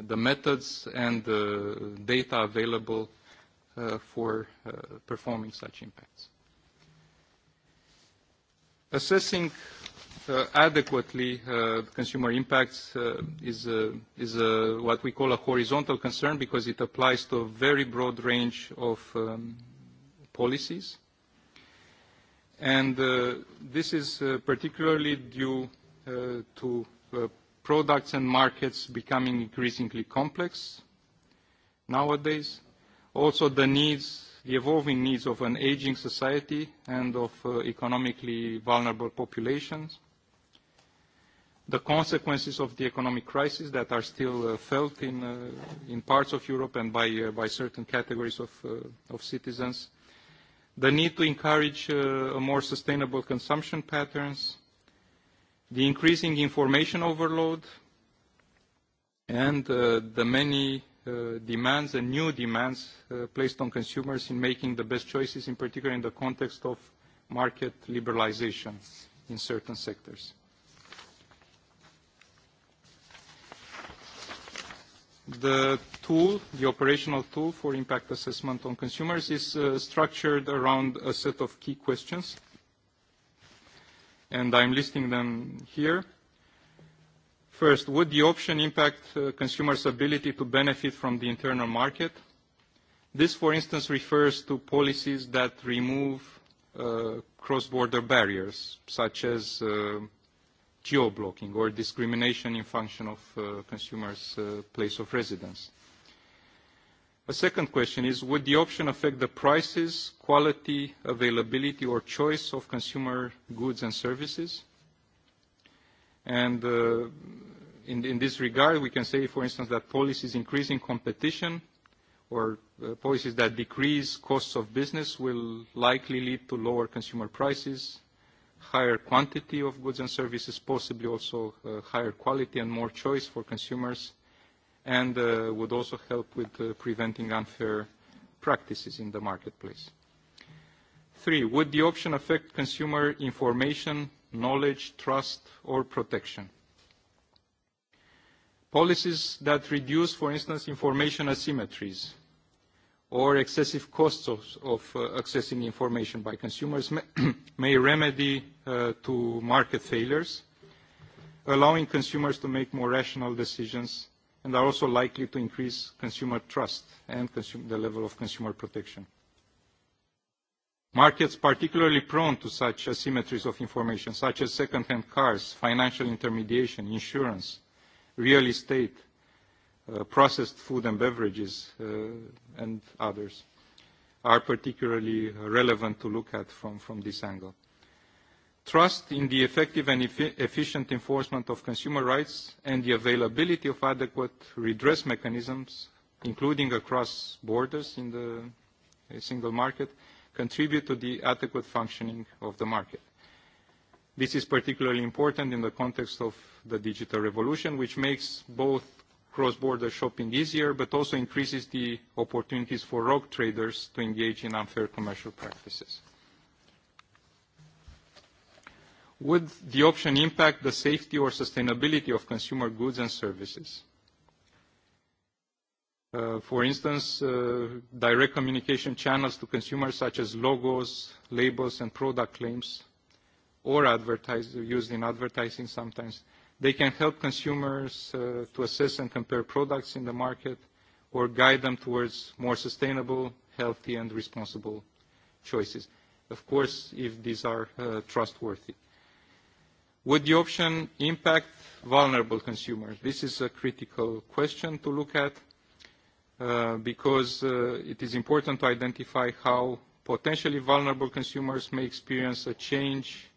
the methods and uh, data available uh, uh, for uh, performing such impacts. Assessing uh, adequately uh, consumer impacts uh, is, a, uh, is a, uh, what we call a horizontal concern because it applies to a very broad range of um, policies. And uh, this is uh, particularly due uh, to uh, products and markets becoming increasingly complex nowadays, also the needs, the evolving needs of an aging society and of uh, economically vulnerable populations, the consequences of the economic crisis that are still uh, felt in, uh, in parts of Europe and by, uh, by certain categories of, uh, of citizens, the need to encourage uh, a more sustainable consumption patterns, the increasing information overload, and uh, the many Uh, demands and new demands uh, placed on consumers in making the best choices, in particular in the context of market liberalisation in certain sectors. The tool, the operational tool for impact assessment on consumers is uh, structured around a set of key questions, and I'm listing them here. First, would the option impact uh, consumers' ability to benefit from the internal market? This, for instance, refers to policies that remove uh, cross-border barriers, such as uh, geo-blocking or discrimination in function of uh, consumers' uh, place of residence. A second question is, would the option affect the prices, quality, availability, or choice of consumer goods and services? And uh, in, this regard, we can say, for instance, that policies increasing competition or uh, policies that decrease costs of business will likely lead to lower consumer prices, higher quantity of goods and services, possibly also uh, higher quality and more choice for consumers, and uh, would also help with uh, preventing unfair practices in the marketplace. Three, would the option affect consumer information, knowledge, trust, or protection? Policies that reduce, for instance, information asymmetries or excessive costs of, of uh, accessing information by consumers may, remedy uh, to market failures, allowing consumers to make more rational decisions and are also likely to increase consumer trust and consume, the level of consumer protection. Markets particularly prone to such asymmetries of information, such as second-hand cars, financial intermediation, insurance, real estate, uh, processed food and beverages, uh, and others are particularly relevant to look at from, from this angle. Trust in the effective and efi efficient enforcement of consumer rights and the availability of adequate redress mechanisms, including across borders in the single market, contribute to the adequate functioning of the market. This is particularly important in the context of the digital revolution, which makes both cross-border shopping easier, but also increases the opportunities for rogue traders to engage in unfair commercial practices. Would the option impact the safety or sustainability of consumer goods and services? Uh, for instance, uh, direct communication channels to consumers such as logos, labels, and product claims or advertisers used in advertising sometimes. They can help consumers uh, to assess and compare products in the market or guide them towards more sustainable, healthy, and responsible choices. Of course, if these are uh, trustworthy. Would the option impact vulnerable consumers? This is a critical question to look at uh, because uh, it is important to identify how potentially vulnerable consumers may experience a change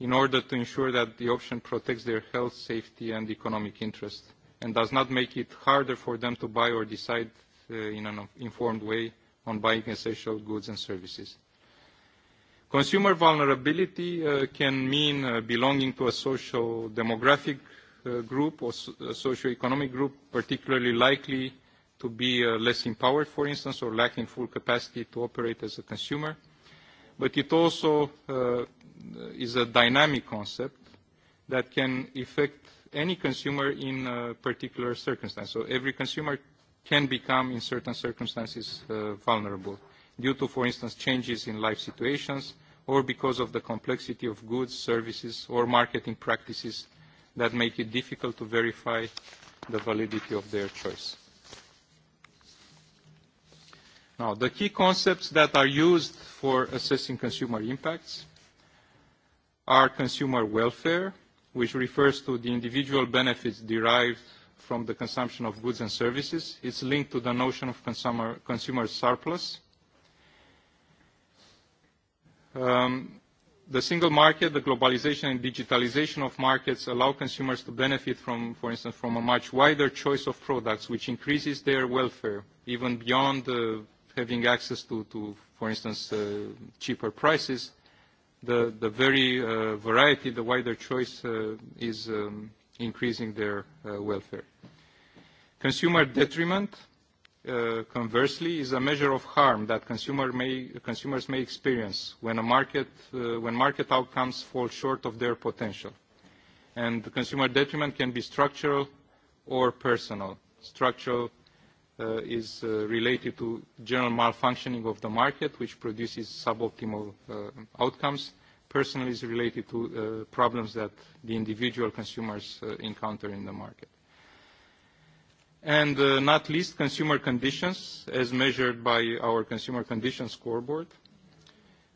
in order to ensure that the option protects their health, safety and economic interests and does not make it harder for them to buy or decide uh, in an informed way on buying essential goods and services. Consumer vulnerability uh, can mean uh, belonging to a social demographic uh, group or so a socioeconomic group particularly likely to be uh, less empowered, for instance, or lacking full capacity to operate as a consumer. But it also uh, is a dynamic concept that can affect any consumer in a particular circumstance. So every consumer can become, in certain circumstances, uh, vulnerable due to, for instance, changes in life situations or because of the complexity of goods, services, or marketing practices that make it difficult to verify the validity of their choice. Now, the key concepts that are used for assessing consumer impacts are consumer welfare, which refers to the individual benefits derived from the consumption of goods and services. It's linked to the notion of consumer, consumer surplus. Um, the single market, the globalization and digitalization of markets allow consumers to benefit from, for instance, from a much wider choice of products, which increases their welfare, even beyond uh, having access to, to for instance, uh, cheaper prices the, the very uh, variety, the wider choice uh, is um, increasing their uh, welfare. Consumer detriment, uh, conversely, is a measure of harm that consumer may, consumers may experience when, a market, uh, when market outcomes fall short of their potential. And the consumer detriment can be structural or personal. Structural uh, is uh, related to general malfunctioning of the market, which produces suboptimal uh, outcomes. Personal is related to uh, problems that the individual consumers uh, encounter in the market. And uh, not least, consumer conditions, as measured by our consumer conditions scoreboard.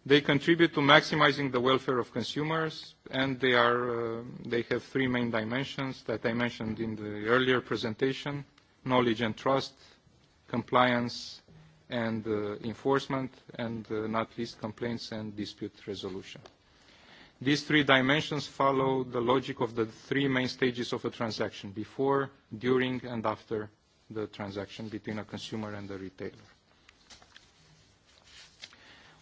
They contribute to maximizing the welfare of consumers, and they, are, uh, they have three main dimensions that I mentioned in the earlier presentation knowledge and trust, compliance and uh, enforcement, and uh, not least complaints and dispute resolution. These three dimensions follow the logic of the three main stages of a transaction, before, during, and after the transaction between a consumer and a retailer.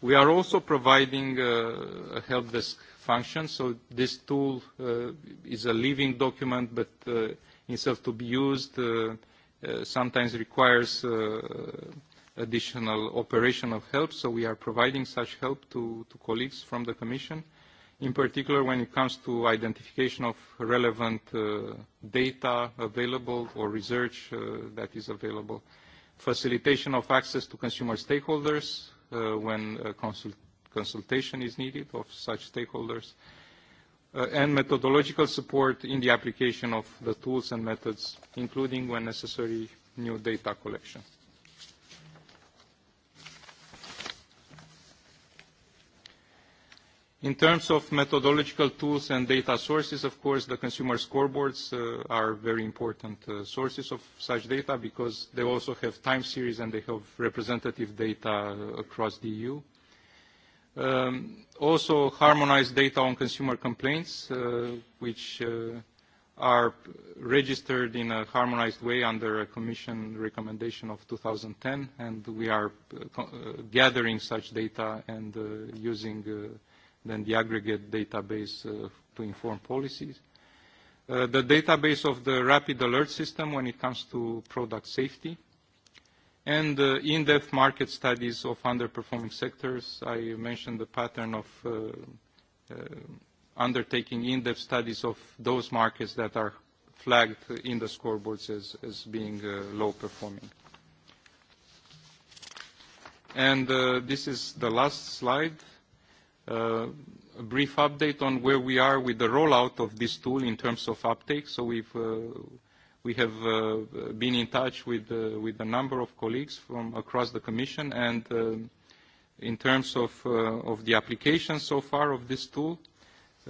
We are also providing uh, a help desk function, so this tool uh, is a living document, but uh, itself to be used uh, Uh, sometimes requires uh, additional operational help, so we are providing such help to, to colleagues from the Commission, in particular when it comes to identification of relevant uh, data available or research uh, that is available, facilitation of access to consumer stakeholders uh, when uh, consult consultation is needed of such stakeholders, uh, Uh, and methodological support in the application of the tools and methods, including, when necessary, new data collection. In terms of methodological tools and data sources, of course, the consumer scoreboards uh, are very important uh, sources of such data because they also have time series and they have representative data across the EU. Uh, Um, also harmonized data on consumer complaints, uh, which uh, are registered in a harmonized way under a Commission recommendation of 2010, and we are uh, uh, gathering such data and uh, using uh, then the aggregate database uh, to inform policies. Uh, the database of the rapid alert system when it comes to product safety, and uh, in-depth market studies of underperforming sectors. I mentioned the pattern of uh, uh, undertaking in-depth studies of those markets that are flagged in the scoreboards as, as being uh, low-performing. And uh, this is the last slide. Uh, a brief update on where we are with the rollout of this tool in terms of uptake. So we've uh, We have uh, been in touch with, uh, with a number of colleagues from across the Commission, and uh, in terms of, uh, of the application so far of this tool,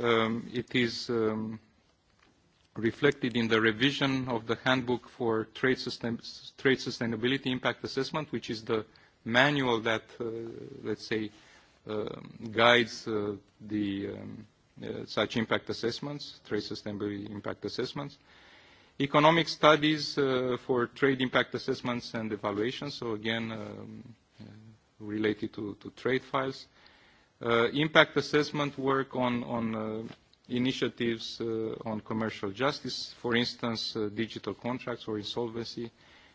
um, it is um, reflected in the revision of the Handbook for Trade, Sustain Trade Sustainability Impact Assessment, which is the manual that, uh, let's say, uh, guides uh, the um, uh, such impact assessments, trade sustainability impact assessments. Uh, Economic studies uh, for trade impact assessments and evaluations, so again, um, uh, related to, to trade files. Uh, impact assessment work on, on uh, initiatives uh, on commercial justice, for instance, uh, digital contracts or insolvency,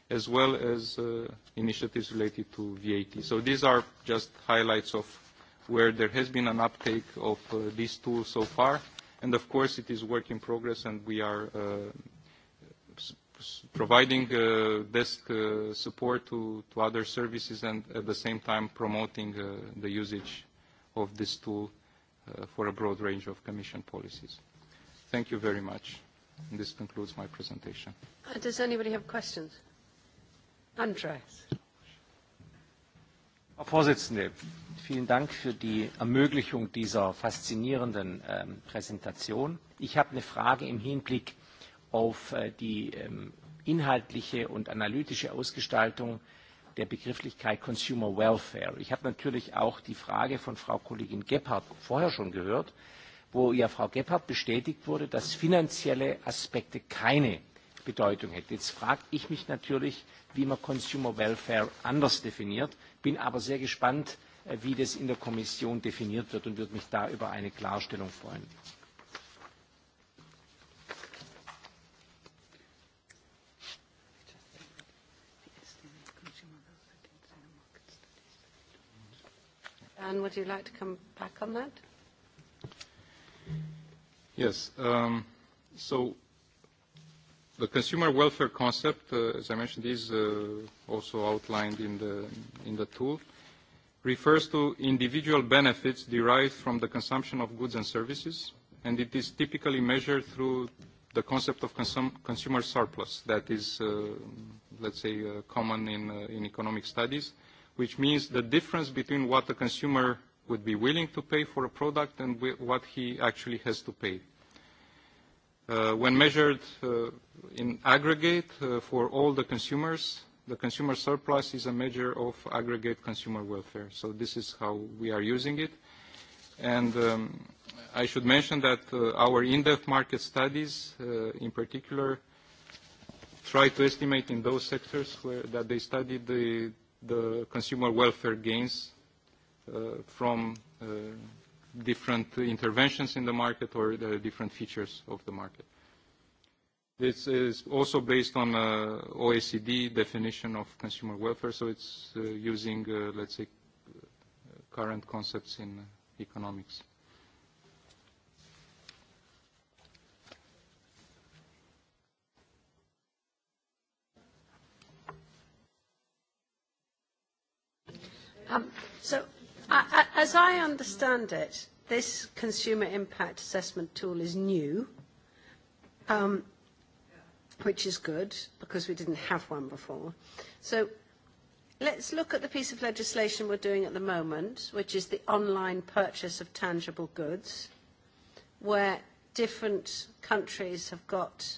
as well as uh, initiatives related to VAT. So these are just highlights of where there has been an uptake of uh, these tools so far. And of course, it is work in progress, and we are uh, providing uh, desk uh, support to, to other services and at the same time promoting uh, the usage of this tool uh, for a broad range of Commission policies. Thank you very much. And this concludes my presentation. Uh, does anybody have questions? Andres. Frau Vorsitzende, vielen Dank für die Ermöglichung dieser faszinierenden ähm, Präsentation. Ich habe eine Frage im Hinblick auf äh, die ähm, inhaltliche und analytische Ausgestaltung der Begrifflichkeit Consumer Welfare. Ich habe natürlich auch die Frage von Frau Kollegin Gebhardt vorher schon gehört, wo ja Frau Gebhardt bestätigt wurde, dass finanzielle Aspekte keine Bedeutung hätten. Jetzt frage ich mich natürlich, wie man Consumer Welfare anders definiert, bin aber sehr gespannt, äh, wie das in der Kommission definiert wird und würde mich da über eine Klarstellung freuen. Anne, would you like to come back on that? Yes. Um, so the consumer welfare concept, uh, as I mentioned, is uh, also outlined in the, in the tool, refers to individual benefits derived from the consumption of goods and services, and it is typically measured through the concept of consum consumer surplus that is, uh, let's say, uh, common in, uh, in economic studies. Uh, which means the difference between what the consumer would be willing to pay for a product and what he actually has to pay. Uh, when measured uh, in aggregate uh, for all the consumers, the consumer surplus is a measure of aggregate consumer welfare. So this is how we are using it. And um, I should mention that uh, our in-depth market studies, uh, in particular, try to estimate in those sectors where, that they studied the the consumer welfare gains uh, from uh, different interventions in the market or the different features of the market. This is also based on uh, OECD definition of consumer welfare, so it's uh, using, uh, let's say, uh, current concepts in economics. Um, so, I, I, as I understand it, this consumer impact assessment tool is new, um, which is good because we didn't have one before. So let's look at the piece of legislation we're doing at the moment, which is the online purchase of tangible goods, where different countries have got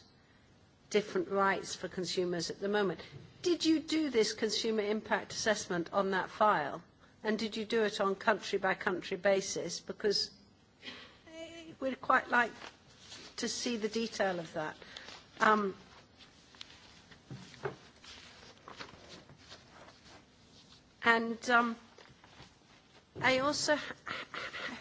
different rights for consumers at the moment. Did you do this consumer impact assessment on that file? And did you do it on country by country basis? Because we'd quite like to see the detail of that. Um, and um, I also,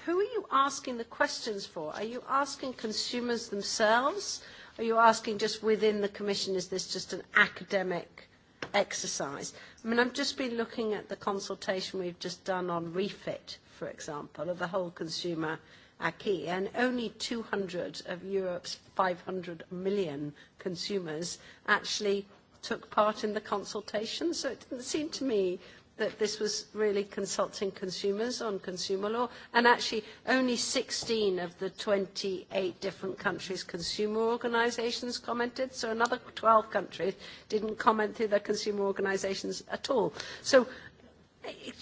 who are you asking the questions for? Are you asking consumers themselves? Are you asking just within the Commission, is this just an academic exercise. I mean, I've just been looking at the consultation we've just done on refit, for example, of the whole consumer acquis, and only 200 of Europe's 500 million consumers actually took part in the consultation. So it didn't seem to me that this was really consulting consumers on consumer law, and actually only 16 of the 28 different countries' consumer organizations commented, so another 12 countries didn't comment through their consumer organizations at all. So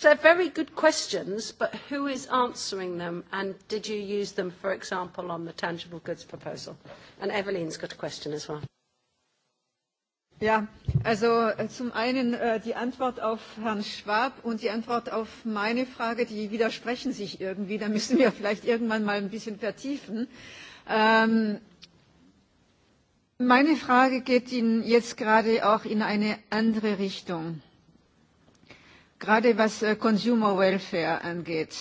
they're very good questions, but who is answering them, and did you use them, for example, on the tangible goods proposal? And Eveline's got a question as well also äh, zum einen äh, die Antwort auf Herrn Schwab und die Antwort auf meine Frage, die widersprechen sich irgendwie. Da müssen wir vielleicht irgendwann mal ein bisschen vertiefen. Ähm, meine Frage geht Ihnen jetzt gerade auch in eine andere Richtung, gerade was äh, Consumer Welfare angeht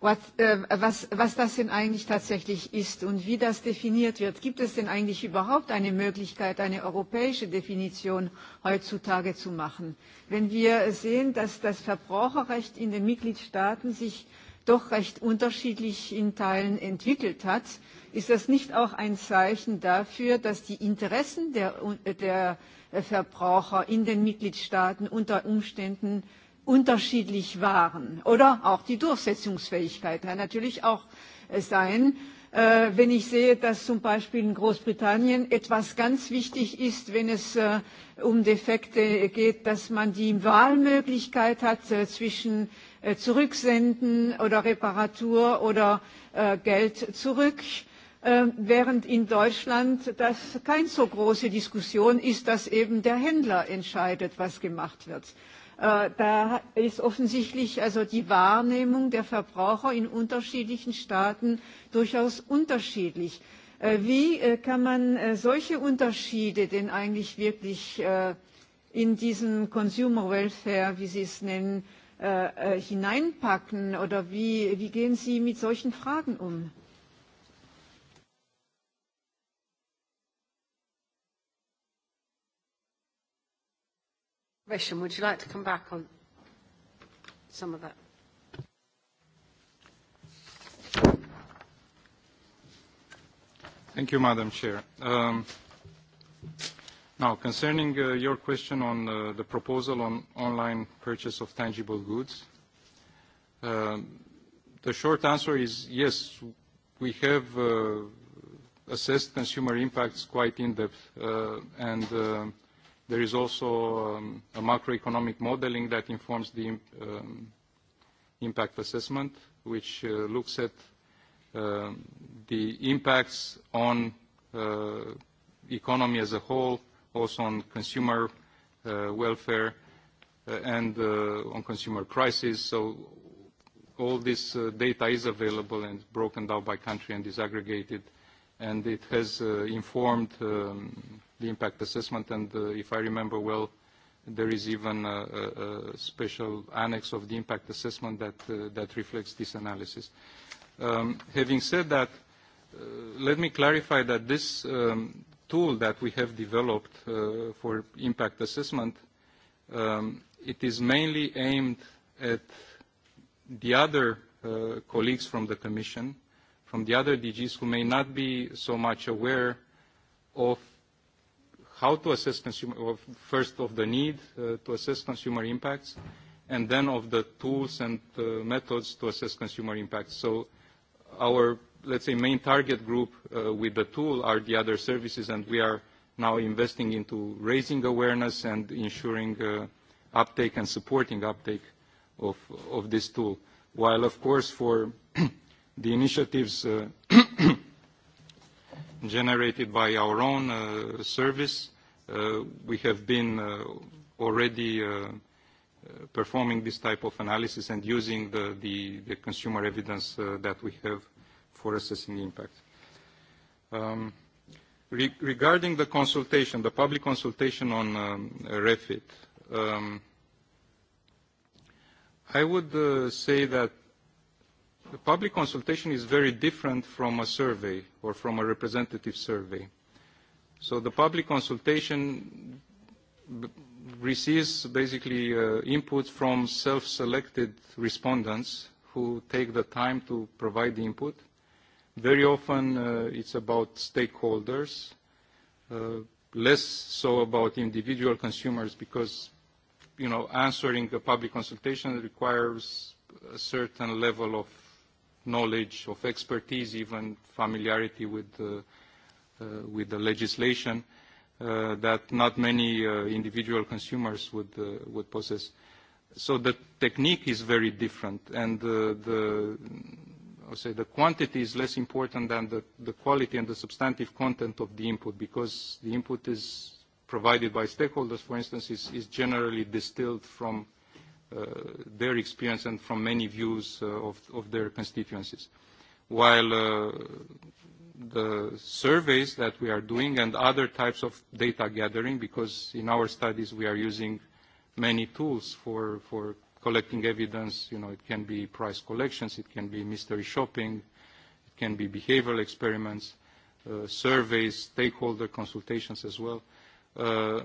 was, äh, was, was das denn eigentlich tatsächlich ist und wie das definiert wird. Gibt es denn eigentlich überhaupt eine Möglichkeit, eine europäische Definition heutzutage zu machen? Wenn wir sehen, dass das Verbraucherrecht in den Mitgliedstaaten sich doch recht unterschiedlich in Teilen entwickelt hat, ist das nicht auch ein Zeichen dafür, dass die Interessen der, der Verbraucher in den Mitgliedstaaten unter Umständen unterschiedlich waren oder auch die Durchsetzungsfähigkeit kann natürlich auch äh, sein. Äh, wenn ich sehe, dass zum Beispiel in Großbritannien etwas ganz wichtig ist, wenn es äh, um Defekte geht, dass man die Wahlmöglichkeit hat äh, zwischen äh, Zurücksenden oder Reparatur oder äh, Geld zurück während in Deutschland das keine so große Diskussion ist, dass eben der Händler entscheidet, was gemacht wird. Äh, da ist offensichtlich also die Wahrnehmung der Verbraucher in unterschiedlichen Staaten durchaus unterschiedlich. Äh, wie äh, kann man solche Unterschiede denn eigentlich wirklich in diesen Consumer Welfare, wie Sie es nennen, hineinpacken? Oder wie, wie gehen Sie mit solchen Fragen um? Risham, would you like to come back on some of that? Thank you, Madam Chair. Um, now, concerning uh, your question on uh, the proposal on online purchase of tangible goods, um, the short answer is yes, we have uh, assessed consumer impacts quite in-depth, uh, and uh, There is also um, a macroeconomic modeling that informs the um, impact assessment, which uh, looks at uh, the impacts on uh, economy as a whole, also on consumer uh, welfare uh, and uh, on consumer crisis. So all this uh, data is available and broken down by country and disaggregated, and it has uh, informed um, the impact assessment. And uh, if I remember well, there is even a, a, a special annex of the impact assessment that, uh, that reflects this analysis. Um, having said that, uh, let me clarify that this um, tool that we have developed uh, for impact assessment, um, it is mainly aimed at the other uh, colleagues from the Commission, from the other DGs who may not be so much aware of how to assess consumer, first of the need uh, to assess consumer impacts, and then of the tools and uh, methods to assess consumer impacts. So our, let's say, main target group uh, with the tool are the other services, and we are now investing into raising awareness and ensuring uh, uptake and supporting uptake of, of this tool. While, of course, for the initiatives uh, generated by our own uh, service. Uh, we have been uh, already uh, uh, performing this type of analysis and using the, the, the consumer evidence uh, that we have for assessing the impact. Um, re regarding the consultation, the public consultation on um, REFIT, um, I would uh, say that The public consultation is very different from a survey or from a representative survey. So the public consultation receives basically uh, input from self-selected respondents who take the time to provide the input. Very often uh, it's about stakeholders, uh, less so about individual consumers because you know, answering a public consultation requires a certain level of knowledge, of expertise, even familiarity with, the, uh, uh, with the legislation uh, that not many uh, individual consumers would, uh, would possess. So the technique is very different, and uh, the, I'll say the quantity is less important than the, the quality and the substantive content of the input, because the input is provided by stakeholders, for instance, is, is generally distilled from uh, their experience and from many views uh, of, of their constituencies. While uh, the surveys that we are doing and other types of data gathering, because in our studies we are using many tools for, for collecting evidence. You know, it can be price collections, it can be mystery shopping, it can be behavioral experiments, uh, surveys, stakeholder consultations as well. Uh,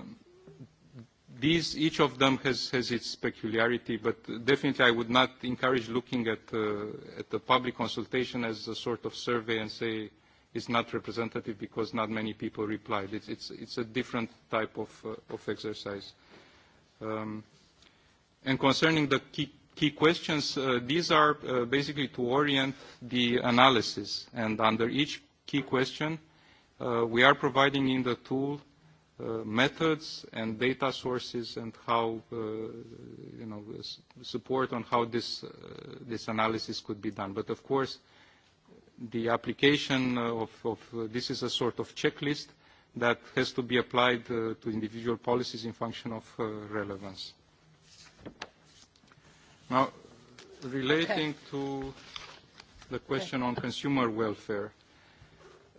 these, each of them has, has its peculiarity, but definitely I would not encourage looking at, uh, at the public consultation as a sort of survey and say it's not representative because not many people replied. It's, it's, it's a different type of, uh, of exercise. Um, and concerning the key, key questions, uh, these are uh, basically to orient the analysis. And under each key question, uh, we are providing in the tool Uh, methods and data sources and how, uh, you know, support on how this, uh, this analysis could be done. But of course, the application uh, of, of uh, this is a sort of checklist that has to be applied uh, to individual policies in function of uh, relevance. Now, relating okay. to the question on consumer welfare,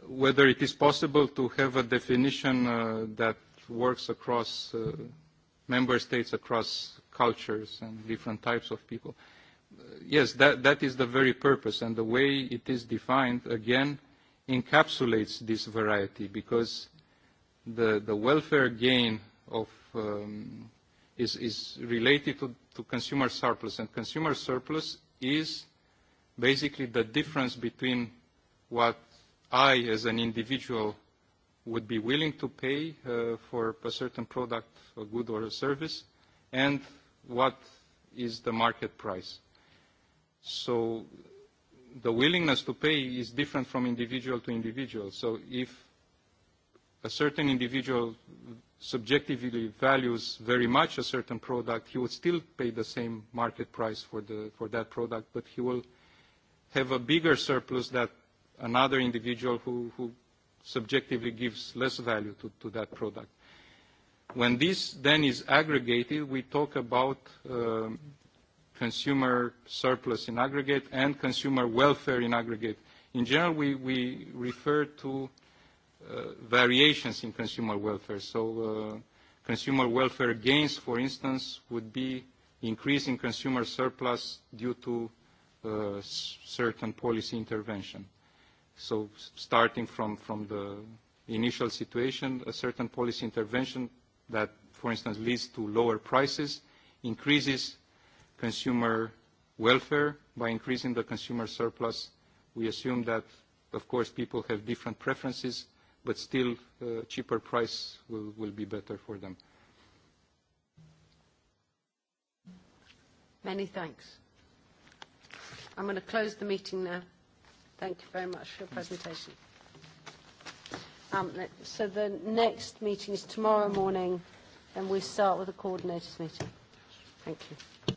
whether it is possible to have a definition uh, that works across uh, member states, across cultures and different types of people. Uh, yes, that, that is the very purpose, and the way it is defined, again, encapsulates this variety because the, the welfare gain of, um, is, is related to, to consumer surplus, and consumer surplus is basically the difference between what I, as an individual, would be willing to pay uh, for a certain product, a good or a service, and what is the market price. So the willingness to pay is different from individual to individual. So if a certain individual subjectively values very much a certain product, he would still pay the same market price for, the, for that product, but he will have a bigger surplus that another individual who, who subjectively gives less value to, to that product. When this then is aggregated, we talk about um, consumer surplus in aggregate and consumer welfare in aggregate. In general, we, we refer to uh, variations in consumer welfare. So uh, consumer welfare gains, for instance, would be increase in consumer surplus due to uh, certain policy intervention. So starting from, from the initial situation, a certain policy intervention that, for instance, leads to lower prices increases consumer welfare by increasing the consumer surplus. We assume that, of course, people have different preferences, but still uh, cheaper price will, will be better for them. Many thanks. I'm going to close the meeting now. Thank you very much for your presentation. Um, so the next meeting is tomorrow morning, and we start with a coordinators meeting. Thank you.